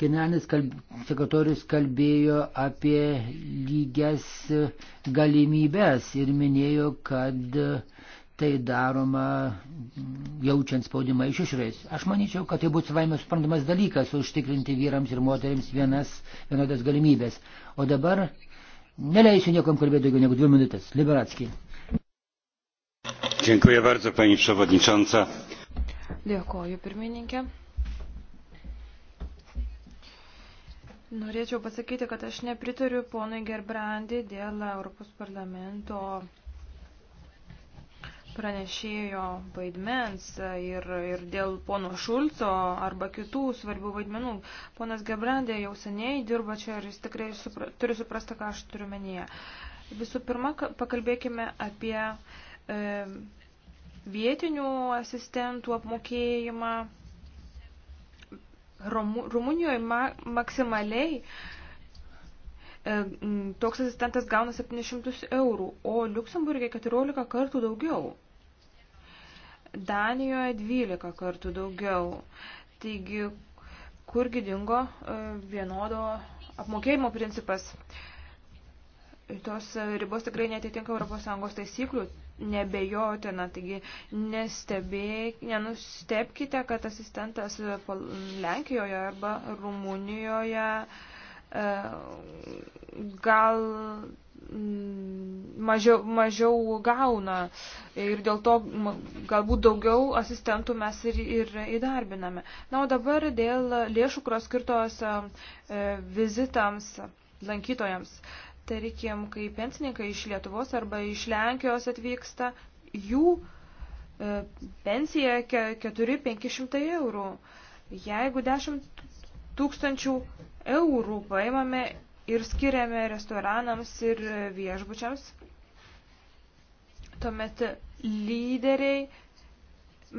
Generalinis kalb... sekretorius kalbėjo apie lygias galimybės ir minėjo, kad tai daroma mm, jaučiant spaudimą iš išorės. Aš manyčiau, kad tai būtų savaime suprantamas dalykas užtikrinti vyrams ir moteriams vienas, vienodas galimybės. O dabar neleisiu niekam kalbėti daugiau negu dvi minutės. Liberatski. Dziękuję bardzo, pani przewodnicząca. Dėkoju, pirmininkė. Norėčiau pasakyti, kad aš nepritariu ponui Gerbrandi dėl Europos parlamento pranešėjo vaidmens ir, ir dėl pono Šulco arba kitų svarbių vaidmenų. Ponas Gebrandė jau seniai dirba čia ir jis tikrai supra, turi suprasti, ką aš turiu menyje. Visų pirma, pakalbėkime apie e, vietinių asistentų apmokėjimą Rumunijoje ma maksimaliai e, toks asistentas gauna 700 eurų, o Luksemburgė 14 kartų daugiau. Danijoje 12 kartų daugiau. Taigi, kurgi dingo e, vienodo apmokėjimo principas? Tos ribos tikrai netitinka ES taisyklių, nebejotina. Taigi nestebėk, nenustepkite, kad asistentas Lenkijoje arba Rumunijoje e, gal mm, mažiau, mažiau gauna ir dėl to galbūt daugiau asistentų mes ir, ir įdarbiname. Na, o dabar dėl lėšų, kurios skirtos e, vizitams lankytojams tarkim, kai pensininkai iš Lietuvos arba iš Lenkijos atvyksta, jų e, pensija 4-500 eurų. Jeigu 10 tūkstančių eurų paimame ir skiriame restoranams ir viešbučiams, tuomet lyderiai,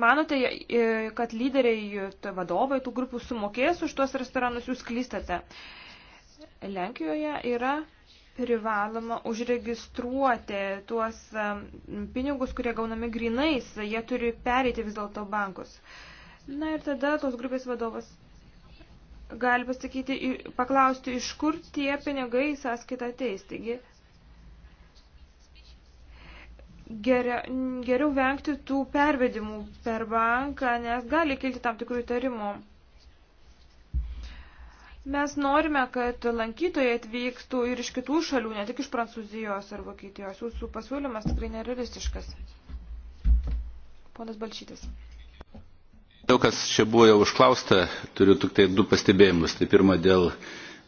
manote, e, kad lyderiai, tai vadovai tų grupių sumokės už tuos restoranus, jūs klystate. Lenkijoje yra privaloma užregistruoti tuos pinigus, kurie gaunami grinais, jie turi pereiti vis dėlto bankus. Na ir tada tos grupės vadovas gali pasakyti, paklausti, iš kur tie pinigai sąskaita ateis. Taigi, geria, geriau vengti tų pervedimų per banką, nes gali kilti tam tikrų įtarimų. Mes norime, kad lankytojai atvyktų ir iš kitų šalių, ne tik iš Prancūzijos ar Vokietijos. Jūsų pasiūlymas tikrai nerealistiškas. Ponas Balčytis. Daug kas čia buvo jau užklausta, turiu tik tai du pastebėjimus. Tai pirma dėl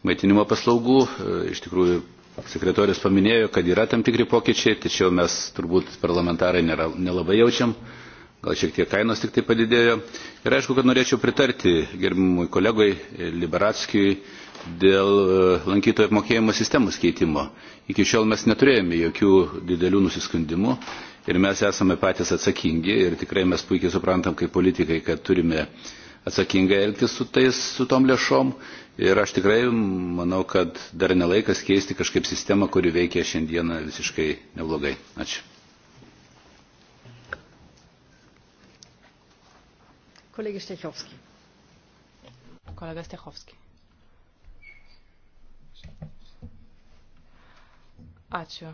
maitinimo paslaugų. E, iš tikrųjų, sekretorius paminėjo, kad yra tam tikri pokyčiai, tačiau mes turbūt parlamentarai nėra, nelabai jaučiam gal šiek tiek kainos tik tai padidėjo. Ir aišku, kad norėčiau pritarti gerbimui kolegai Liberatskijui dėl e, lankytojų apmokėjimo sistemos keitimo. Iki šiol mes neturėjome jokių didelių nusiskundimų ir mes esame patys atsakingi ir tikrai mes puikiai suprantam kaip politikai, kad turime atsakingai elgtis su, tais, su tom lėšom. Ir aš tikrai manau, kad dar nelaikas keisti kažkaip sistemą, kuri veikia šiandieną visiškai neblogai. Ačiū. Kolega Stechovski. Kolega Stechovski. Ačiū,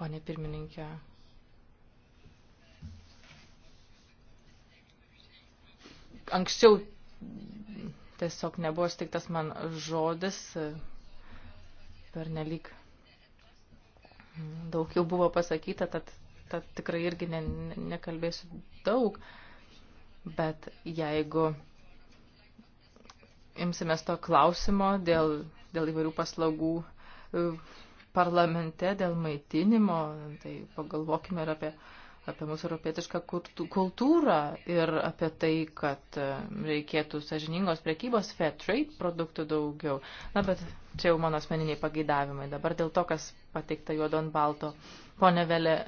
ponė pirmininkė. Anksčiau tiesiog nebuvo stiktas man žodis, per nelik daug jau buvo pasakyta, tad, tad tikrai irgi ne, ne, nekalbėsiu daug. Uh, bet jeigu imsimės to klausimo dėl, dėl įvairių paslaugų e, parlamente, dėl maitinimo, tai pagalvokime ir apie, apie mūsų europietišką kultūrą ir apie tai, kad e, reikėtų sažiningos priekybos fair trade produktų daugiau. Na, bet čia jau mano asmeniniai pageidavimai. Dabar dėl to, kas pateikta juodo ant balto. Pone Vėlė,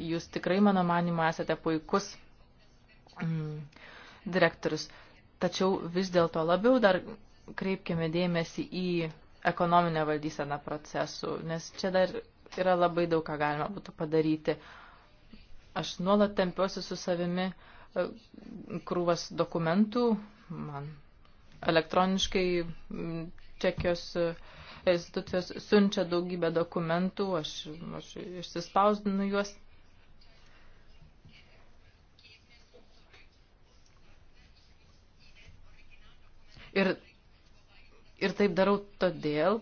jūs tikrai, mano manimą, esate puikus Mm, direktorius. Tačiau vis dėlto labiau dar kreipkime dėmesį į ekonominę valdyseną procesų, nes čia dar yra labai daug ką galima būtų padaryti. Aš nuolat tempiuosi su savimi e, krūvas dokumentų, man elektroniškai čekijos e, institucijos siunčia daugybę dokumentų, aš, aš išsispausdinu juos Ir, ir taip darau todėl,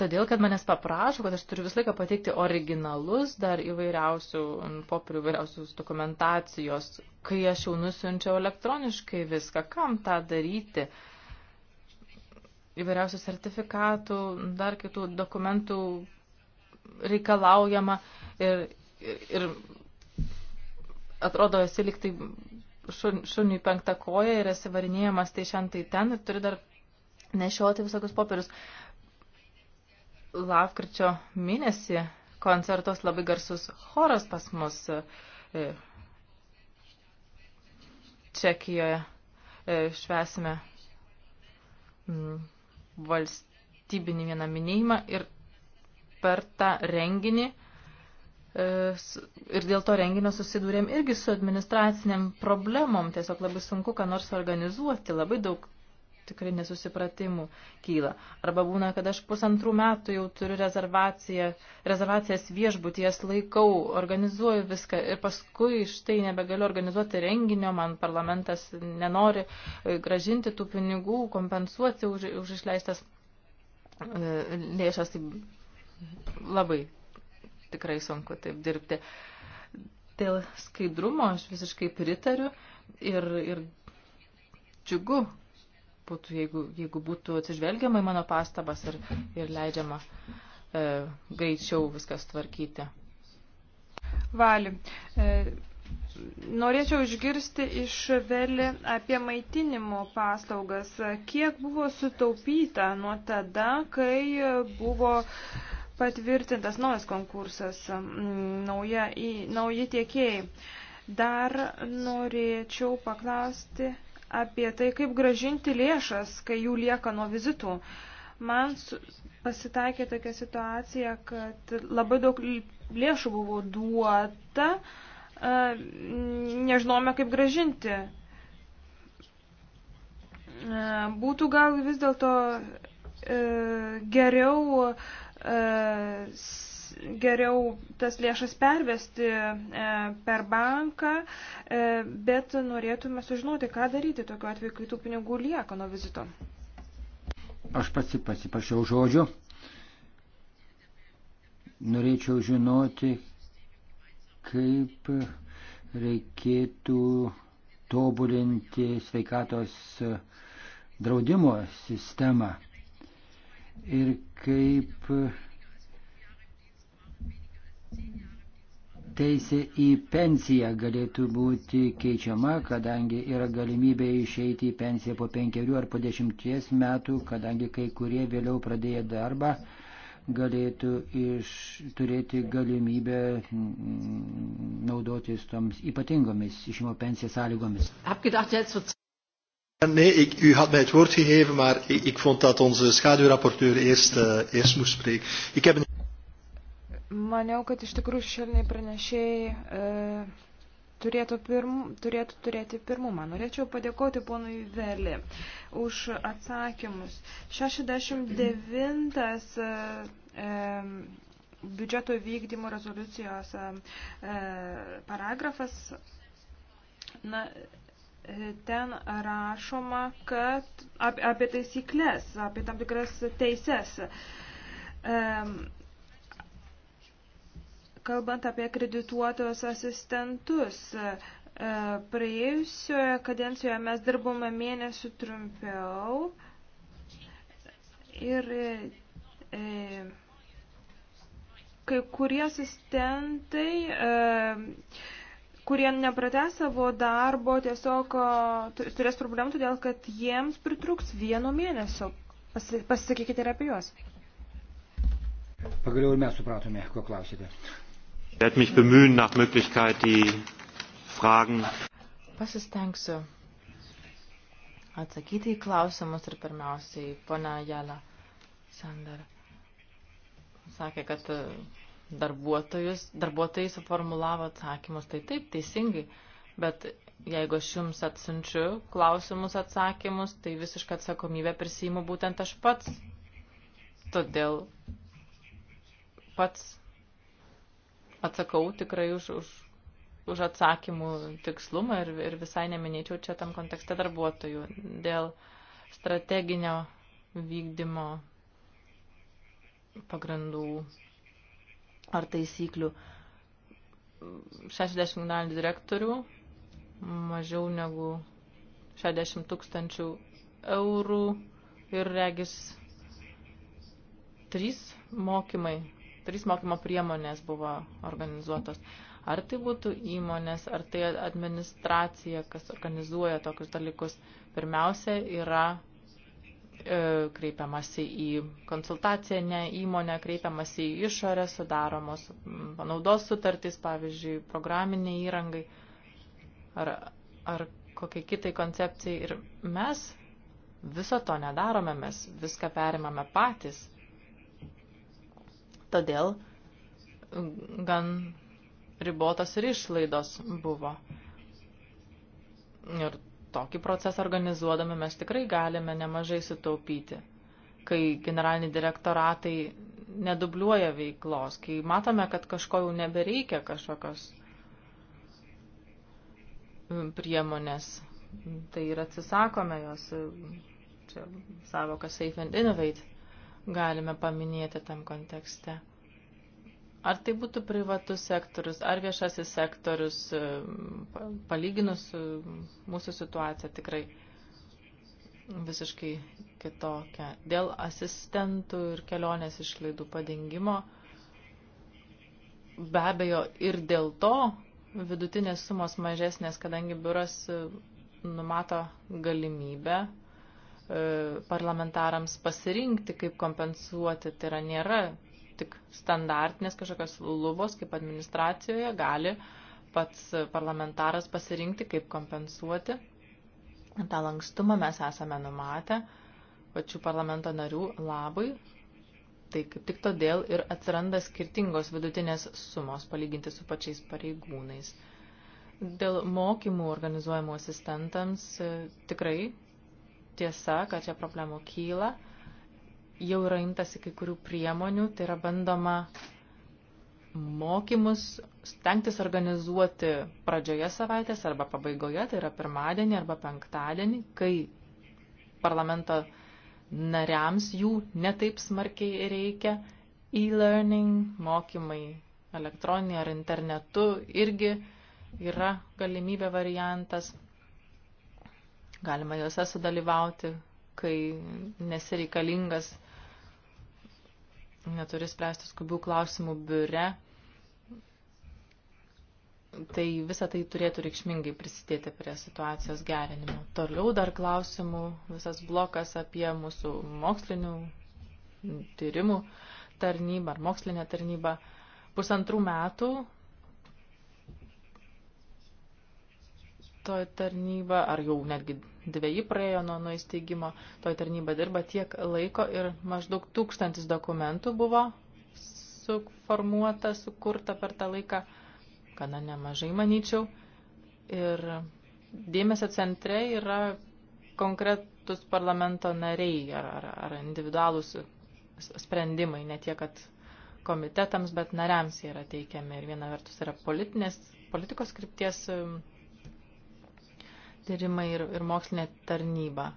todėl, kad manęs paprašo, kad aš turiu visą laiką pateikti originalus dar įvairiausių popierių, įvairiausios dokumentacijos, kai aš jau nusiunčiau elektroniškai viską, kam tą daryti įvairiausių sertifikatų, dar kitų dokumentų reikalaujama ir, ir, ir atrodo esi liktai šun, šuniui penktą koją ir esi varinėjamas tai šiandien tai ten ir turi dar nešioti visokius popierius. Lapkričio mėnesį koncertos labai garsus choras pas mus e, Čekijoje e, švesime mm, valstybinį vieną minėjimą ir per tą renginį E, ir dėl to renginio susidūrėm irgi su administraciniam problemom. Tiesiog labai sunku, ką nors organizuoti, labai daug tikrai nesusipratimų kyla. Arba būna, kad aš pusantrų metų jau turiu rezervaciją, rezervacijas viešbuties laikau, organizuoju viską ir paskui štai nebegaliu organizuoti renginio, man parlamentas nenori e, gražinti tų pinigų, kompensuoti už, už išleistas e, lėšas. Tai labai tikrai sunku taip dirbti. Dėl skaidrumo aš visiškai pritariu ir, ir džiugu būtų, jeigu, jeigu būtų atsižvelgiama į mano pastabas ir, ir leidžiama e, greičiau viskas tvarkyti. Vali. E... Norėčiau išgirsti iš Veli apie maitinimo paslaugas. Kiek buvo sutaupyta nuo tada, kai buvo patvirtintas naujas konkursas, nauja, į, nauji tiekėjai. Dar norėčiau paklausti apie tai, kaip gražinti lėšas, kai jų lieka nuo vizitų. Man pasitaikė tokia situacija, kad labai daug lėšų buvo duota, e, nežinome, kaip gražinti. E, būtų gal vis dėlto e, geriau E, geriau tas lėšas pervesti e, per banką, e, bet norėtume sužinoti, ką daryti tokiu atveju, kai tų pinigų lieka nuo vizito. Aš pats pasipašiau žodžio. Norėčiau žinoti, kaip reikėtų tobulinti sveikatos draudimo sistemą ir kaip teisė į pensiją galėtų būti keičiama, kadangi yra galimybė išeiti į pensiją po penkerių ar po dešimties metų, kadangi kai kurie vėliau pradėję darbą galėtų iš, turėti galimybę mm, naudotis toms ypatingomis išimo pensijos sąlygomis. Nee, ik, u had mij het woord gegeven, maar ik, ik vond dat onze schaduwrapporteur eerst, uh, eerst moest spreken. Ik heb een... Maniau, kad iš tikrųjų šešėliniai pranešėjai e, turėtų, pirm, turėtų turėti pirmumą. Norėčiau padėkoti ponui Veli už atsakymus. 69 e, eh, biudžeto vykdymo rezoliucijos e, paragrafas. Na, ten rašoma, kad apie, apie taisyklės, apie tam tikras teises. Kalbant apie kredituotojus asistentus, e, praėjusioje kadencijoje mes dirbome mėnesių trumpiau ir e, kai kurie asistentai e, kurie nepratę savo darbo, tiesiog turės problemų, todėl kad jiems pritruks vieno mėnesio. Pasi, pasisakykite ir apie juos. Pagaliau ir mes supratome, ko klausėte. Werde mich bemühen, nach Möglichkeit die Fragen. Pasistengsiu atsakyti į klausimus ir pirmiausiai, ponia Jela Sander sakė, kad darbuotojus, darbuotojai suformulavo atsakymus, tai taip, teisingai, bet jeigu aš jums atsunčiu klausimus atsakymus, tai visišką atsakomybę prisijimu būtent aš pats. Todėl pats atsakau tikrai už, už, už atsakymų tikslumą ir, ir visai neminėčiau čia tam kontekste darbuotojų dėl strateginio vykdymo pagrindų ar taisyklių. 60 generalinių direktorių, mažiau negu 60 tūkstančių eurų ir regis trys mokymai, trys mokymo priemonės buvo organizuotos. Ar tai būtų įmonės, ar tai administracija, kas organizuoja tokius dalykus, pirmiausia yra E, kreipiamasi į konsultacinę įmonę, kreipiamasi į išorę, sudaromos panaudos sutartys, pavyzdžiui, programiniai įrangai ar, ar kokiai kitai koncepcijai. Ir mes viso to nedarome, mes viską perimame patys. Todėl gan ribotos ir išlaidos buvo. Ir Tokį procesą organizuodami mes tikrai galime nemažai sutaupyti, kai generaliniai direktoratai nedubliuoja veiklos, kai matome, kad kažko jau nebereikia kažkokios priemonės, tai ir atsisakome jos, čia savoką safe and innovate galime paminėti tam kontekste. Ar tai būtų privatus sektorius, ar viešasis sektorius, e, palyginus mūsų situaciją tikrai visiškai kitokia. Dėl asistentų ir kelionės išlaidų padengimo be abejo ir dėl to vidutinės sumos mažesnės, kadangi biuras e, numato galimybę e, parlamentarams pasirinkti, kaip kompensuoti. Tai yra nėra tik standartinės kažkokios lubos, kaip administracijoje, gali pats parlamentaras pasirinkti, kaip kompensuoti. Ta lankstumą mes esame numatę pačių parlamento narių labui. Tai kaip tik todėl ir atsiranda skirtingos vidutinės sumos palyginti su pačiais pareigūnais. Dėl mokymų organizuojamų asistentams e, tikrai tiesa, kad čia problemų kyla jau yra imtasi kai kurių priemonių, tai yra bandoma mokymus stengtis organizuoti pradžioje savaitės arba pabaigoje, tai yra pirmadienį arba penktadienį, kai parlamento nariams jų netaip smarkiai reikia. E-learning, mokymai elektroniniai ar internetu irgi yra galimybė variantas. Galima juose sudalyvauti, kai nesireikalingas neturi spręsti skubių klausimų biure, tai visa tai turėtų reikšmingai prisidėti prie situacijos gerinimo. Toliau dar klausimų visas blokas apie mūsų mokslinių tyrimų tarnybą ar mokslinę tarnybą. Pusantrų metų toj tarnybą, ar jau netgi dviejai praėjo nuo, nuo įsteigimo, toj tarnyba dirba tiek laiko ir maždaug tūkstantis dokumentų buvo suformuota, sukurta per tą laiką, gana nemažai manyčiau. Ir dėmesio centre yra konkretus parlamento nariai ar, ar, ar individualūs sprendimai, ne tiek, kad komitetams, bet nariams jie yra teikiami. Ir viena vertus yra politinės, politikos skripties tyrimai ir, ir mokslinė tarnyba.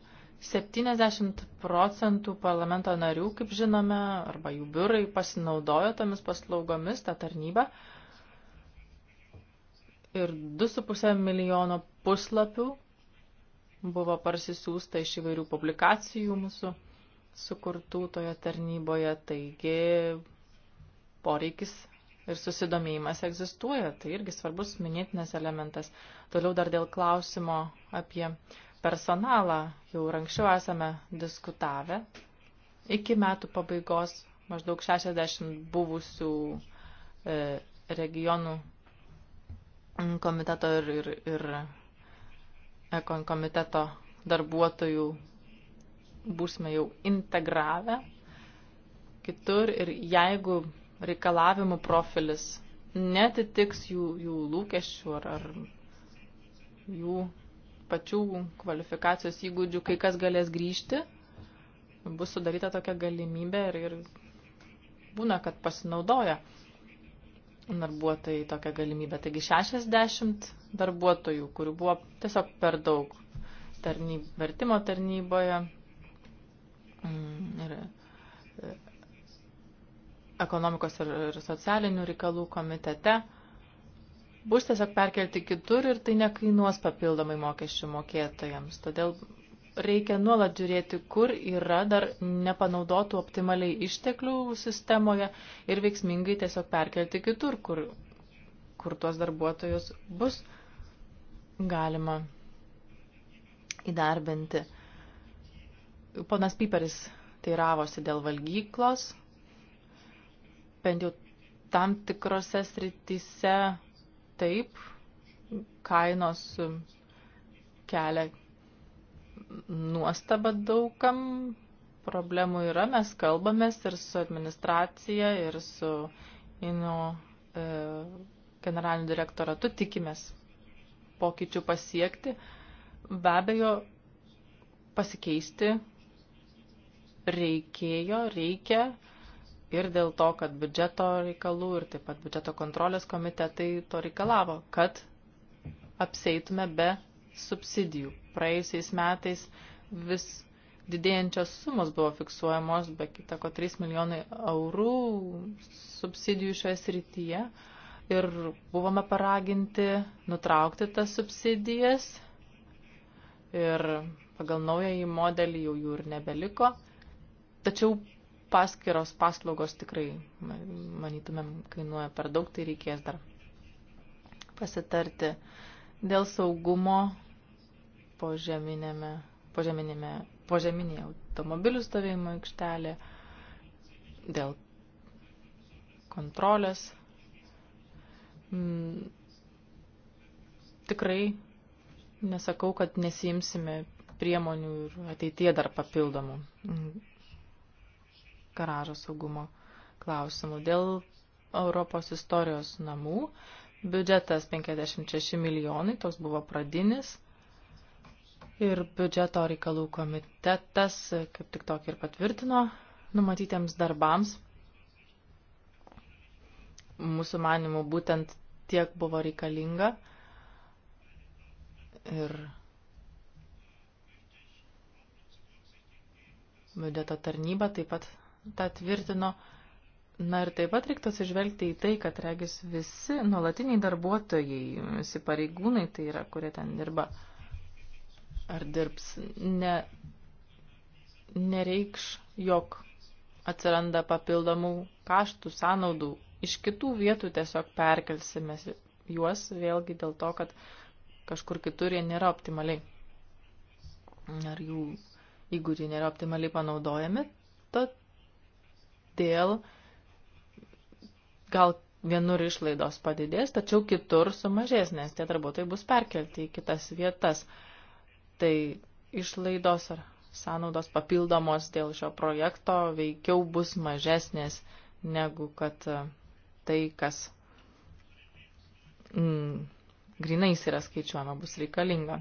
70 procentų parlamento narių, kaip žinome, arba jų biurai pasinaudojo tomis paslaugomis, tą tarnybą. Ir 2,5 milijono puslapių buvo parsisiųsta iš įvairių publikacijų mūsų sukurtų toje tarnyboje, taigi poreikis ir susidomėjimas egzistuoja. Tai irgi svarbus minėtinas elementas. Toliau dar dėl klausimo apie personalą. Jau anksčiau esame diskutavę. Iki metų pabaigos maždaug 60 buvusių e, regionų komiteto ir, ir, ir ekon komiteto darbuotojų būsime jau integravę kitur ir jeigu reikalavimų profilis netitiks jų, jų lūkesčių ar, ar jų pačių kvalifikacijos įgūdžių, kai kas galės grįžti, bus sudaryta tokia galimybė ir, ir būna, kad pasinaudoja darbuotojai tokią galimybę. Taigi 60 darbuotojų, kurių buvo tiesiog per daug tarnyb, vertimo tarnyboje mm, ir ekonomikos ir, ir socialinių reikalų komitete bus tiesiog perkelti kitur ir tai nekainuos papildomai mokesčių mokėtojams. Todėl reikia nuolat žiūrėti, kur yra dar nepanaudotų optimaliai išteklių sistemoje ir veiksmingai tiesiog perkelti kitur, kur, kur tuos darbuotojus bus galima įdarbinti. Ponas Piperis teiravosi dėl valgyklos, bent jau tam tikrose srityse taip kainos kelia nuostabą daugam, problemų yra, mes kalbamės ir su administracija, ir su ino e, generaliniu direktoratu, tikimės pokyčių pasiekti. Be abejo, pasikeisti reikėjo, reikia ir dėl to, kad biudžeto reikalų ir taip pat biudžeto kontrolės komitetai to reikalavo, kad apseitume be subsidijų. Praėjusiais metais vis didėjančios sumos buvo fiksuojamos, be kita ko 3 milijonai eurų subsidijų šioje srityje. Ir buvome paraginti nutraukti tas subsidijas. Ir pagal naująjį modelį jau jų ir nebeliko. Tačiau paskiros paslaugos tikrai, manytumėm, kainuoja per daug, tai reikės dar pasitarti dėl saugumo požeminėme, požeminėme, požeminėje automobilių stovėjimo aikštelė, dėl kontrolės. Mm, tikrai nesakau, kad nesimsime priemonių ir ateitie dar papildomų. Mm garažo saugumo klausimų. Dėl Europos istorijos namų biudžetas 56 milijonai, toks buvo pradinis. Ir biudžeto reikalų komitetas kaip tik tokį ir patvirtino numatytiems darbams. Mūsų manimų būtent tiek buvo reikalinga. Ir biudžeto tarnyba taip pat tą tvirtino. Na ir taip pat reiktų atsižvelgti į tai, kad regis visi nuolatiniai darbuotojai, visi pareigūnai, tai yra, kurie ten dirba ar dirbs, ne, nereikš, jog atsiranda papildomų kaštų, sąnaudų. Iš kitų vietų tiesiog perkelsime juos vėlgi dėl to, kad kažkur kitur jie nėra optimaliai. Ar jų įgūdžiai nėra optimaliai panaudojami, tad Todėl gal vienur išlaidos padidės, tačiau kitur sumažės, nes tie darbuotojai bus perkelti į kitas vietas. Tai išlaidos ar sąnaudos papildomos dėl šio projekto veikiau bus mažesnės negu kad e, tai, kas mm, grinais yra skaičiuojama, bus reikalinga.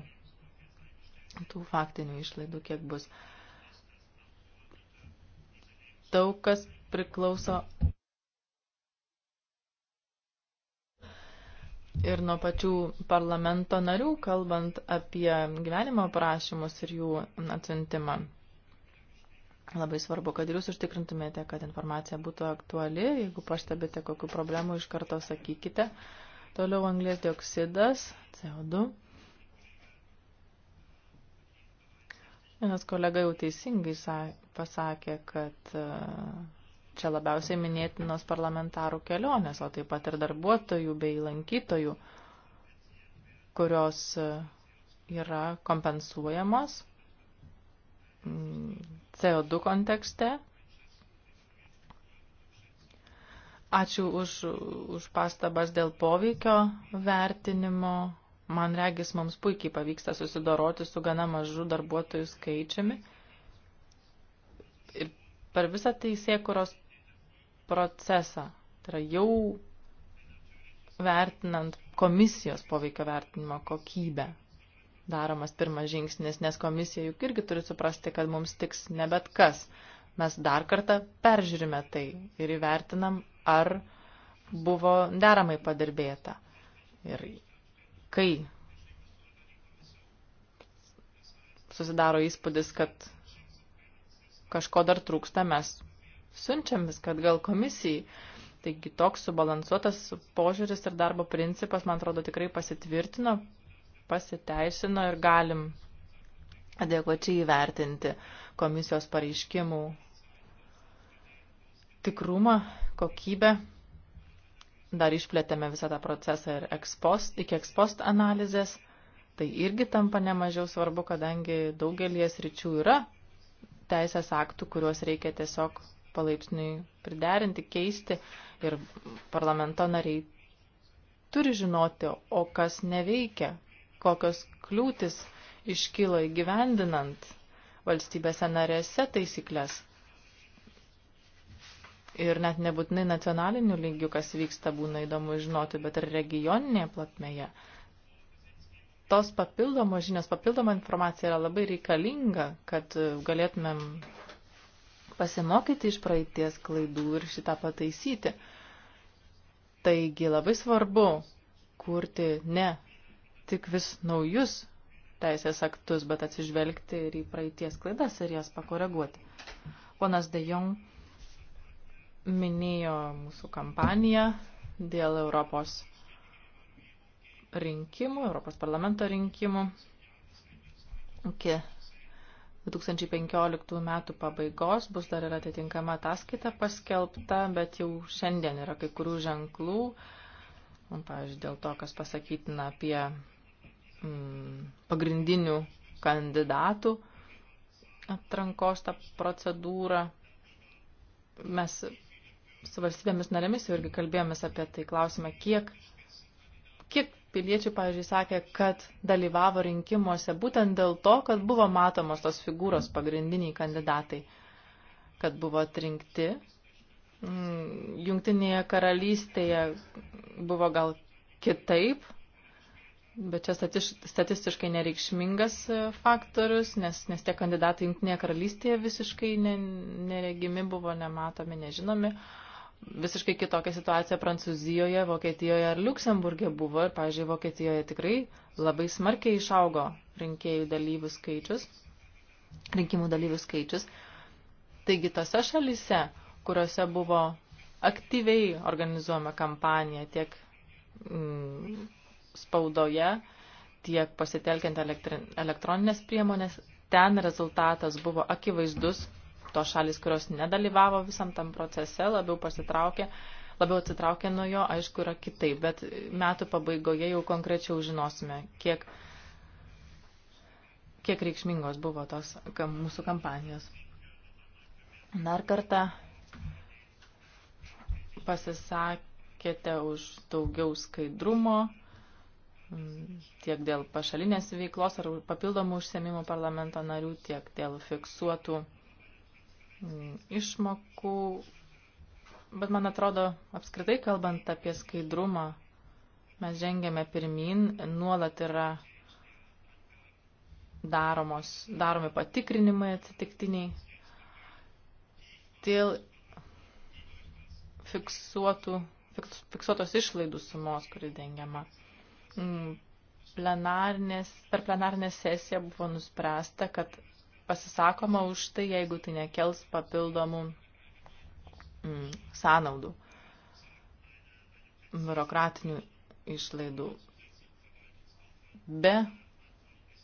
Tų faktinių išlaidų kiek bus. Daug kas priklauso ir nuo pačių parlamento narių, kalbant apie gyvenimo prašymus ir jų atsintimą. Labai svarbu, kad jūs užtikrintumėte, kad informacija būtų aktuali. Jeigu pastebite kokių problemų, iš karto sakykite. Toliau anglės dioksidas, CO2. Vienas kolega jau teisingai pasakė, kad uh, Čia labiausiai minėtinos parlamentarų kelionės, o taip pat ir darbuotojų bei lankytojų, kurios e, yra kompensuojamos mm, CO2 kontekste. Ačiū už, už pastabas dėl poveikio vertinimo. Man regis, mums puikiai pavyksta susidoroti su gana mažu darbuotojų skaičiumi. Ir per visą teisėkuros procesą, tai yra jau vertinant komisijos poveikio vertinimo kokybę daromas pirmas žingsnis, nes komisija juk irgi turi suprasti, kad mums tiks ne bet kas. Mes dar kartą peržiūrime tai ir įvertinam, ar buvo deramai padirbėta. Ir kai susidaro įspūdis, kad kažko dar trūksta, mes siunčiam viską atgal komisijai. Taigi toks subalansuotas požiūris ir darbo principas, man atrodo, tikrai pasitvirtino, pasiteisino ir galim adekvačiai įvertinti komisijos pareiškimų tikrumą, kokybę. Dar išplėtėme visą tą procesą ir ekspost, iki ekspost analizės. Tai irgi tampa nemažiau svarbu, kadangi daugelie sričių yra teisės aktų, kuriuos reikia tiesiog palaipsniui priderinti, keisti ir parlamento nariai turi žinoti, o kas neveikia, kokios kliūtis iškyla įgyvendinant valstybėse narėse taisyklės. Ir net nebūtinai nacionaliniu lygiu, kas vyksta, būna įdomu žinoti, bet ir regioninėje platmeje. Tos papildomos žinios, papildoma informacija yra labai reikalinga, kad galėtumėm pasimokyti iš praeities klaidų ir šitą pataisyti. Taigi labai svarbu kurti ne tik vis naujus teisės aktus, bet atsižvelgti ir į praeities klaidas ir jas pakoreguoti. Ponas De Jong minėjo mūsų kampaniją dėl Europos rinkimų, Europos parlamento rinkimų. Iki 2015 metų pabaigos, bus dar ir atitinkama ataskaita paskelbta, bet jau šiandien yra kai kurių ženklų, pavyzdžiui, dėl to, kas pasakytina apie mm, pagrindinių kandidatų atrankos tą procedūrą. Mes su valstybėmis narėmis jau irgi kalbėjomės apie tai klausimą, kiek, kiek piliečiai, pavyzdžiui, sakė, kad dalyvavo rinkimuose būtent dėl to, kad buvo matomos tos figūros pagrindiniai kandidatai, kad buvo atrinkti. Mm, Jungtinėje karalystėje buvo gal kitaip, bet čia statistiškai nereikšmingas e, faktorius, nes, nes tie kandidatai Jungtinėje karalystėje visiškai neregimi buvo, nematomi, nežinomi. Uh, visiškai kitokia situacija Prancūzijoje, Vokietijoje ar Luksemburgė buvo. Ir, pažiūrėjau, Vokietijoje tikrai labai smarkiai išaugo rinkėjų dalyvių skaičius, rinkimų dalyvių skaičius. Taigi tose šalise, kuriuose buvo aktyviai organizuojama kampanija tiek mm, spaudoje, tiek pasitelkiant elektroninės priemonės, ten rezultatas buvo akivaizdus tos šalis, kurios nedalyvavo visam tam procese, labiau pasitraukė, labiau atsitraukė nuo jo, aišku, yra kitaip, bet metų pabaigoje jau konkrečiau žinosime, kiek, kiek reikšmingos buvo tos kam, mūsų kampanijos. Dar kartą pasisakėte už daugiau skaidrumo tiek dėl pašalinės veiklos ar papildomų užsiemimų parlamento narių, tiek dėl fiksuotų Mm, išmokų, bet man atrodo, apskritai kalbant apie skaidrumą, mes žengėme pirmin, nuolat yra daromos, daromi patikrinimai atsitiktiniai dėl fiksuotų, fiks, fiksuotos išlaidų sumos, kuri dengiama. Mm, plenarnės, per plenarnę sesiją buvo nuspręsta, kad pasisakoma už tai, jeigu tai nekels papildomų mm, sąnaudų, biurokratinių išlaidų. Be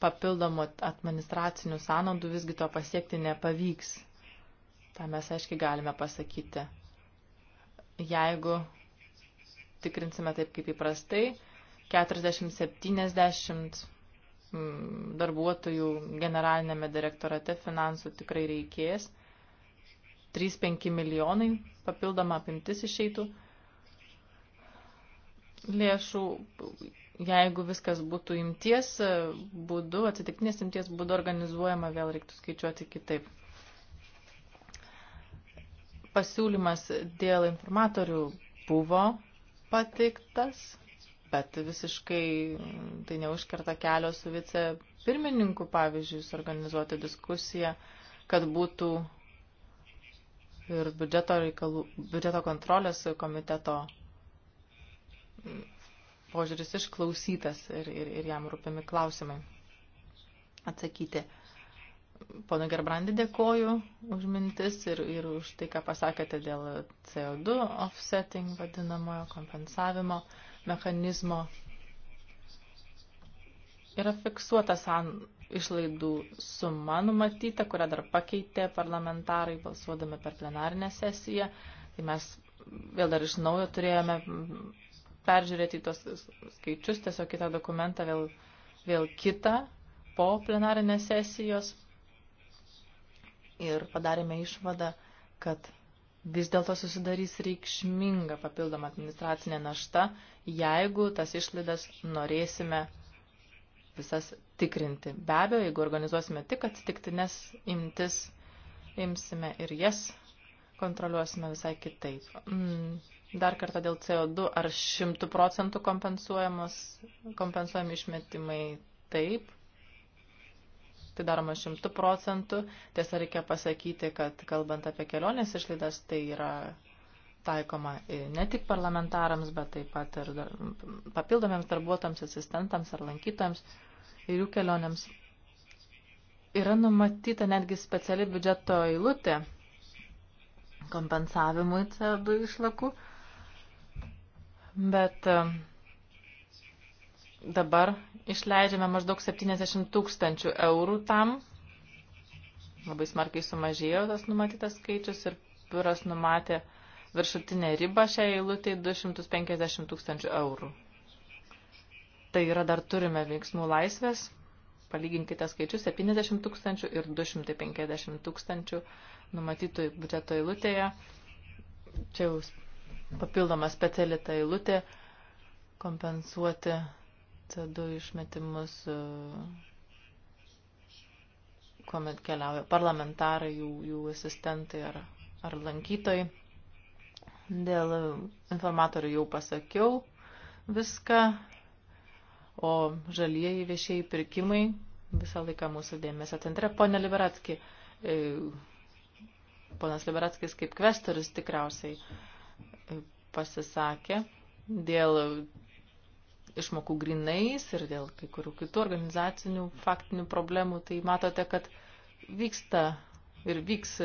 papildomų administracinių sąnaudų visgi to pasiekti nepavyks. Ta mes aiškiai galime pasakyti. Jeigu tikrinsime taip kaip įprastai, 40-70 Mm, darbuotojų generalinėme direktorate finansų tikrai reikės. 3-5 milijonai papildoma apimtis išeitų lėšų, jeigu viskas būtų imties būdu, atsitiktinės imties būdu organizuojama, vėl reiktų skaičiuoti kitaip. Pasiūlymas dėl informatorių buvo pateiktas bet visiškai tai neužkerta kelio su vicepirmininku, pavyzdžiui, suorganizuoti diskusiją, kad būtų ir biudžeto, reikalų, biudžeto kontrolės komiteto požiūris išklausytas ir, ir, ir jam rūpimi klausimai atsakyti. Pono Gerbrandi dėkoju už mintis ir, ir už tai, ką pasakėte dėl CO2 offsetting vadinamojo kompensavimo. Uh, mechanizmo yra fiksuota san išlaidų suma numatyta, kurią dar pakeitė parlamentarai balsuodami per plenarinę sesiją. Tai mes vėl dar iš naujo turėjome peržiūrėti tuos skaičius, tiesiog kitą dokumentą, vėl, vėl kitą po plenarinės sesijos. Ir padarėme išvadą, kad vis dėlto susidarys reikšminga papildoma administracinė našta jeigu tas išlaidas norėsime visas tikrinti. Be abejo, jeigu organizuosime tik atsitiktinės imtis, imsime ir jas kontroliuosime visai kitaip. Mm, dar kartą dėl CO2, ar šimtų procentų kompensuojami išmetimai taip? Tai daroma šimtų procentų. Tiesa, reikia pasakyti, kad kalbant apie kelionės išlaidas, tai yra taikoma ne tik parlamentarams, bet taip pat ir dar, papildomiams darbuotojams, asistentams ar lankytojams ir jų kelionėms. Yra numatyta netgi speciali biudžeto eilutė kompensavimui CO2 išlakų, bet e, dabar išleidžiame maždaug 70 tūkstančių eurų tam. Labai smarkiai sumažėjo tas numatytas skaičius ir biuras numatė uh, viršutinę ribą šiai eilutei 250 tūkstančių eurų. Tai yra dar turime veiksmų laisvės, palyginkite skaičius 70 tūkstančių ir 250 tūkstančių numatytų biudžeto eilutėje. Čia jau papildoma speciali ta eilutė kompensuoti CO2 išmetimus, kuomet keliauja parlamentarai, jų, jų asistentai ar, ar lankytojai. Dėl informatorių jau pasakiau viską, o žalieji viešieji pirkimai visą laiką mūsų dėmesio centre. Pone Liberatski, e, ponas Liberatskis kaip kvestorius tikriausiai e, pasisakė dėl išmokų grinais ir dėl kai kurių kitų organizacinių faktinių problemų, tai matote, kad vyksta ir vyks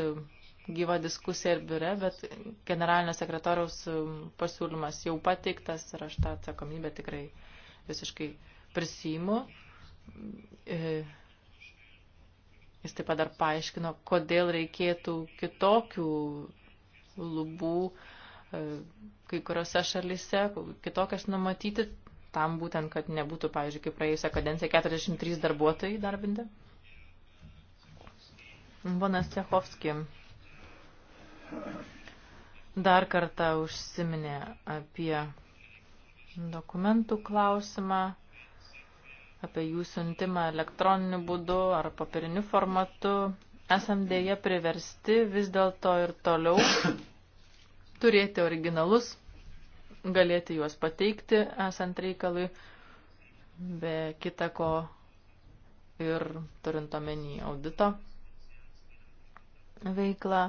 gyva diskusija ir biure, bet generalinio sekretoriaus um, pasiūlymas jau pateiktas ir aš tą atsakomybę tikrai visiškai prisijimu. E, jis taip pat dar paaiškino, kodėl reikėtų kitokių lubų e, kai kuriuose šalise, kitokias numatyti, tam būtent, kad nebūtų, pavyzdžiui, kaip praėjusią kadenciją 43 darbuotojai darbinti. Bonas Cechovski dar kartą užsiminė apie dokumentų klausimą, apie jų siuntimą elektroniniu būdu ar popieriniu formatu. Esam dėje priversti vis dėlto ir toliau turėti originalus, galėti juos pateikti esant reikalui, be kitako ir turint omeny audito veiklą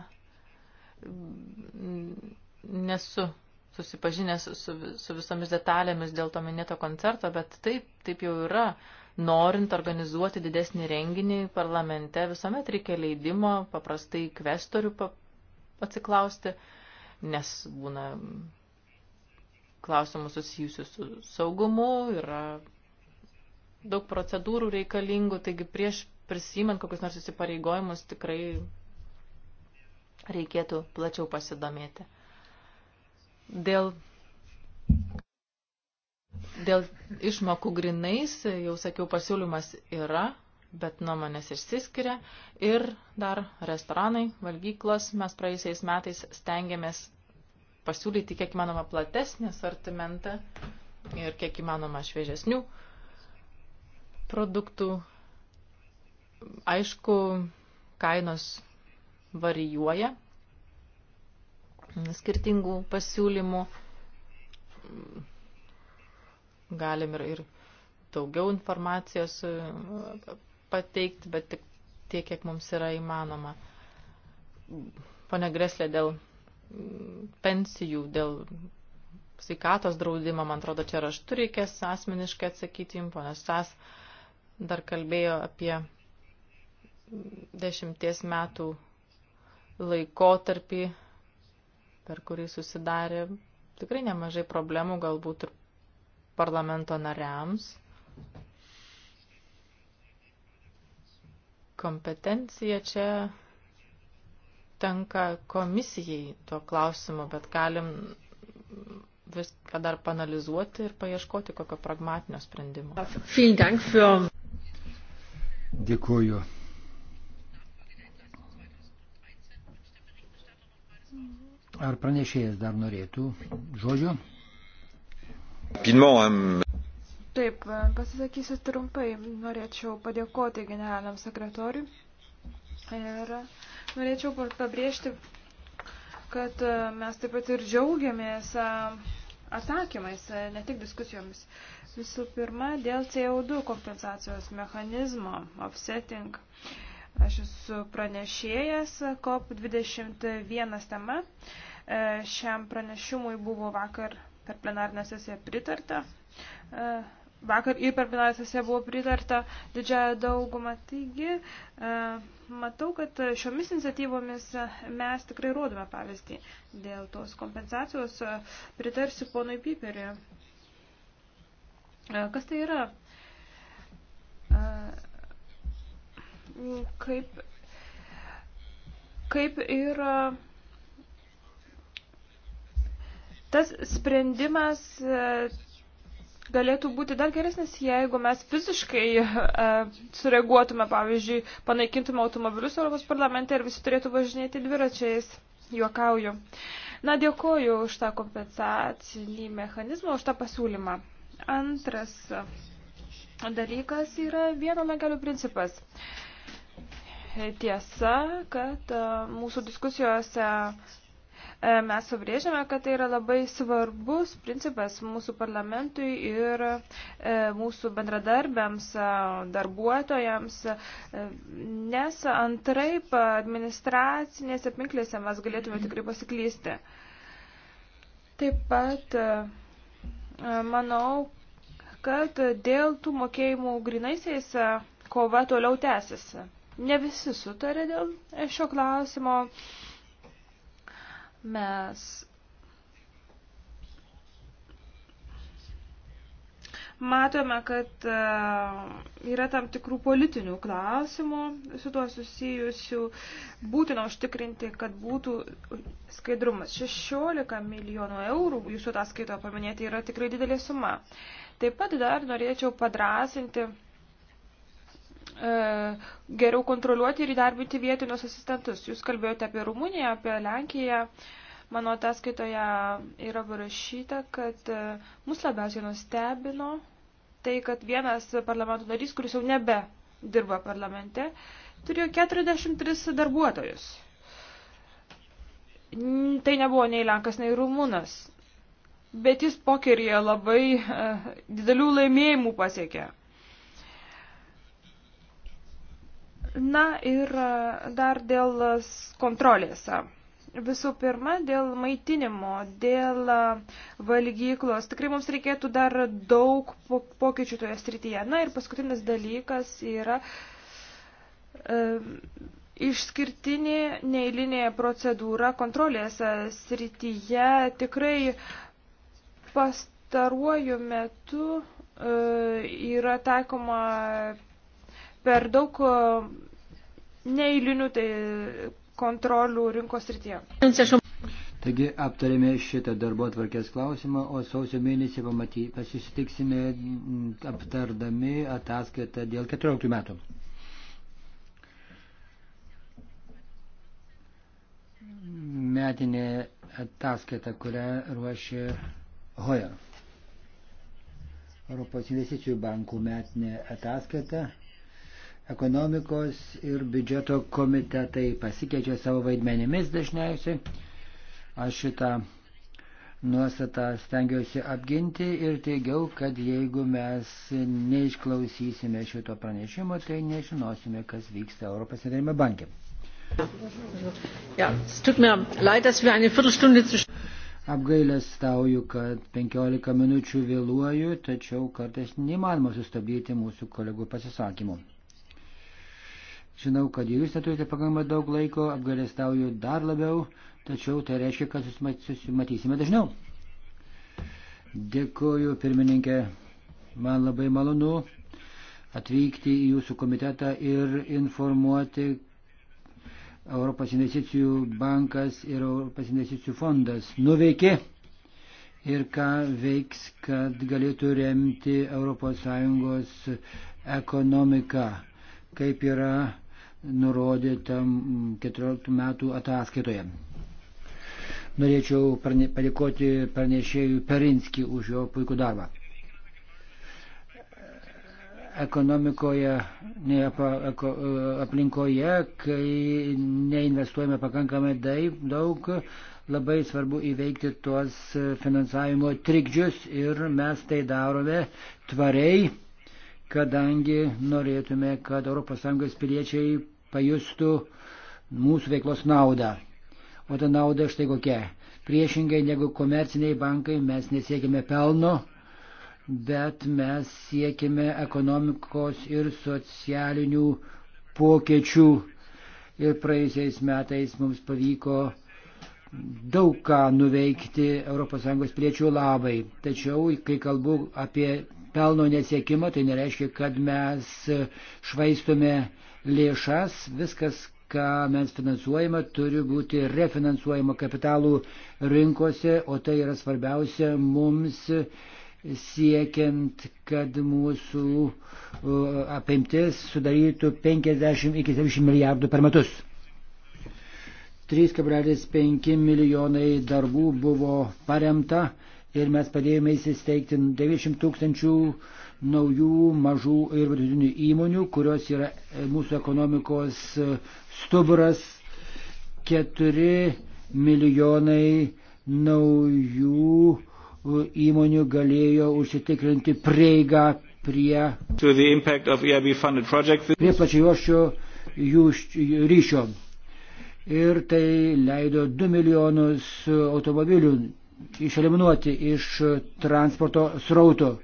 nesu susipažinęs su, su visomis detalėmis dėl to minėto koncerto, bet taip, taip jau yra. Norint organizuoti didesnį renginį parlamente, visuomet reikia leidimo, paprastai kvestorių pa, atsiklausti, nes būna klausimų susijusių su saugumu, yra daug procedūrų reikalingų, taigi prieš prisimant kokius nors įsipareigojimus tikrai reikėtų plačiau pasidomėti. Dėl, dėl išmokų grinais, jau sakiau, pasiūlymas yra, bet nuomonės išsiskiria. Ir dar restoranai, valgyklos mes praėjusiais metais stengiamės pasiūlyti kiek įmanoma platesnį sortimentą ir kiek įmanoma šviežesnių produktų. Aišku, kainos varijuoja skirtingų pasiūlymų. Galim ir, ir daugiau informacijos e, pateikti, bet tik tiek, kiek mums yra įmanoma. Pone Greslė, dėl mm, pensijų, dėl sveikatos draudimo, man atrodo, čia raštu reikės asmeniškai atsakyti jums, ponas Sas dar kalbėjo apie dešimties metų laikotarpį, per kurį susidarė tikrai nemažai problemų galbūt ir parlamento nariams. Kompetencija čia tenka komisijai tuo klausimu, bet galim viską dar panalizuoti ir paieškoti kokio pragmatinio sprendimo. Dėkuoju Ar pranešėjas dar norėtų žodžio? Taip, pasisakysiu trumpai. Norėčiau padėkoti generaliniam sekretoriui ir norėčiau pabrėžti, kad e, mes taip pat ir džiaugiamės e, atsakymais, e, ne tik diskusijomis. Visų pirma, dėl CO2 kompensacijos mechanizmo, offsetting. Uh, Aš esu pranešėjas COP21 tema. E, šiam pranešimui buvo vakar per plenarnę sesiją pritarta. E, vakar ir per plenarnę sesiją buvo pritarta didžiąją daugumą. Taigi, e, matau, kad šiomis iniciatyvomis mes tikrai rodome pavyzdį. Dėl tos kompensacijos pritarsiu ponui Piperiui. Kas tai yra? kaip, kaip ir tas sprendimas e, galėtų būti dar geresnis, jeigu mes fiziškai e, sureaguotume, pavyzdžiui, panaikintume automobilius Europos parlamente ir visi turėtų važinėti dviračiais. Juokauju. Na, dėkoju už tą kompensacinį mechanizmą, už tą pasiūlymą. Antras dalykas yra vieno legalio principas. E, tiesa, kad e, mūsų diskusijose e, mes subrėžėme, kad tai yra labai svarbus principas mūsų parlamentui ir e, mūsų bendradarbiams, darbuotojams, nes antraip administracinėse pinklėse mes galėtume tikrai pasiklysti. Taip pat manau, kad dėl tų mokėjimų grinaisiais kova toliau tęsiasi. Ne visi sutarė dėl šio klausimo. Mes matome, kad e, yra tam tikrų politinių klausimų su tuo susijusių. Būtina užtikrinti, kad būtų skaidrumas. 16 milijonų eurų jūsų ataskaitoje paminėti yra tikrai didelė suma. Taip pat dar norėčiau padrasinti E, geriau kontroliuoti ir įdarbinti vietinius asistentus. Jūs kalbėjote apie Rumuniją, apie Lenkiją. Mano ataskaitoje yra parašyta, kad e, mus labiausiai nustebino tai, kad vienas parlamento narys, kuris jau nebe dirba parlamente, turėjo 43 darbuotojus. Tai nebuvo nei Lenkas, nei Rumunas. Bet jis pokeryje labai e, didelių laimėjimų pasiekė. Na ir e, dar dėl kontrolės. Visų pirma, dėl maitinimo, dėl e, valgyklos. Tikrai mums reikėtų dar daug pokyčių toje srityje. Na ir paskutinis dalykas yra e, išskirtinė neįlinė procedūra kontrolės e, srityje. Tikrai pastaruoju metu e, yra taikoma per daug neįlinių tai kontrolių rinkos rytyje. Taigi aptarėme šitą darbo atvarkės klausimą, o sausio mėnesį pamaty, pasisitiksime mm, aptardami ataskaitą dėl 14 metų. Metinė ataskaita, kurią ruošia Hoja. Europos investicijų bankų metinė ataskaita ekonomikos ir biudžeto komitetai pasikeičia savo vaidmenimis dažniausiai. Aš šitą nuostatą stengiuosi apginti ir teigiau, kad jeigu mes neišklausysime šito pranešimo, tai nežinosime, kas vyksta Europos Centrinėme banke. Apgailės stauju, kad 15 minučių vėluoju, tačiau kartais neįmanoma sustabdyti mūsų kolegų pasisakymų. Žinau, kad jūs neturite pakankamai daug laiko, apgalėstauju dar labiau, tačiau tai reiškia, kad susimatysime dažniau. Dėkuoju, pirmininkė. Man labai malonu atvykti į jūsų komitetą ir informuoti Europos investicijų bankas ir Europos investicijų fondas nuveikė ir ką veiks, kad galėtų remti ES ekonomiką, kaip yra nurodyta 14 metų ataskaitoje. Norėčiau prane, padėkoti pranešėjui Perinski už jo puikų darbą. Ekonomikoje, ne, eko, e, aplinkoje, kai neinvestuojame pakankamai daug, labai svarbu įveikti tuos finansavimo trikdžius ir mes tai darome tvariai kadangi norėtume, kad ES piliečiai pajustų mūsų veiklos naudą. O ta nauda štai kokia. Priešingai negu komerciniai bankai mes nesiekime pelno, bet mes siekime ekonomikos ir socialinių pokyčių. Ir praėjusiais metais mums pavyko daug ką nuveikti ES piliečių labai. Tačiau, kai kalbu apie pelno nesiekimą, tai nereiškia, kad mes švaistome lėšas, viskas, ką mes finansuojame, turi būti refinansuojama kapitalų rinkose, o tai yra svarbiausia mums siekiant, kad mūsų apimtis sudarytų 50 iki 70 milijardų per metus. 3,5 milijonai darbų buvo paremta ir mes padėjome įsisteigti 90 tūkstančių naujų mažų ir vidutinių įmonių, kurios yra e, mūsų ekonomikos e, stuburas 4 milijonai naujų e, įmonių galėjo užsitikrinti prieigą prie, prie plačiojošio jų ryšio. Ir tai leido 2 milijonus automobilių išeliminuoti iš transporto srauto.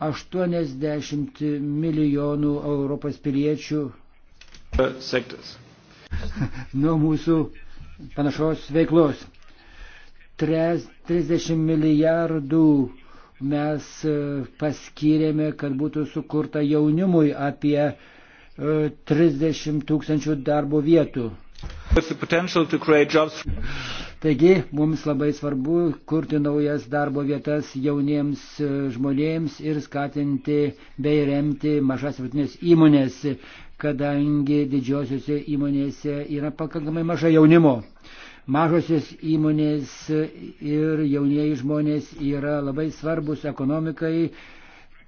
80 milijonų Europos piliečių sektas. Nuo mūsų panašaus veiklos. 30 milijardų mes e, paskyrėme, kad būtų sukurta jaunimui apie 30 e, tūkstančių darbo vietų. Taigi mums labai svarbu kurti naujas darbo vietas jauniems e, žmonėms ir skatinti bei remti mažas vidutinės įmonės, kadangi didžiosiuose įmonėse yra pakankamai mažai jaunimo. Mažosios įmonės ir jaunieji žmonės yra labai svarbus ekonomikai,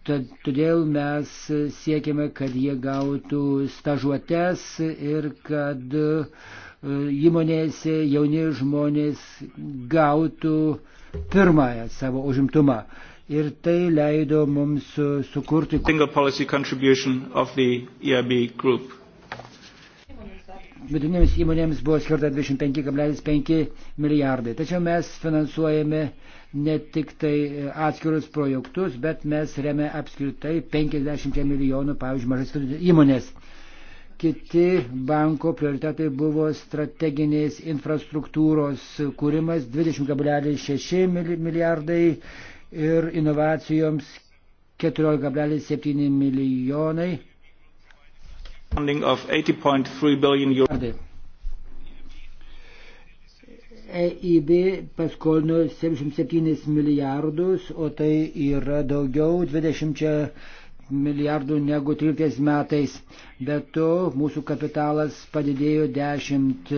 Tad, todėl mes siekiame, kad jie gautų stažuotes ir kad e, įmonėse jauni žmonės gautų pirmąją savo užimtumą. Ir tai leido mums sukurti. E Vidutinėms įmonėms buvo skirta 25,5 milijardai. Tačiau mes finansuojame ne tik tai e, atskirus projektus, bet mes remia apskritai 50 milijonų, pavyzdžiui, mažas įmonės. Kiti banko prioritetai buvo strateginės infrastruktūros kūrimas 20,6 milijardai ir inovacijoms 14,7 milijonai. Funding of 80.3 billion euros. EIB paskolino 77 milijardus, o tai yra daugiau 20 milijardų negu 13 metais. Be to, mūsų kapitalas padidėjo 10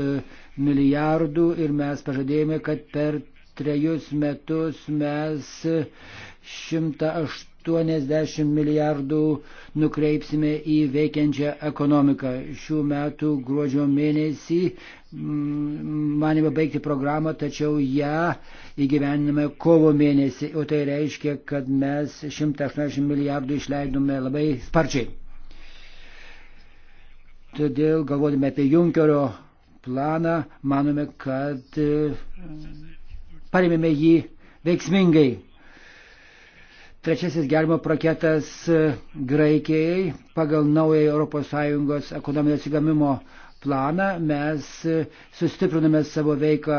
milijardų ir mes pažadėjome, kad per trejus metus mes 108 80 milijardų nukreipsime į veikiančią ekonomiką. Šių metų gruodžio mėnesį manėme baigti programą, tačiau ją įgyvenime kovo mėnesį, o tai reiškia, kad mes 180 milijardų išleidome labai sparčiai. Todėl galvodami apie Junkerio planą, manome, kad e, parėmėme jį veiksmingai. Trečiasis gelbimo paketas e, Graikijai pagal naują ES ekonominio atsigamimo uh, planą, mes sustiprinome savo veiklą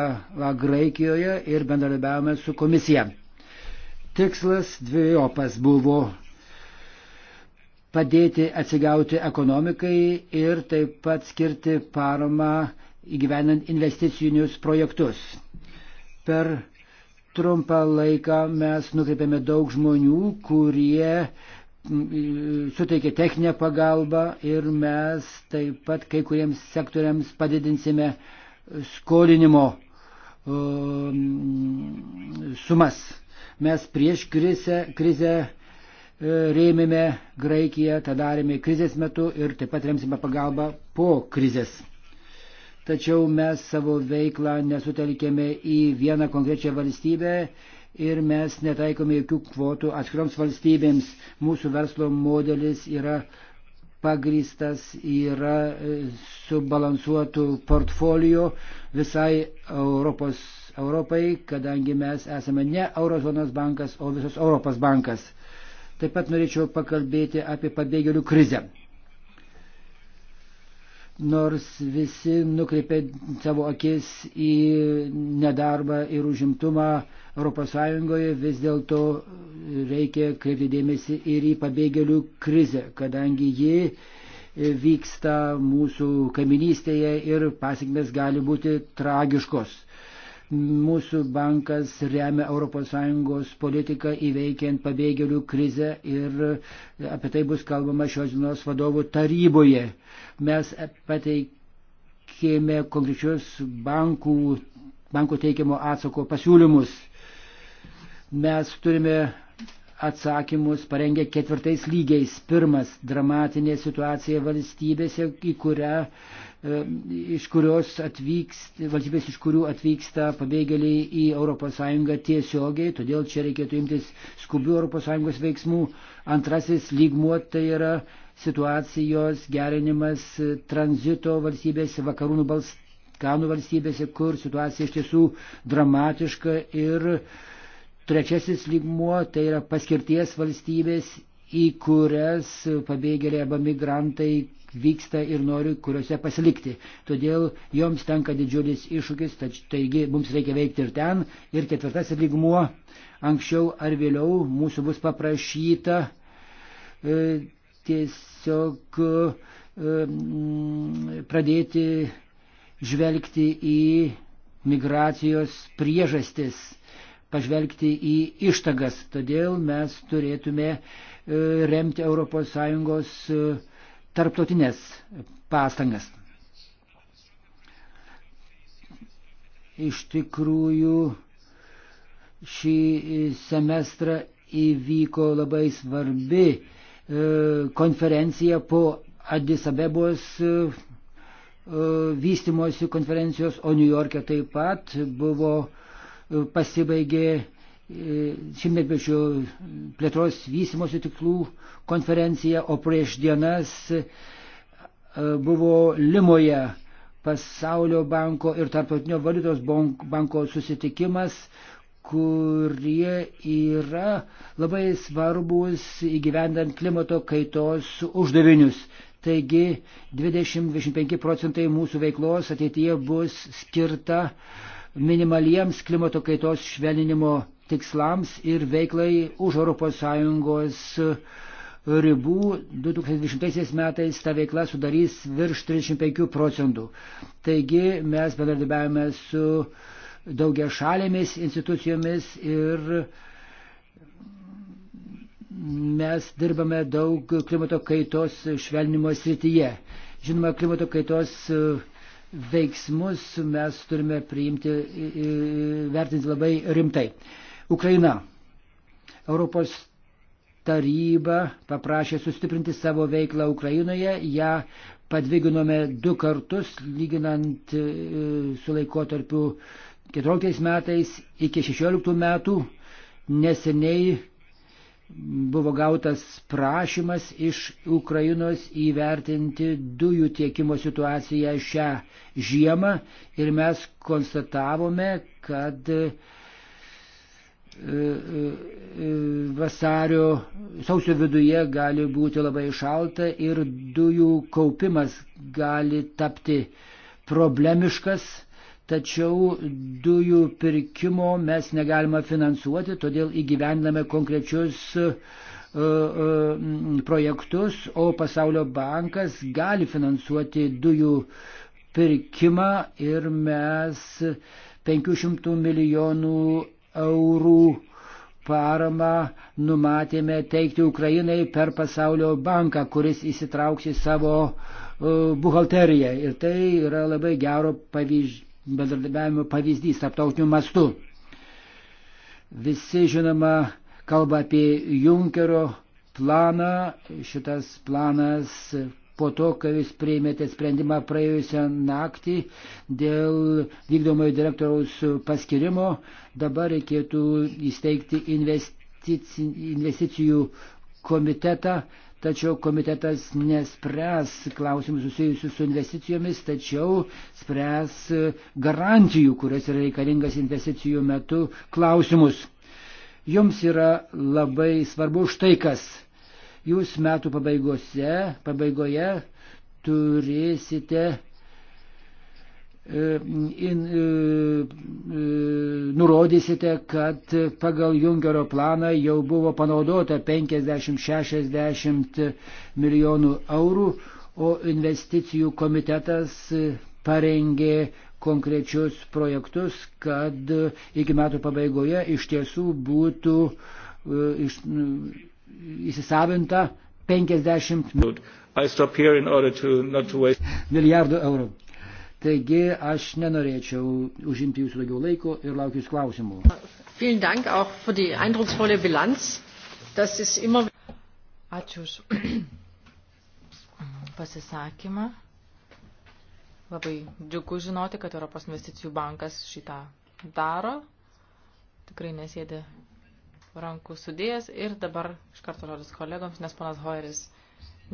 Graikijoje ir bendradarbiavome su komisija. Tikslas dviejopas buvo padėti atsigauti ekonomikai ir taip pat skirti paramą įgyvenant investicinius projektus. Per trumpą laiką mes nukreipėme daug žmonių, kurie suteikia techninę pagalbą ir mes taip pat kai kuriems sektoriams padidinsime skolinimo um, sumas. Mes prieš krizę, krizę e, rėmėme Graikiją, tą darėme krizės metu ir taip pat remsime pagalbą po krizės. Tačiau mes savo veiklą nesutelkėme į vieną konkrečią valstybę, ir mes netaikome jokių kvotų atskiroms valstybėms. Mūsų verslo modelis yra pagrįstas, yra e, subalansuotų portfolio visai Europos, Europai, kadangi mes esame ne Eurozonos bankas, o visos Europos bankas. Taip pat norėčiau pakalbėti apie pabėgėlių krizę nors visi nukreipė savo akis į nedarbą ir užimtumą, ES vis dėlto reikia kreipti dėmesį ir į pabėgėlių krizę, kadangi ji vyksta mūsų kaiminystėje ir pasiekmes gali būti tragiškos. Mūsų bankas remia ES politiką įveikiant pabėgėlių krizę ir apie tai bus kalbama šios dienos vadovų taryboje. Mes pateikėme konkrečius bankų banko teikiamo atsako pasiūlymus mes turime atsakymus parengę ketvirtais lygiais. Pirmas - dramatinė situacija valstybėse, į kurią, e, iš kurios atvyksta, valstybės, iš kurių atvyksta pabėgėliai į ES tiesiogiai, todėl čia reikėtų imtis skubių ES veiksmų. Antrasis lygmuo tai yra situacijos gerinimas tranzito valstybėse, vakarų balsų. Kanų valstybėse, kur situacija iš tiesų dramatiška ir uh, Trečiasis lygmuo tai yra paskirties valstybės, į kurias pabėgėliai arba migrantai vyksta ir nori kuriuose pasilikti. Todėl joms tenka didžiulis iššūkis, taigi mums reikia veikti ir ten. Ir ketvirtasis lygmuo, anksčiau ar vėliau mūsų bus paprašyta e, tiesiog e, pradėti žvelgti į migracijos priežastis pažvelgti į ištagas. Todėl mes turėtume e, remti ES e, tarptautinės pastangas. Iš tikrųjų, šį semestrą įvyko labai svarbi e, konferencija po Addis Abebos vystimosi konferencijos, o Niujorke taip pat buvo uh, pasibaigė e, šimtmečio plėtros vystimosi tiklų konferencija, o prieš dienas e, buvo Limoje pasaulio banko ir tarptautinio valiutos banko susitikimas, kurie yra labai svarbus įgyvendant klimato kaitos uždavinius. Taigi 20-25 procentai mūsų veiklos ateityje bus skirta uh, minimaliems klimato kaitos švelninimo tikslams ir veiklai už ES ribų 2020 metais ta veikla sudarys virš 35 procentų. Taigi mes bendradarbiavame su daugia šalėmis institucijomis ir mes dirbame daug klimato kaitos švelnimo srityje. Žinoma, klimato kaitos uh, veiksmus mes turime priimti, vertinti labai rimtai. Ukraina. Europos taryba paprašė sustiprinti savo veiklą Ukrainoje, ją padviginome du kartus, lyginant su laikotarpiu 14 metais iki 16 metų. Neseniai buvo gautas prašymas iš Ukrainos įvertinti dujų tiekimo situaciją šią žiemą ir mes konstatavome, kad e, e, e, vasario sausio viduje gali būti labai šalta ir dujų kaupimas gali tapti problemiškas tačiau dujų pirkimo mes negalime finansuoti, todėl įgyvendame konkrečius e, e, projektus, o Pasaulio bankas gali finansuoti dujų pirkimą ir mes 500 milijonų eurų paramą numatėme teikti Ukrainai per pasaulio banką, kuris įsitrauks į savo e, buhalteriją. Ir tai yra labai gero pavyzdž bendradarbiavimo pavyzdys tarptautiniu mastu. Visi, žinoma, kalba apie Junkerio planą. Šitas planas po to, kai jūs priėmėte sprendimą praėjusią naktį dėl vykdomojo direktoriaus paskirimo, dabar reikėtų įsteigti investicijų komitetą, Tačiau komitetas nespręs klausimus susijusius su investicijomis, tačiau spręs garantijų, kurias yra reikalingas investicijų metu klausimus. Jums yra labai svarbu štai kas. Jūs metų pabaigose, pabaigoje turėsite E, in, e, e, nurodysite, kad pagal Jungerio planą jau buvo panaudota 50-60 milijonų eurų, o investicijų komitetas parengė konkrečius projektus, kad iki metų pabaigoje iš tiesų būtų iš, įsisavinta 50 milijardų eurų. Taigi aš nenorėčiau užimti jūsų daugiau laiko ir laukiu jūsų klausimų. Ačiū už pasisakymą. Labai džiugu žinoti, kad Europos investicijų bankas šitą daro. Tikrai nesėdė rankų sudėjęs ir dabar iš karto rodys kolegoms, nes panas Hoeris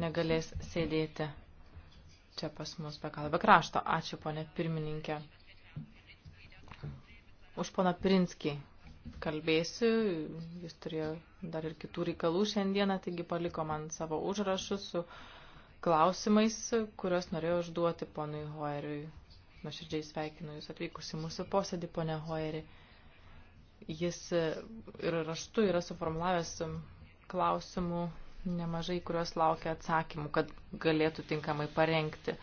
negalės sėdėti čia pas mus be kalbę krašto. Ačiū, ponė pirmininkė. Už poną Prinskį kalbėsiu, jis turėjo dar ir kitų reikalų šiandieną, taigi paliko man savo užrašus su klausimais, kuriuos norėjau užduoti ponui Hoeriui. Nuoširdžiai sveikinu Jūs atvykusi mūsų posėdį, ponė Hoeri. Jis ir raštu yra suformulavęs klausimų nemažai, kuriuos laukia atsakymų, kad galėtų tinkamai parengti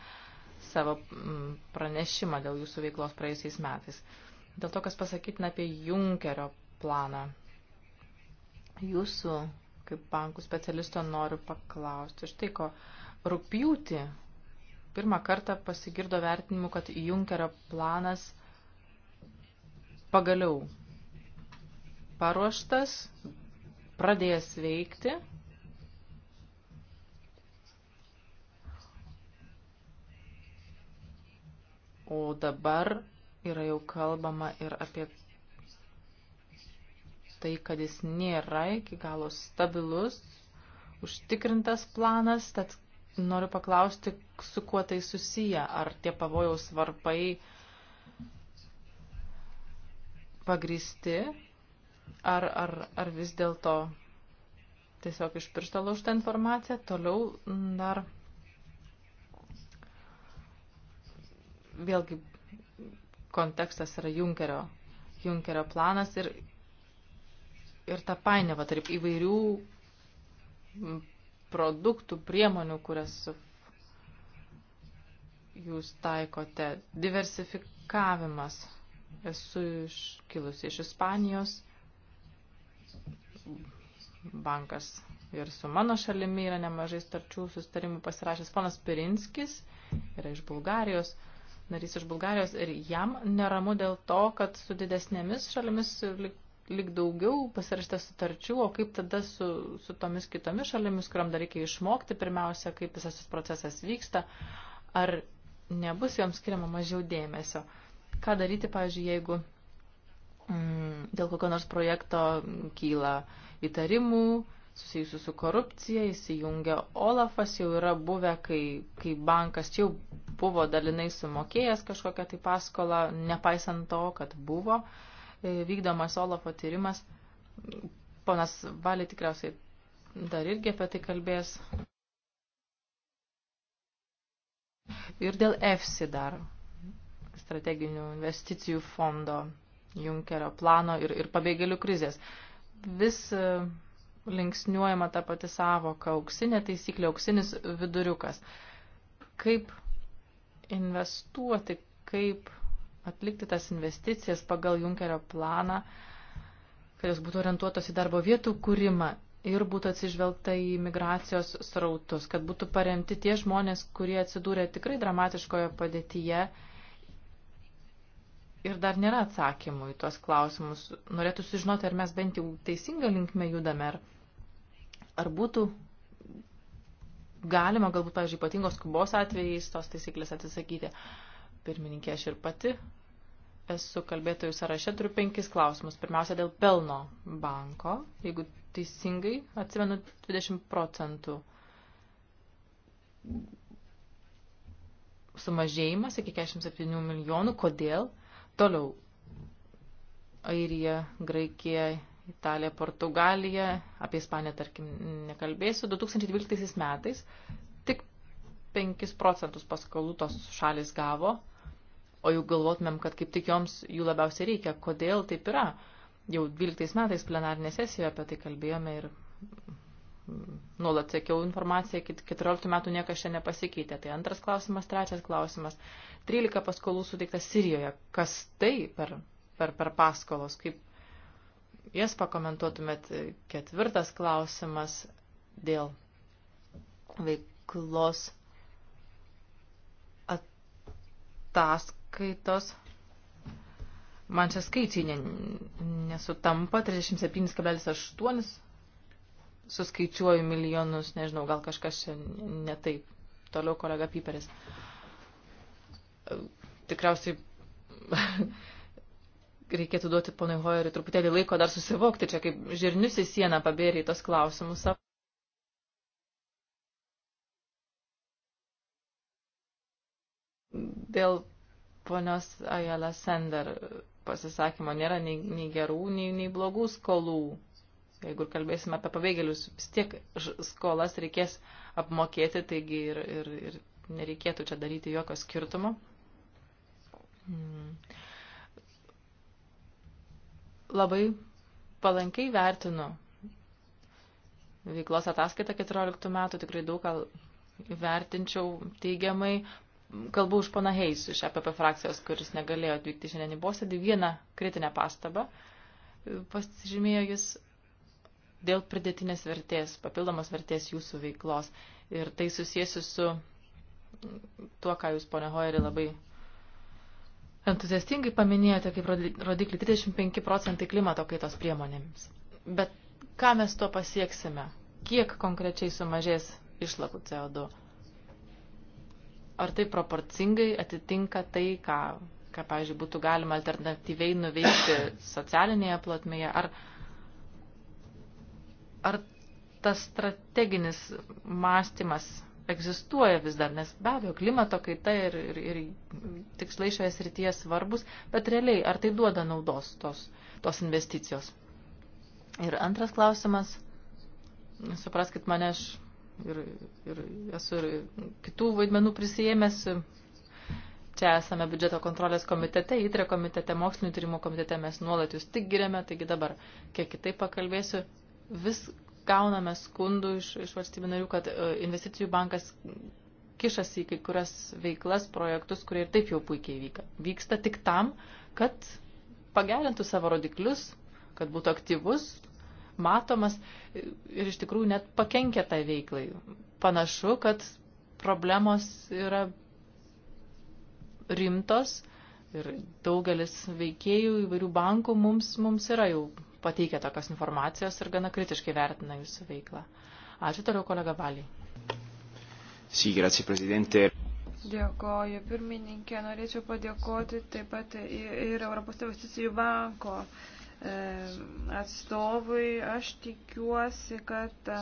savo mm, pranešimą dėl jūsų veiklos praėjusiais metais. Dėl to, kas pasakytina apie Junkerio planą. Jūsų, kaip bankų specialisto, noriu paklausti. Štai ko, rūpjūti pirmą kartą pasigirdo vertinimu, kad Junkerio planas pagaliau paruoštas, pradėjęs veikti O dabar yra jau kalbama ir apie tai, kad jis nėra iki galo stabilus, užtikrintas planas, tad noriu paklausti, su kuo tai susiję, ar tie pavojaus varpai pagristi, ar, ar, ar vis dėlto tiesiog iš piršto laužta informacija. Toliau dar vėlgi kontekstas yra Junkerio, Junkerio planas ir, ir ta painiava tarp įvairių produktų, priemonių, kurias jūs taikote. Diversifikavimas. Esu iškilusi iš Ispanijos. Bankas ir su mano šalimi yra nemažai starčių sustarimų pasirašęs. Ponas Pirinskis yra iš Bulgarijos. Uh, narys iš Bulgarijos ir jam neramu dėl to, kad su didesnėmis šalimis lik, lik daugiau pasirašyta sutarčių, o kaip tada su, su tomis kitomis šalimis, kuriam dar reikia išmokti pirmiausia, kaip visas šis procesas vyksta, ar nebus joms skiriama mažiau dėmesio. Ką daryti, pavyzdžiui, jeigu mm, dėl kokio nors projekto kyla įtarimų, susijusių su korupcija, įsijungia Olafas, jau yra buvę, kai, kai bankas jau buvo dalinai sumokėjęs kažkokią tai paskolą, nepaisant to, kad buvo e, vykdomas Olafo tyrimas. Ponas Valė tikriausiai dar irgi apie tai kalbės. Ir dėl EFSI dar strateginių investicijų fondo Junkerio plano ir, ir pabėgėlių krizės. Vis e, linksniuojama ta pati savoka auksinė taisyklė, auksinis viduriukas. Kaip investuoti, kaip atlikti tas investicijas pagal Junkerio planą, kad jos būtų orientuotos į darbo vietų kūrimą ir būtų atsižvelgta į migracijos srautus, kad būtų paremti tie žmonės, kurie atsidūrė tikrai dramatiškoje padėtyje ir dar nėra atsakymų į tuos klausimus. Norėtų sužinoti, ar mes bent jau teisingą linkmę judame, ar, ar būtų galima galbūt, pavyzdžiui, ypatingos skubos atvejais tos taisyklės atsisakyti. Pirmininkė, aš ir pati esu kalbėtojų sąraše, turiu penkis klausimus. Pirmiausia, dėl pelno banko. Jeigu teisingai, atsimenu, 20 procentų sumažėjimas iki 47 milijonų. Kodėl? Toliau. Airija, Graikija, Italija, Portugalija, apie Ispaniją, tarkim, nekalbėsiu, 2012 metais tik 5 procentus paskolų tos šalis gavo, o jų galvotumėm, kad kaip tik joms jų labiausiai reikia. Kodėl taip yra? Jau 12 metais plenarinė sesijoje apie tai kalbėjome ir nuolat sekiau informaciją, 14 metų niekas čia nepasikeitė. Tai antras klausimas, trečias klausimas. 13 paskolų suteikta Sirijoje. Kas tai per, per, per paskolos? Kaip jas pakomentuotumėt. E, ketvirtas klausimas dėl veiklos ataskaitos. Man čia skaičiai nesutampa, 37,8 suskaičiuoju milijonus, nežinau, gal kažkas čia netaip. Toliau kolega Piperis. E, tikriausiai reikėtų duoti ponui Hoeriui truputėlį laiko dar susivokti, čia kaip žirnius į sieną pabėrė į tos klausimus. Dėl ponios Ajala Sender pasisakymo nėra nei, nei gerų, nei, nei blogų skolų. Jeigu kalbėsime apie pabėgėlius, vis tiek skolas reikės apmokėti, taigi ir, ir, ir nereikėtų čia daryti jokio skirtumo. Hmm labai palankiai vertinu veiklos ataskaitą 14 metų, tikrai daug gal vertinčiau teigiamai. Kalbu už pana Heis iš APP frakcijos, kuris negalėjo atvykti šiandien į posėdį. Vieną kritinę pastabą pasižymėjo jis dėl pridėtinės vertės, papildomos vertės jūsų veiklos. Ir tai susijęsiu su tuo, ką jūs, ponia Hoeri, labai entuziastingai paminėjote kaip rodiklį 35 procentai klimato kaitos priemonėms. Bet ką mes tuo pasieksime? Kiek konkrečiai sumažės išlakų CO2? Ar tai proporcingai atitinka tai, ką, ką pavyzdžiui, būtų galima alternatyviai nuveikti socialinėje plotmėje? Ar, ar tas strateginis mąstymas egzistuoja vis dar, nes be abejo klimato kaita ir, ir, ir tikslai šioje srityje svarbus, bet realiai ar tai duoda naudos tos, tos investicijos? Ir antras klausimas, supraskit mane, aš ir, ir esu ir kitų vaidmenų prisijėmęs, čia esame biudžeto kontrolės komitete, įtrė komitete, mokslinio tyrimo komitete, mes nuolat jūs tik giriame, taigi dabar kiek kitaip pakalbėsiu, vis gauname skundų iš, iš valstybių narių, kad e, investicijų bankas kišasi į kai kurias veiklas, projektus, kurie ir taip jau puikiai vyka. vyksta tik tam, kad pagerintų savo rodiklius, kad būtų aktyvus, matomas ir iš tikrųjų net pakenkia tai veiklai. Panašu, kad problemos yra rimtos ir daugelis veikėjų įvairių bankų mums, mums yra jau pateikia tokios informacijos ir gana kritiškai vertina jūsų veiklą. Ačiū toliau kolega Valiai. Sì, si, grazie Presidente. Dėkoju, pirmininkė. Norėčiau padėkoti taip pat ir Europos investicijų banko e, atstovui. Aš tikiuosi, kad e,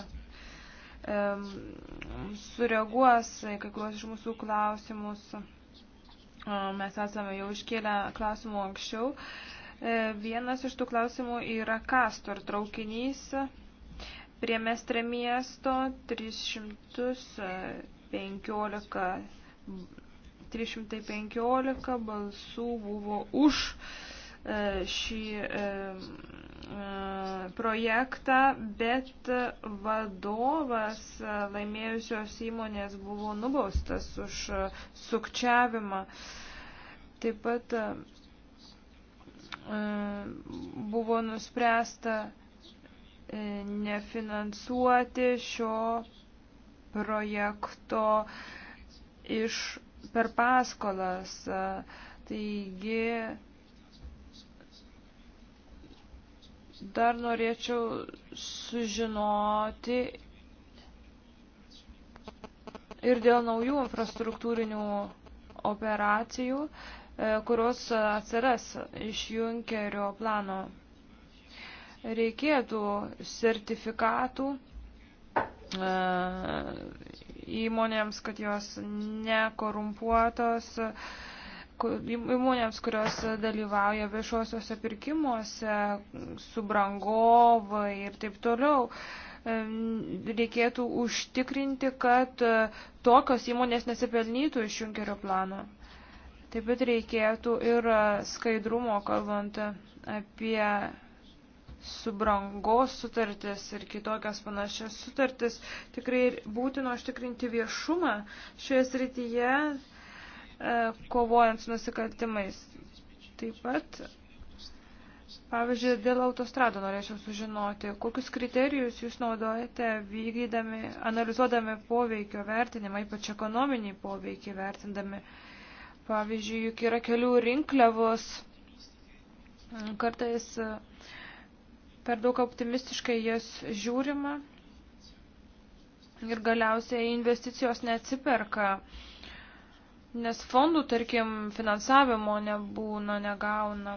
sureaguos kai kuriuos iš mūsų klausimus. E, mes esame jau iškėlę klausimų anksčiau E, vienas iš tų klausimų yra Kastor traukinys prie Mestre miesto 315, 315 balsų buvo už e, šį e, projektą, bet vadovas laimėjusios įmonės buvo nubaustas už sukčiavimą. Taip pat E, buvo nuspręsta e, nefinansuoti šio projekto iš per paskolas. E, taigi dar norėčiau sužinoti ir dėl naujų infrastruktūrinių operacijų E, kurios atsiras iš Junkerio plano. Reikėtų sertifikatų e, įmonėms, kad jos nekorumpuotos, įmonėms, kurios dalyvauja viešuosiuose pirkimuose, subrangovai ir taip toliau. E, reikėtų užtikrinti, kad tokios įmonės nesipelnytų iš Junkerio plano. Taip pat reikėtų ir skaidrumo, kalbant apie subrangos sutartis ir kitokias panašias sutartis. Tikrai būtino užtikrinti viešumą šioje srityje, e, kovojant su nusikaltimais. Taip pat, pavyzdžiui, dėl autostrado norėčiau sužinoti, kokius kriterijus jūs naudojate vykdydami, analizuodami poveikio vertinimą, ypač ekonominį poveikį vertindami. Uh, Pavyzdžiui, juk yra kelių rinkliavos. Kartais e, per daug optimistiškai jas žiūrima ir galiausiai investicijos neatsiperka, nes fondų, tarkim, finansavimo nebūna, negauna.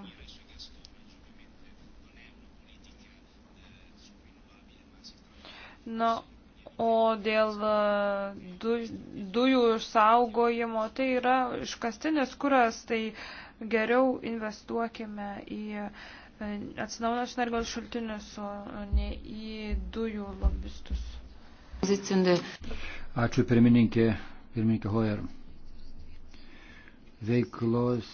Na, O dėl e, du, dujų išsaugojimo, tai yra iškastinis kuras, tai geriau investuokime į e, atsinaujinančius energijos šaltinius, o ne į dujų lobistus. Ačiū pirmininkė, pirmininkė Hoyer. Veiklos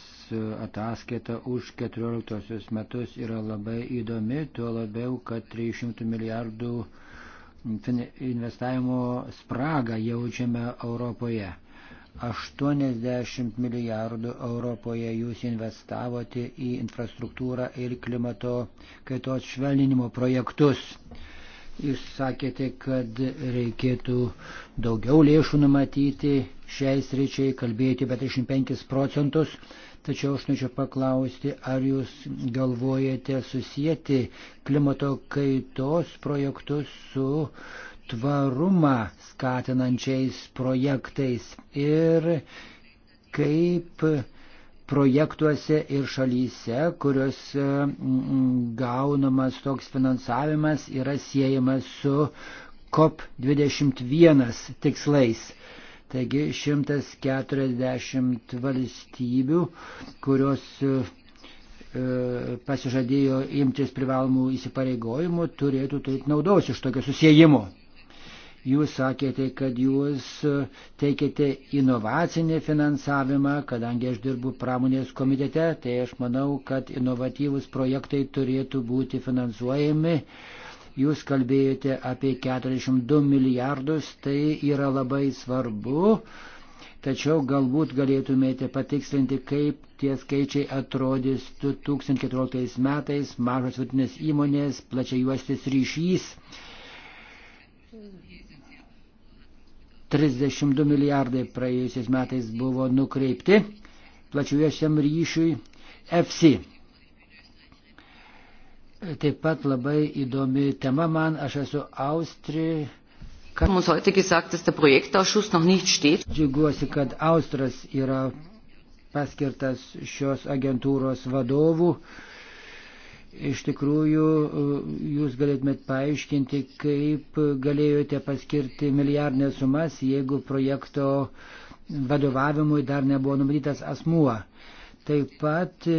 ataskaita už 14 metus yra labai įdomi, tuo labiau, kad 300 milijardų investavimo spragą jaučiame Europoje. 80 milijardų Europoje jūs investavote į infrastruktūrą ir klimato kaitos švelninimo projektus. Jūs sakėte, kad reikėtų daugiau lėšų numatyti šiais ryčiai, kalbėjote apie 35 procentus Tačiau aš norėčiau paklausti, ar jūs galvojate susijęti klimato kaitos projektus su tvarumą skatinančiais projektais ir kaip projektuose ir šalyse, kurios mm, mm, gaunamas toks finansavimas yra siejamas su COP21 tikslais. Taigi 140 valstybių, kurios e, e, pasižadėjo imtis privalomų įsipareigojimų, turėtų turėti naudos iš tokio susijimo. Jūs sakėte, kad jūs e, teikėte inovacinį finansavimą, kadangi aš dirbu pramonės komitete, tai aš manau, kad inovatyvus projektai turėtų būti finansuojami uh, Jūs kalbėjote apie 42 milijardus, tai yra labai svarbu, tačiau galbūt galėtumėte patikslinti, kaip tie skaičiai atrodys 2014 metais, mažos vidinės įmonės, plačiai juostis ryšys. 32 milijardai praėjusiais metais buvo nukreipti plačiuosiam ryšiui EFSI Taip pat labai įdomi tema man, aš esu Austri. Kad... Mums heute gesagt, dass der Projektausschuss noch nicht steht. Džiugiuosi, kad Austras yra paskirtas šios agentūros vadovų. Iš tikrųjų, jūs galėtumėt paaiškinti, kaip galėjote paskirti milijardinės sumas, jeigu projekto vadovavimui dar nebuvo numatytas asmuo. Taip pat e,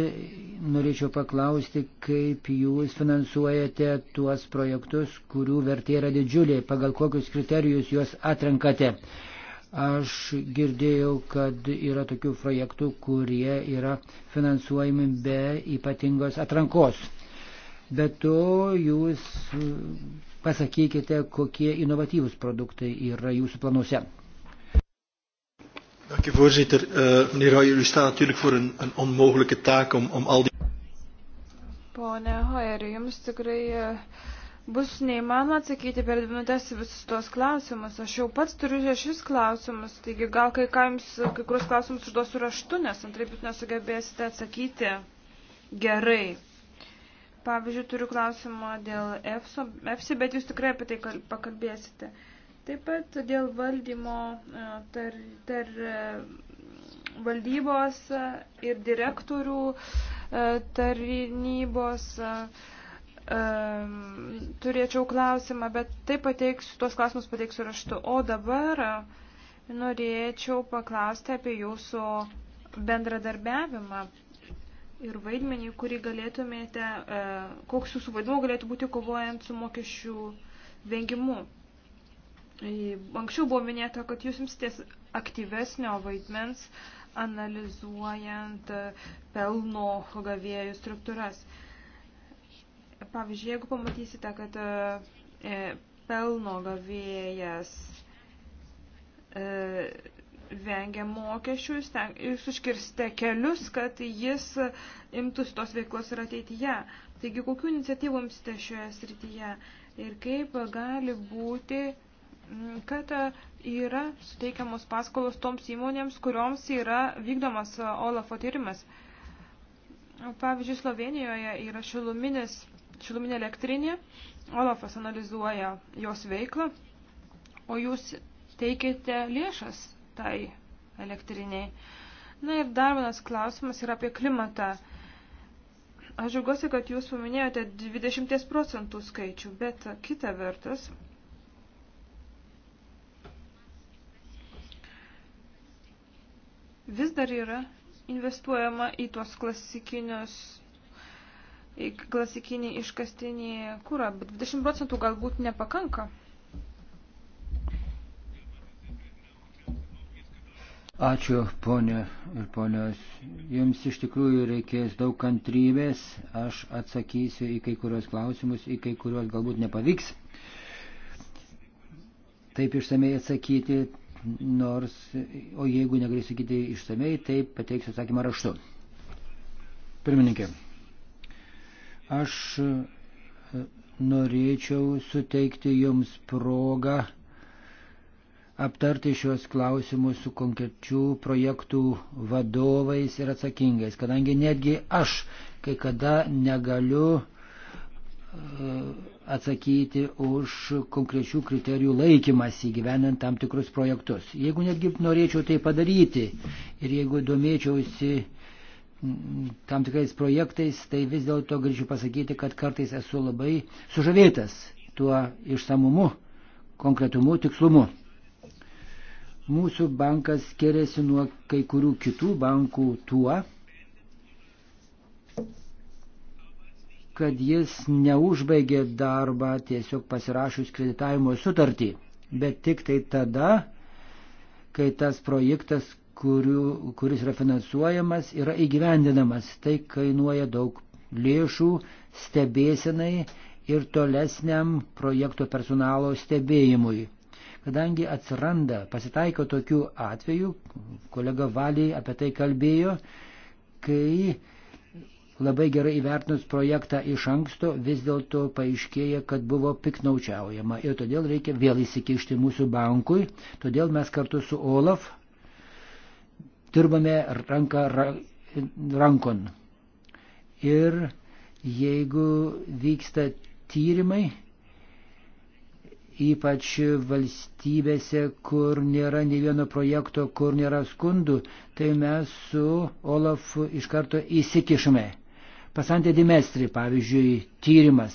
norėčiau paklausti, kaip jūs finansuojate tuos projektus, kurių vertė yra didžiulė, pagal kokius kriterijus juos atrenkate. Aš girdėjau, kad yra tokių projektų, kurie yra finansuojami be ypatingos atrankos. Bet to jūs e, pasakykite, kokie inovatyvūs produktai yra jūsų planuose. Dank u voorzitter. Uh, meneer Hoyer, u staat natuurlijk voor een, een onmogelijke taak om, om al die... Pone Hoyer, jums tikrai eh, bus neįmanoma atsakyti per dvi minutės visus tuos klausimus. Aš jau pats turiu šešis klausimus, taigi gal kai, ką jums, kai kurios klausimus užduosiu raštu, nes antraip jūs nesugebėsite atsakyti gerai. Pavyzdžiui, turiu klausimą dėl EFSI, bet jūs tikrai apie tai pakalbėsite. Uh, Taip pat dėl valdymo e, tar, tar e, valdybos e, ir direktorių tarnybos turėčiau klausimą, bet taip pateiksiu, tuos klausimus pateiksiu raštu. O dabar norėčiau paklausti apie jūsų bendradarbiavimą ir vaidmenį, kurį galėtumėte, koks jūsų vaidmuo galėtų būti kovojant su mokesčių vengimu. Anksčiau buvo minėta, kad jūs imsitės aktyvesnio vaidmens analizuojant e, pelno gavėjų struktūras. Pavyzdžiui, jeigu pamatysite, kad e, e, pelno gavėjas vengia mokesčių, jūs užkirsite kelius, kad jis imtųsi tos veiklos ir ateityje. Taigi, kokiu iniciatyvu imsite šioje srityje ir kaip gali būti kad yra suteikiamos paskolos toms įmonėms, kurioms yra vykdomas Olafo tyrimas. Pavyzdžiui, Slovenijoje yra šiluminis, šiluminė elektrinė, Olafas analizuoja jos veiklą, o jūs teikite lėšas tai elektriniai. Na ir dar vienas klausimas yra apie klimatą. Aš žiūrėsiu, kad jūs paminėjote 20 procentų skaičių, bet kita vertus, vis dar yra investuojama į tuos klasikinius į klasikinį iškastinį kūrą, bet 20 procentų galbūt nepakanka. Ačiū, ponė ir ponios. Jums iš tikrųjų reikės daug kantrybės. Aš atsakysiu į kai kurios klausimus, į kai kuriuos galbūt nepavyks. Taip išsamei atsakyti, nors, o jeigu negali sakyti išsamei, tai pateiksiu atsakymą raštu. Pirmininkė, aš e, norėčiau suteikti jums progą aptarti šios klausimus su konkrečių projektų vadovais ir atsakingais, kadangi netgi aš kai kada negaliu atsakyti už konkrečių kriterijų laikymas įgyvenant tam tikrus projektus. Jeigu netgi norėčiau tai padaryti ir jeigu domėčiausi mm, tam tikrais projektais, tai vis dėlto galiu pasakyti, kad kartais esu labai sužavėtas tuo išsamumu, konkretumu, tikslumu. Mūsų bankas skiriasi nuo kai kurių kitų bankų tuo, kad jis neužbaigė darbą tiesiog pasirašus kreditavimo sutartį, bet tik tai tada, kai tas projektas, kuriu, kuris yra finansuojamas, yra įgyvendinamas. Tai kainuoja daug lėšų stebėsinai ir tolesniam projekto personalo stebėjimui. Kadangi atsiranda, pasitaiko tokių atvejų, kolega Valiai apie tai kalbėjo, kai labai gerai įvertinus projektą iš anksto, vis dėlto paaiškėja, kad buvo piknaučiaujama ir todėl reikia vėl įsikišti mūsų bankui. Todėl mes kartu su Olaf dirbame ranką ra, rankon. Ir jeigu vyksta tyrimai, ypač valstybėse, kur nėra nei vieno projekto, kur nėra skundų, tai mes su Olafu iš karto įsikišame. Pasantė dimestri, pavyzdžiui, tyrimas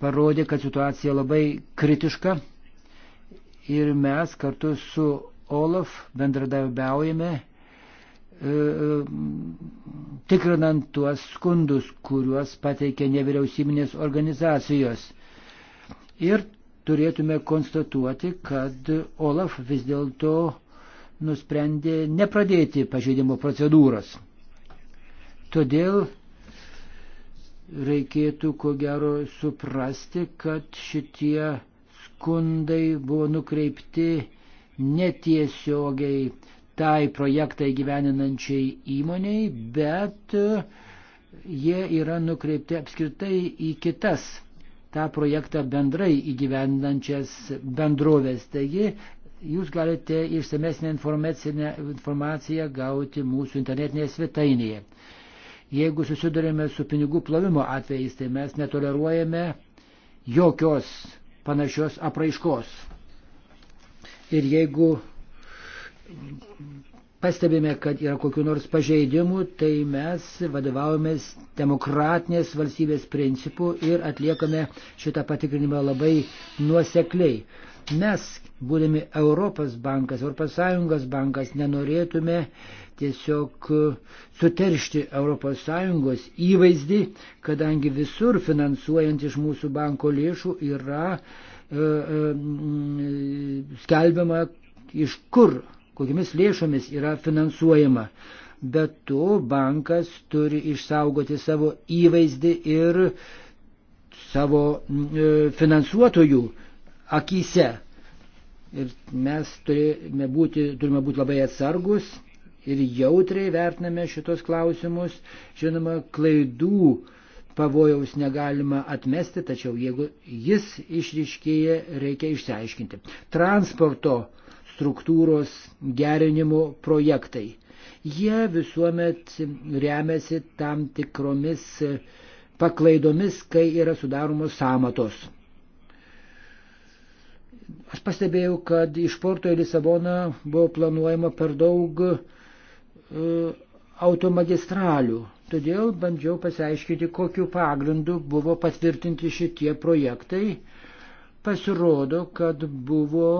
parodė, kad situacija labai kritiška ir mes kartu su Olaf bendradarbiaujame e, e, tikrinant tuos skundus, kuriuos pateikia nevyriausybinės organizacijos. Ir turėtume konstatuoti, kad Olaf vis dėlto nusprendė nepradėti pažeidimo procedūros. Todėl reikėtų ko gero suprasti, kad šitie skundai buvo nukreipti netiesiogiai tai projektą įgyveninančiai įmoniai, bet jie yra nukreipti apskritai į kitas tą projektą bendrai įgyvendinančias bendrovės. Taigi jūs galite išsamesnę informaciją gauti mūsų internetinėje svetainėje. Jeigu susidurėme su pinigų plovimo atvejais, tai mes netoleruojame jokios panašios apraiškos. Ir jeigu pastebime, kad yra kokiu nors pažeidimu, tai mes vadovaujamės demokratinės valstybės principų ir atliekame šitą patikrinimą labai nuosekliai mes, būdami Europos bankas, ES bankas, nenorėtume tiesiog e, suteršti ES įvaizdį, kadangi visur finansuojant iš mūsų banko lėšų yra e, e, skelbiama, iš kur, kokiamis lėšomis yra finansuojama. Bet to bankas turi išsaugoti savo įvaizdį ir savo e, finansuotojų akise. Ir mes turime būti, turime būti labai atsargus ir jautriai vertiname šitos klausimus. Žinoma, klaidų pavojaus negalima atmesti, tačiau jeigu jis išriškėja, reikia išsiaiškinti. Transporto struktūros gerinimo projektai. Jie visuomet remiasi tam tikromis paklaidomis, kai yra sudaromos samatos. Aš pastebėjau, kad iš Porto į Lisaboną buvo planuojama per daug e, automagistralių. Todėl bandžiau pasiaiškinti, kokiu pagrindu buvo patvirtinti šitie projektai. Pasirodo, kad buvo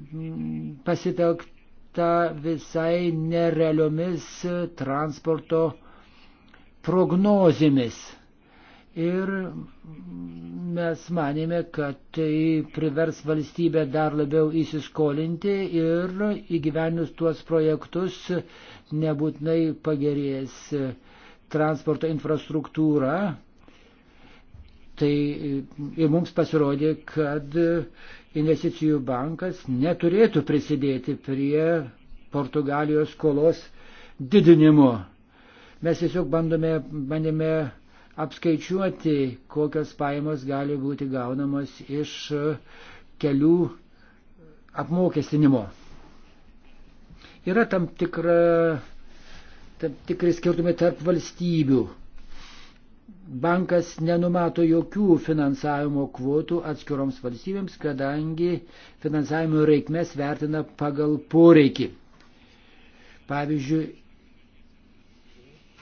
mm, pasitelkta visai nerealiomis transporto prognozėmis. Ir mes manėme, kad tai privers valstybę dar labiau įsiskolinti ir įgyvenius tuos projektus nebūtinai pagerės transporto infrastruktūra. Tai ir mums pasirodė, kad investicijų bankas neturėtų prisidėti prie Portugalijos skolos didinimo. Mes tiesiog bandome, bandėme apskaičiuoti, kokios pajamos gali būti gaunamos iš e, kelių apmokestinimo. Yra tam, tikra, tam tikri skirtumai tarp valstybių. Bankas nenumato jokių finansavimo kvotų atskiroms valstybėms, kadangi finansavimo reikmes vertina pagal poreikį. Pavyzdžiui,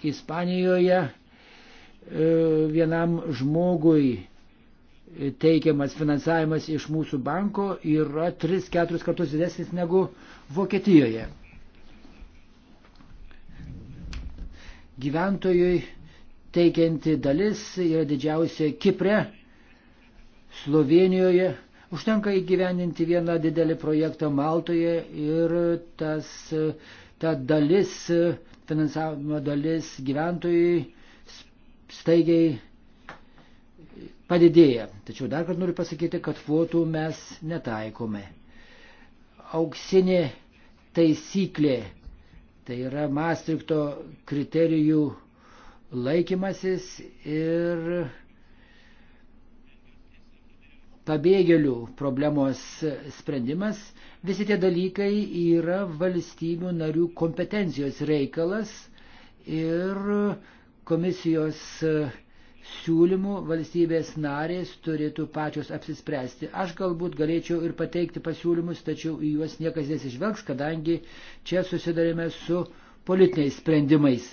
Ispanijoje E, vienam žmogui teikiamas finansavimas iš mūsų banko yra 3-4 kartus didesnis negu Vokietijoje. Gyventojui teikianti dalis yra didžiausia Kipre, Slovenijoje. Užtenka įgyvendinti vieną didelį projektą Maltoje ir tas, ta dalis, finansavimo dalis gyventojui staigiai padidėja. Tačiau dar kartą noriu pasakyti, kad kvotų mes netaikome. Auksinė taisyklė tai yra Maastrichto kriterijų laikymasis ir pabėgėlių problemos sprendimas, visi tie dalykai yra valstybių narių kompetencijos reikalas ir komisijos e, siūlymų valstybės narės turėtų pačios apsispręsti. Aš galbūt galėčiau ir pateikti pasiūlymus, tačiau į juos niekas nesižvelgs, kadangi čia susidarėme su politiniais sprendimais.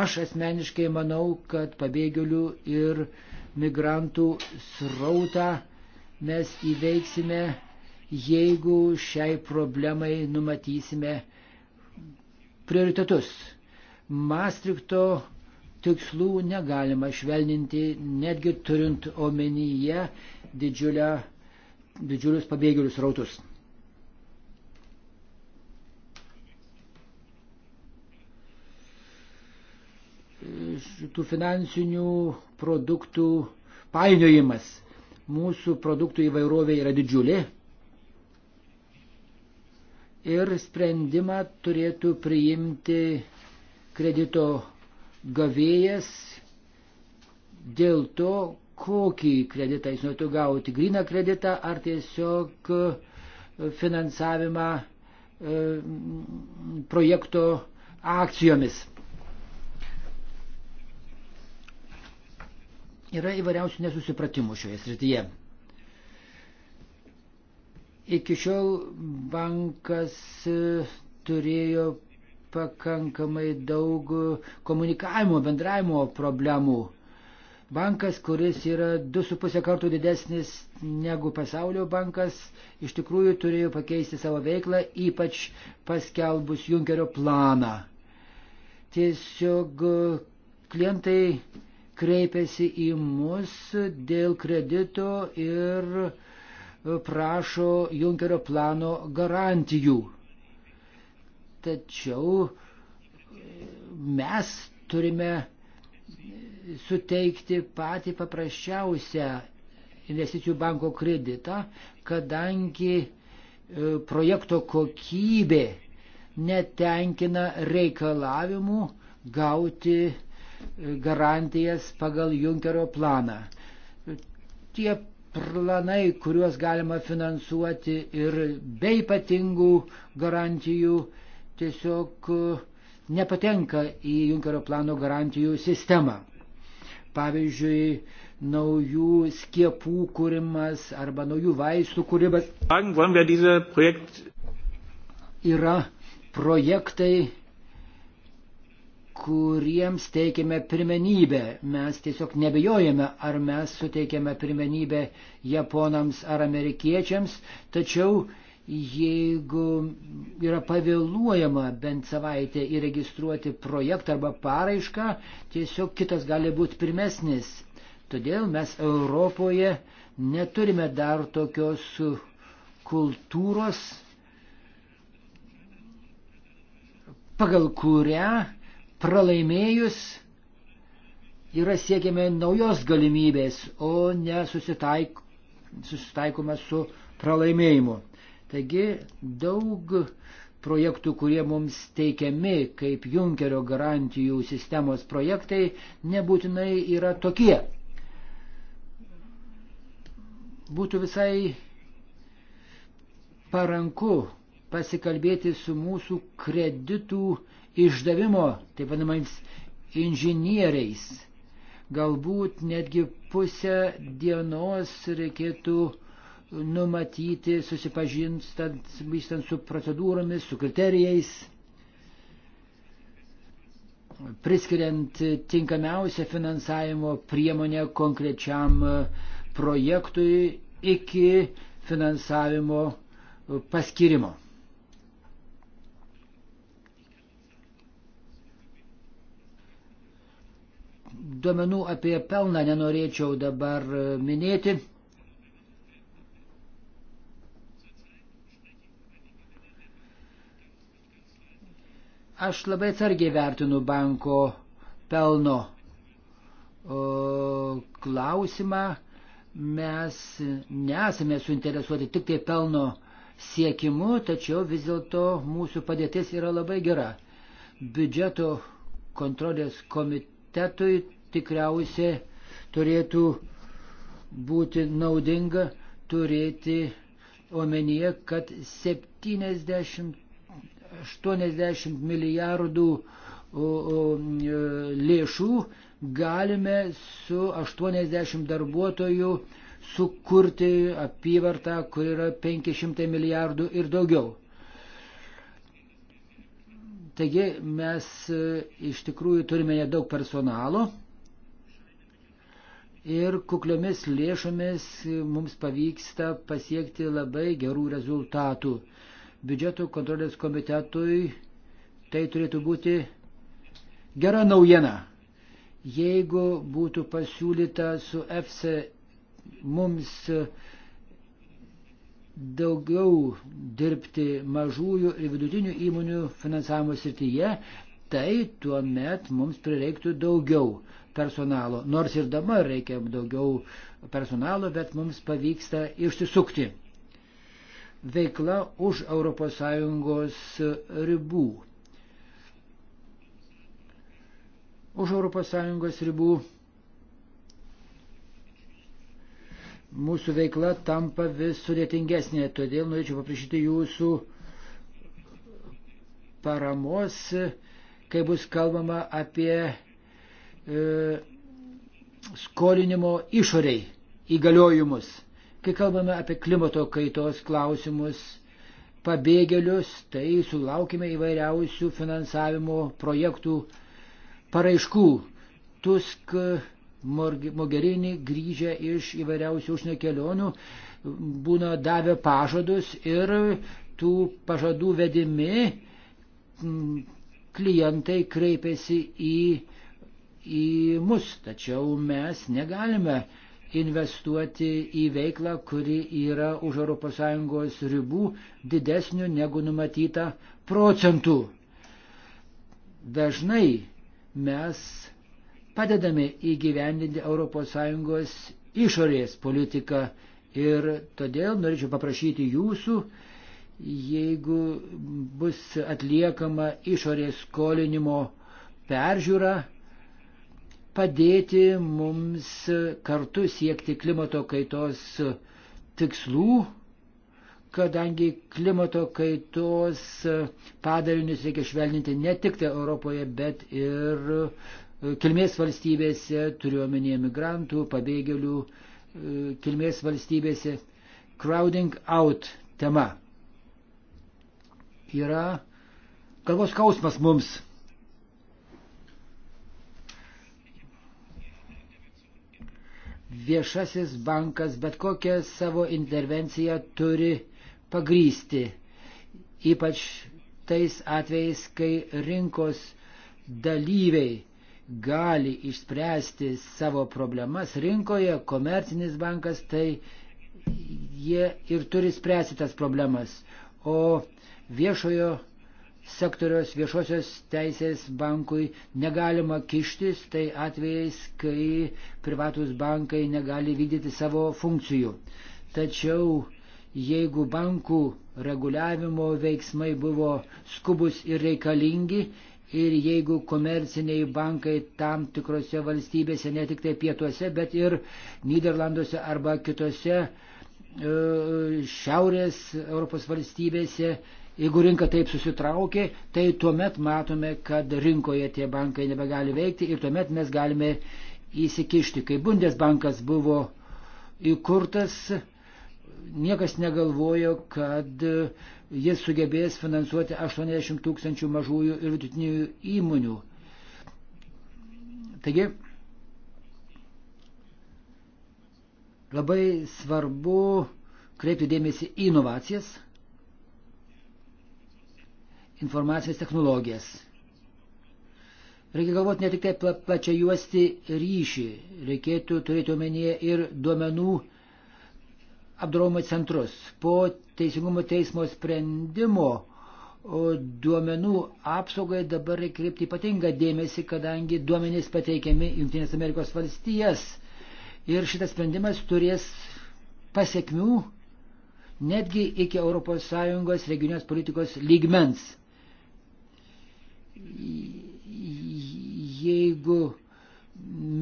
Aš asmeniškai manau, kad pabėgėlių ir migrantų srautą mes įveiksime, jeigu šiai problemai numatysime prioritetus. Maastrichto tikslų negalima švelninti, netgi turint omenyje didžiulę, didžiulius pabėgėlius rautus. Šitų finansinių produktų painiojimas. Mūsų produktų įvairovė yra didžiulė ir sprendimą turėtų priimti kredito gavėjas dėl to, kokį kreditą jis norėtų gauti, gryną kreditą ar tiesiog e, finansavimą e, projekto akcijomis. Yra įvairiausių nesusipratimų šioje srityje. Iki šiol bankas e, turėjo pakankamai daug komunikavimo, bendravimo problemų. Bankas, kuris yra 2,5 kartų didesnis negu pasaulio bankas, iš tikrųjų turėjo pakeisti savo veiklą, ypač paskelbus Junkerio planą. Tiesiog klientai kreipiasi į mus dėl kredito ir prašo Junkerio plano garantijų. Tačiau e, mes turime e, suteikti patį paprasčiausią investicijų banko kreditą, kadangi e, projekto kokybė netenkina reikalavimų gauti garantijas pagal Junkerio planą. Tie planai, kuriuos galima finansuoti ir be ypatingų garantijų, tiesiog e, nepatenka į Junkerio plano garantijų sistemą. Pavyzdžiui, naujų skiepų kūrimas arba naujų vaistų kūrimas yra projektai, kuriems teikiame pirmenybę. Mes tiesiog nebejojame, ar mes suteikiame pirmenybę japonams ar amerikiečiams, tačiau jeigu yra pavėluojama bent savaitę įregistruoti projektą arba paraišką, tiesiog kitas gali būti pirmesnis. Todėl mes Europoje neturime dar tokios kultūros, pagal kurią pralaimėjus yra siekiame naujos galimybės, o ne susitaik, susitaikome su pralaimėjimu. Taigi daug projektų, kurie mums teikiami kaip Junkerio garantijų sistemos projektai, nebūtinai yra tokie. Būtų visai paranku pasikalbėti su mūsų kreditų išdavimo, taip vadinamais, inžinieriais. Galbūt netgi pusę dienos reikėtų numatyti, susipažinstant, vystant su procedūromis, su kriterijais, priskiriant tinkamiausią finansavimo priemonę konkrečiam projektui iki finansavimo paskirimo. Duomenų apie pelną nenorėčiau dabar minėti. Aš labai atsargiai vertinu banko pelno o, klausimą. Mes nesame suinteresuoti tik tai pelno siekimu, tačiau vis dėlto mūsų padėtis yra labai gera. Biudžeto kontrolės komitetui tikriausiai turėtų būti naudinga turėti omenyje, kad 70 80 milijardų e, lėšų galime su 80 darbuotojų sukurti apyvartą, kur yra 500 milijardų ir daugiau. Taigi mes e, iš tikrųjų turime nedaug personalo ir kukliomis lėšomis mums pavyksta pasiekti labai gerų rezultatų biudžeto kontrolės komitetui tai turėtų būti gera naujiena. Jeigu būtų pasiūlyta su EFSA mums daugiau dirbti mažųjų ir vidutinių įmonių finansavimo srityje, tai tuo met mums prireiktų daugiau personalo. Nors ir dabar reikia daugiau personalo, bet mums pavyksta išsisukti veikla už ES ribų. Už ES ribų mūsų veikla tampa vis sudėtingesnė, todėl norėčiau paprašyti jūsų paramos, kai bus kalbama apie e, skolinimo išoriai įgaliojimus. Kai kalbame apie klimato kaitos klausimus, pabėgėlius, tai sulaukime įvairiausių finansavimo projektų paraiškų. Tusk Mogherini grįžę iš įvairiausių užsienio kelionių būna davę pažadus ir tų pažadų vedimi klientai kreipiasi į, į mus, tačiau mes negalime uh, investuoti į veiklą, kuri yra už ES ribų didesnių negu numatyta procentų. Dažnai mes padedame įgyvendinti ES išorės politiką ir todėl norėčiau paprašyti jūsų, jeigu bus atliekama išorės skolinimo peržiūra, padėti mums kartu siekti klimato kaitos tikslų, kadangi klimato kaitos padarinius reikia švelninti ne tik tai Europoje, bet ir e, kilmės valstybėse, turiuomenėje migrantų, pabėgėlių e, kilmės valstybėse. Crowding out tema yra galvos kausmas mums viešasis bankas bet kokią savo intervenciją turi pagrysti, ypač tais atvejais, kai rinkos dalyviai gali išspręsti savo problemas rinkoje, komercinis bankas, tai jie ir turi spręsti tas problemas. O viešojo sektoriaus viešosios teisės bankui negalima kištis, tai atvejais, kai privatus bankai negali vykdyti savo funkcijų. Tačiau jeigu bankų reguliavimo veiksmai buvo skubus ir reikalingi, ir jeigu komerciniai bankai tam tikrose valstybėse, ne tik tai pietuose, bet ir Niderlanduose arba kitose e, šiaurės Europos valstybėse Jeigu rinka taip susitraukė, tai tuomet matome, kad rinkoje tie bankai nebegali veikti ir tuomet mes galime įsikišti. Kai Bundesbankas buvo įkurtas, niekas negalvojo, kad jis sugebės finansuoti 80 tūkstančių mažųjų ir vidutinių įmonių. Taigi, labai svarbu kreipti dėmesį į inovacijas informacinės technologijas. Reikia galvoti ne tik tai plačia juosti ryšį, reikėtų turėti omenyje ir duomenų apdorojimo centrus. Po Teisingumo teismo sprendimo duomenų apsaugai dabar reikia kreipti ypatingą dėmesį, kadangi duomenys pateikiami Junktinės Amerikos valstijas. Ir šitas sprendimas turės pasiekmių netgi iki ES regionės politikos lygmens jeigu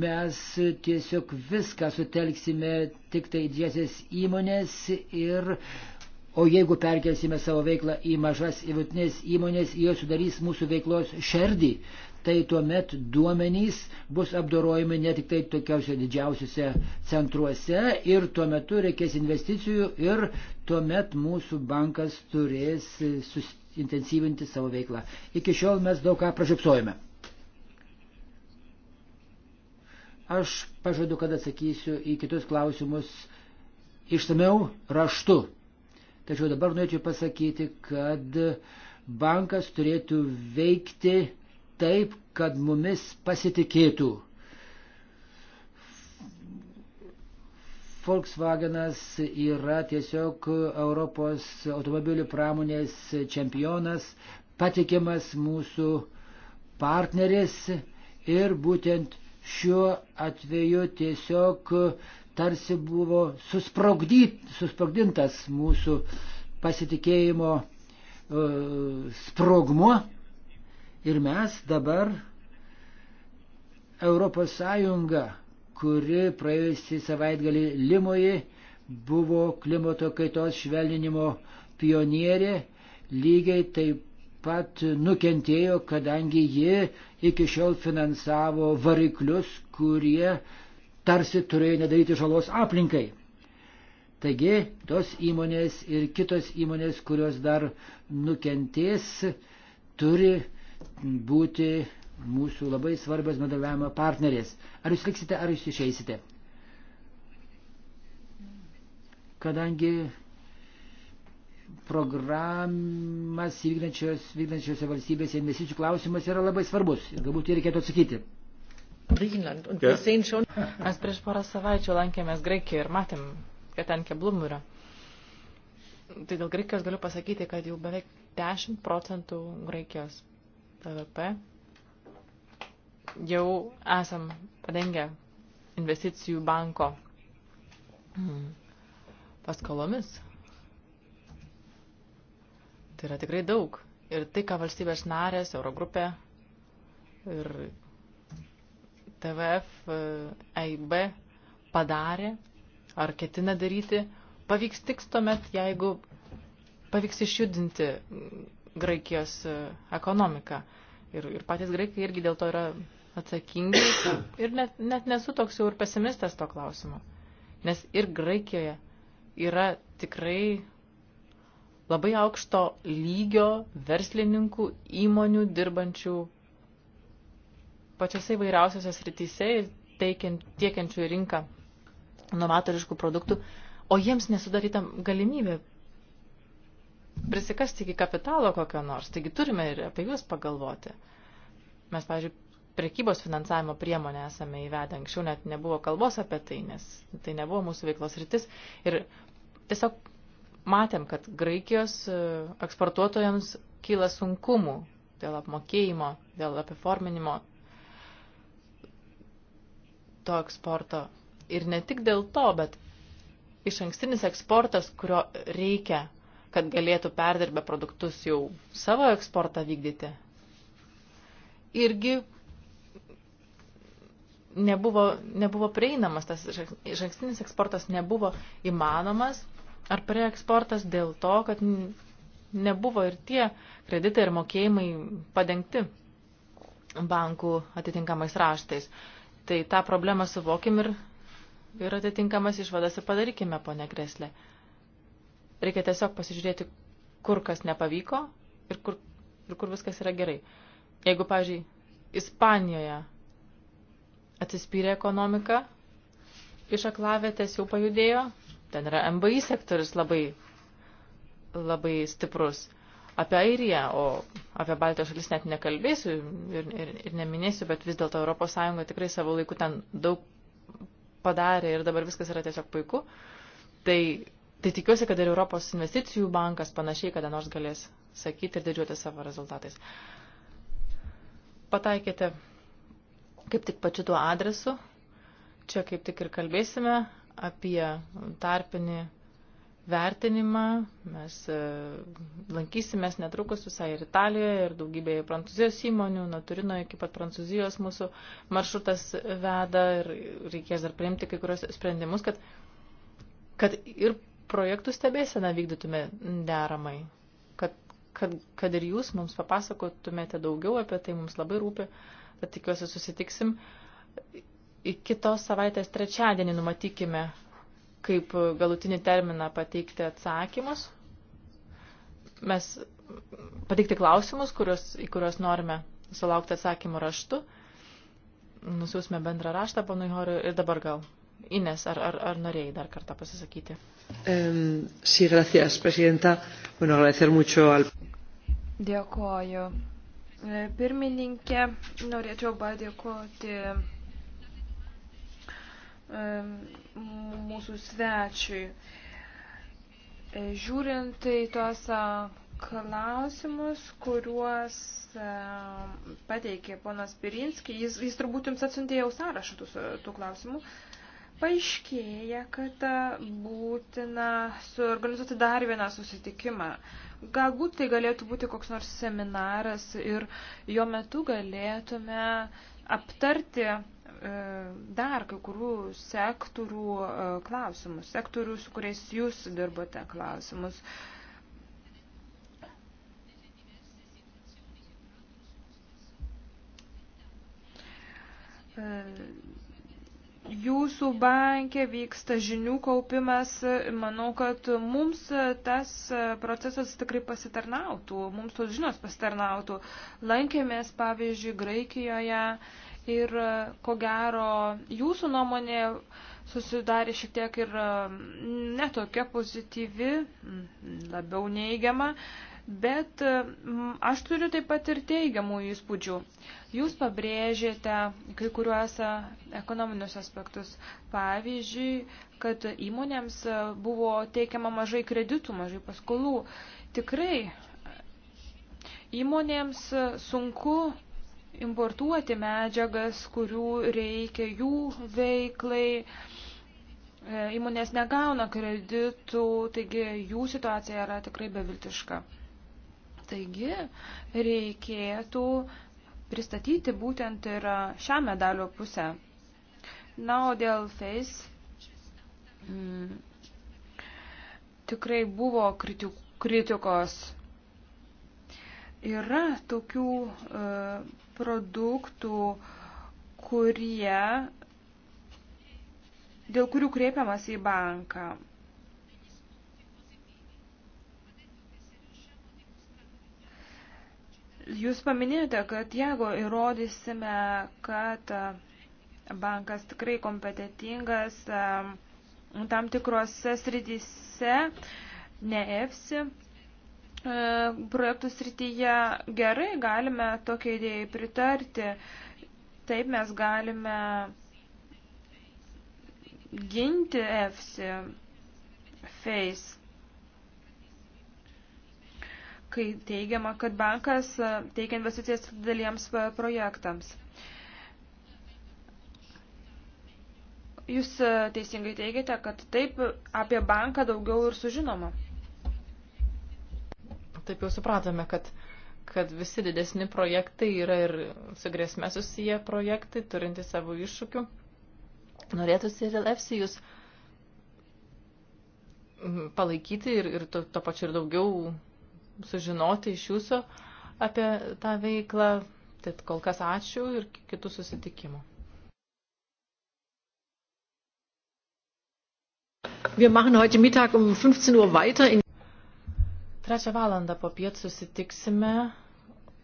mes tiesiog viską sutelksime tik tai didžiasias įmonės ir O jeigu perkelsime savo veiklą į mažas įvatinės įmonės, jos sudarys mūsų veiklos šerdį, tai tuomet duomenys bus apdorojami ne tik tai tokiausiose didžiausiose centruose ir tuo metu reikės investicijų ir tuomet mūsų bankas turės sus, intensyvinti savo veiklą. Iki šiol mes daug ką pražiopsojame. Aš pažadu, kad atsakysiu į kitus klausimus išsameu raštu. Tačiau dabar norėčiau pasakyti, kad bankas turėtų veikti taip, kad mumis pasitikėtų. Volkswagenas yra tiesiog Europos automobilių pramonės čempionas, patikimas mūsų partneris ir būtent šiuo atveju tiesiog tarsi buvo susprogdintas mūsų pasitikėjimo e, sprogmuo ir mes dabar Europos Sąjunga kuri praėjusį savaitgalį Limoje buvo klimato kaitos švelninimo pionierė, lygiai taip pat nukentėjo, kadangi ji iki šiol finansavo variklius, kurie tarsi turėjo nedaryti žalos aplinkai. Taigi tos įmonės ir kitos įmonės, kurios dar nukentės, turi būti mūsų labai svarbios bendradarbiavimo partnerės. Ar jūs liksite, ar jūs išeisite? Kadangi programas vykdančios, vykdančiose valstybėse investicijų klausimas yra labai svarbus ir galbūt jį reikėtų atsakyti. Mes prieš porą savaičių lankėmės Graikijoje ir matėm, kad ten keblumų yra. Tai dėl Graikijos galiu pasakyti, kad jau beveik 10 procentų Graikijos BVP jau esam padengę investicijų banko hmm, paskolomis. Tai yra tikrai daug. Ir tai, ką valstybės narės, Eurogrupė ir TVF, EIB padarė ar ketina daryti, pavyks tik tuomet, jeigu pavyks išjudinti Graikijos ekonomiką. Ir, ir patys graikai irgi dėl to yra atsakingi ir net, net nesu toks jau ir pesimistas to klausimu. Nes ir Graikijoje yra tikrai labai aukšto lygio verslininkų, įmonių dirbančių pačiose įvairiausiose srityse ir teikiant, tiekiančių į rinką novatoriškų produktų, o jiems nesudaryta galimybė prisikasti iki kapitalo kokio nors. Taigi turime ir apie juos pagalvoti. Mes, pavyzdžiui, prekybos finansavimo priemonę esame įvedę. Anksčiau net nebuvo kalbos apie tai, nes tai nebuvo mūsų veiklos rytis. Ir tiesiog matėm, kad Graikijos e, eksportuotojams kyla sunkumų dėl apmokėjimo, dėl apiforminimo to eksporto. Ir ne tik dėl to, bet iš ankstinis eksportas, kurio reikia, kad galėtų perdirbę produktus jau savo eksportą vykdyti, irgi nebuvo, nebuvo prieinamas, tas išankstinis eksportas nebuvo įmanomas, ar preeksportas dėl to, kad nebuvo ir tie kreditai ir mokėjimai padengti bankų atitinkamais raštais. Tai tą problemą suvokim ir, ir atitinkamas išvadas ir padarykime, ponė Greslė. Reikia tiesiog pasižiūrėti, kur kas nepavyko ir kur, ir kur viskas yra gerai. Jeigu, pavyzdžiui, Ispanijoje atsispyrė ekonomika, iš aklavėtės jau pajudėjo, ten yra MBI sektorius labai, labai stiprus. Apie Airiją, o apie Baltijos šalis net nekalbėsiu ir, ir, ir neminėsiu, bet vis dėlto ES tikrai savo laiku ten daug padarė ir dabar viskas yra tiesiog puiku. Tai, tai tikiuosi, kad ir Europos investicijų bankas panašiai kada nors galės sakyti ir didžiuotis savo rezultatais. Pataikėte Kaip tik pačiu tuo adresu, čia kaip tik ir kalbėsime apie tarpinį vertinimą. Mes e, lankysimės netrukus visai ir Italijoje, ir daugybėje prancūzijos įmonių, nuo Turino iki pat prancūzijos mūsų maršrutas veda ir reikės dar priimti kai kurios sprendimus, kad, kad ir projektų stebėseną vykdytume deramai, kad, kad, kad ir jūs mums papasakotumėte daugiau apie tai, mums labai rūpi. Uh, bet tikiuosi susitiksim. Kitos savaitės trečiadienį numatykime, kaip galutinį terminą pateikti atsakymus. Mes pateikti klausimus, kurios, į kuriuos norime sulaukti atsakymų raštu. Nusiūsime bendrą raštą ponui Horiu ir dabar gal. Ines, ar, ar, ar norėjai dar kartą pasisakyti? Um, sí, gracias, presidenta. Bueno, agradecer mucho al. Dėkoju E, pirmininkė. Norėčiau padėkoti e, mūsų svečiui. E, žiūrint į tuos klausimus, kuriuos pateikė ponas Pirinski, jis, jis turbūt jums atsiuntė jau sąrašą tų, tų klausimų, paaiškėja, kad būtina suorganizuoti dar vieną susitikimą Galbūt tai galėtų būti koks nors seminaras ir jo metu galėtume aptarti e, dar kai kurių sektorių e, klausimus, sektorių, su kuriais jūs dirbote klausimus. E, jūsų bankė vyksta žinių kaupimas. Manau, kad mums tas procesas tikrai pasitarnautų, mums tos žinios pasitarnautų. Lankėmės, pavyzdžiui, Graikijoje ir ko gero jūsų nuomonė susidarė šiek tiek ir mm, netokia pozityvi, mm, labiau neigiama. Bet mm, aš turiu taip pat ir teigiamų įspūdžių. Jūs pabrėžėte kai kuriuos e, ekonominius aspektus. Pavyzdžiui, kad įmonėms e, buvo teikiama mažai kreditų, mažai paskolų. Tikrai įmonėms e, sunku importuoti medžiagas, kurių reikia jų veiklai. Įmonės negauna kreditų, taigi jų situacija yra tikrai beviltiška. Taigi reikėtų pristatyti būtent ir šią medalio pusę. Na, o dėl Face mm, tikrai buvo kritik, kritikos. Yra tokių e, produktų, kurie, dėl kurių kreipiamas į banką. Jūs paminėjote, kad jeigu įrodysime, kad e, bankas tikrai kompetitingas e, tam tikrose srityse, ne EFSI, e, projektų srityje gerai galime tokiai idėjai pritarti. Taip mes galime ginti EFSI face kai teigiama, kad bankas e, teikia investicijas dideliems e, projektams. Jūs e, teisingai teigiate, kad taip apie banką daugiau ir sužinoma. Taip jau supratome, kad, kad visi didesni projektai yra ir su grėsme susiję projektai, turinti savo iššūkių. Norėtųsi ir LFC jūs palaikyti ir, ir to, to pačiu ir daugiau sužinoti iš jūsų apie tą veiklą. Tad kol kas ačiū ir kitų susitikimų. Wir machen heute Mittag um 15 Uhr weiter in Trečią valandą po piet susitiksime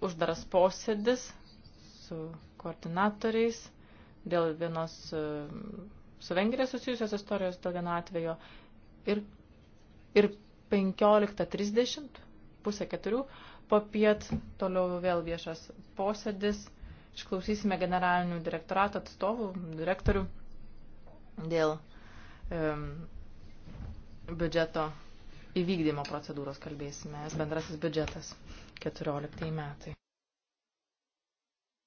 uždaras posėdis su koordinatoriais dėl vienos e, su Vengrija susijusios istorijos dėl vieno atvejo ir, ir 15.30 pusę keturių, po piet toliau vėl viešas posėdis, išklausysime generalinių direktorato atstovų, direktorių dėl um, biudžeto įvykdymo procedūros kalbėsime, bendras biudžetas 14 metai.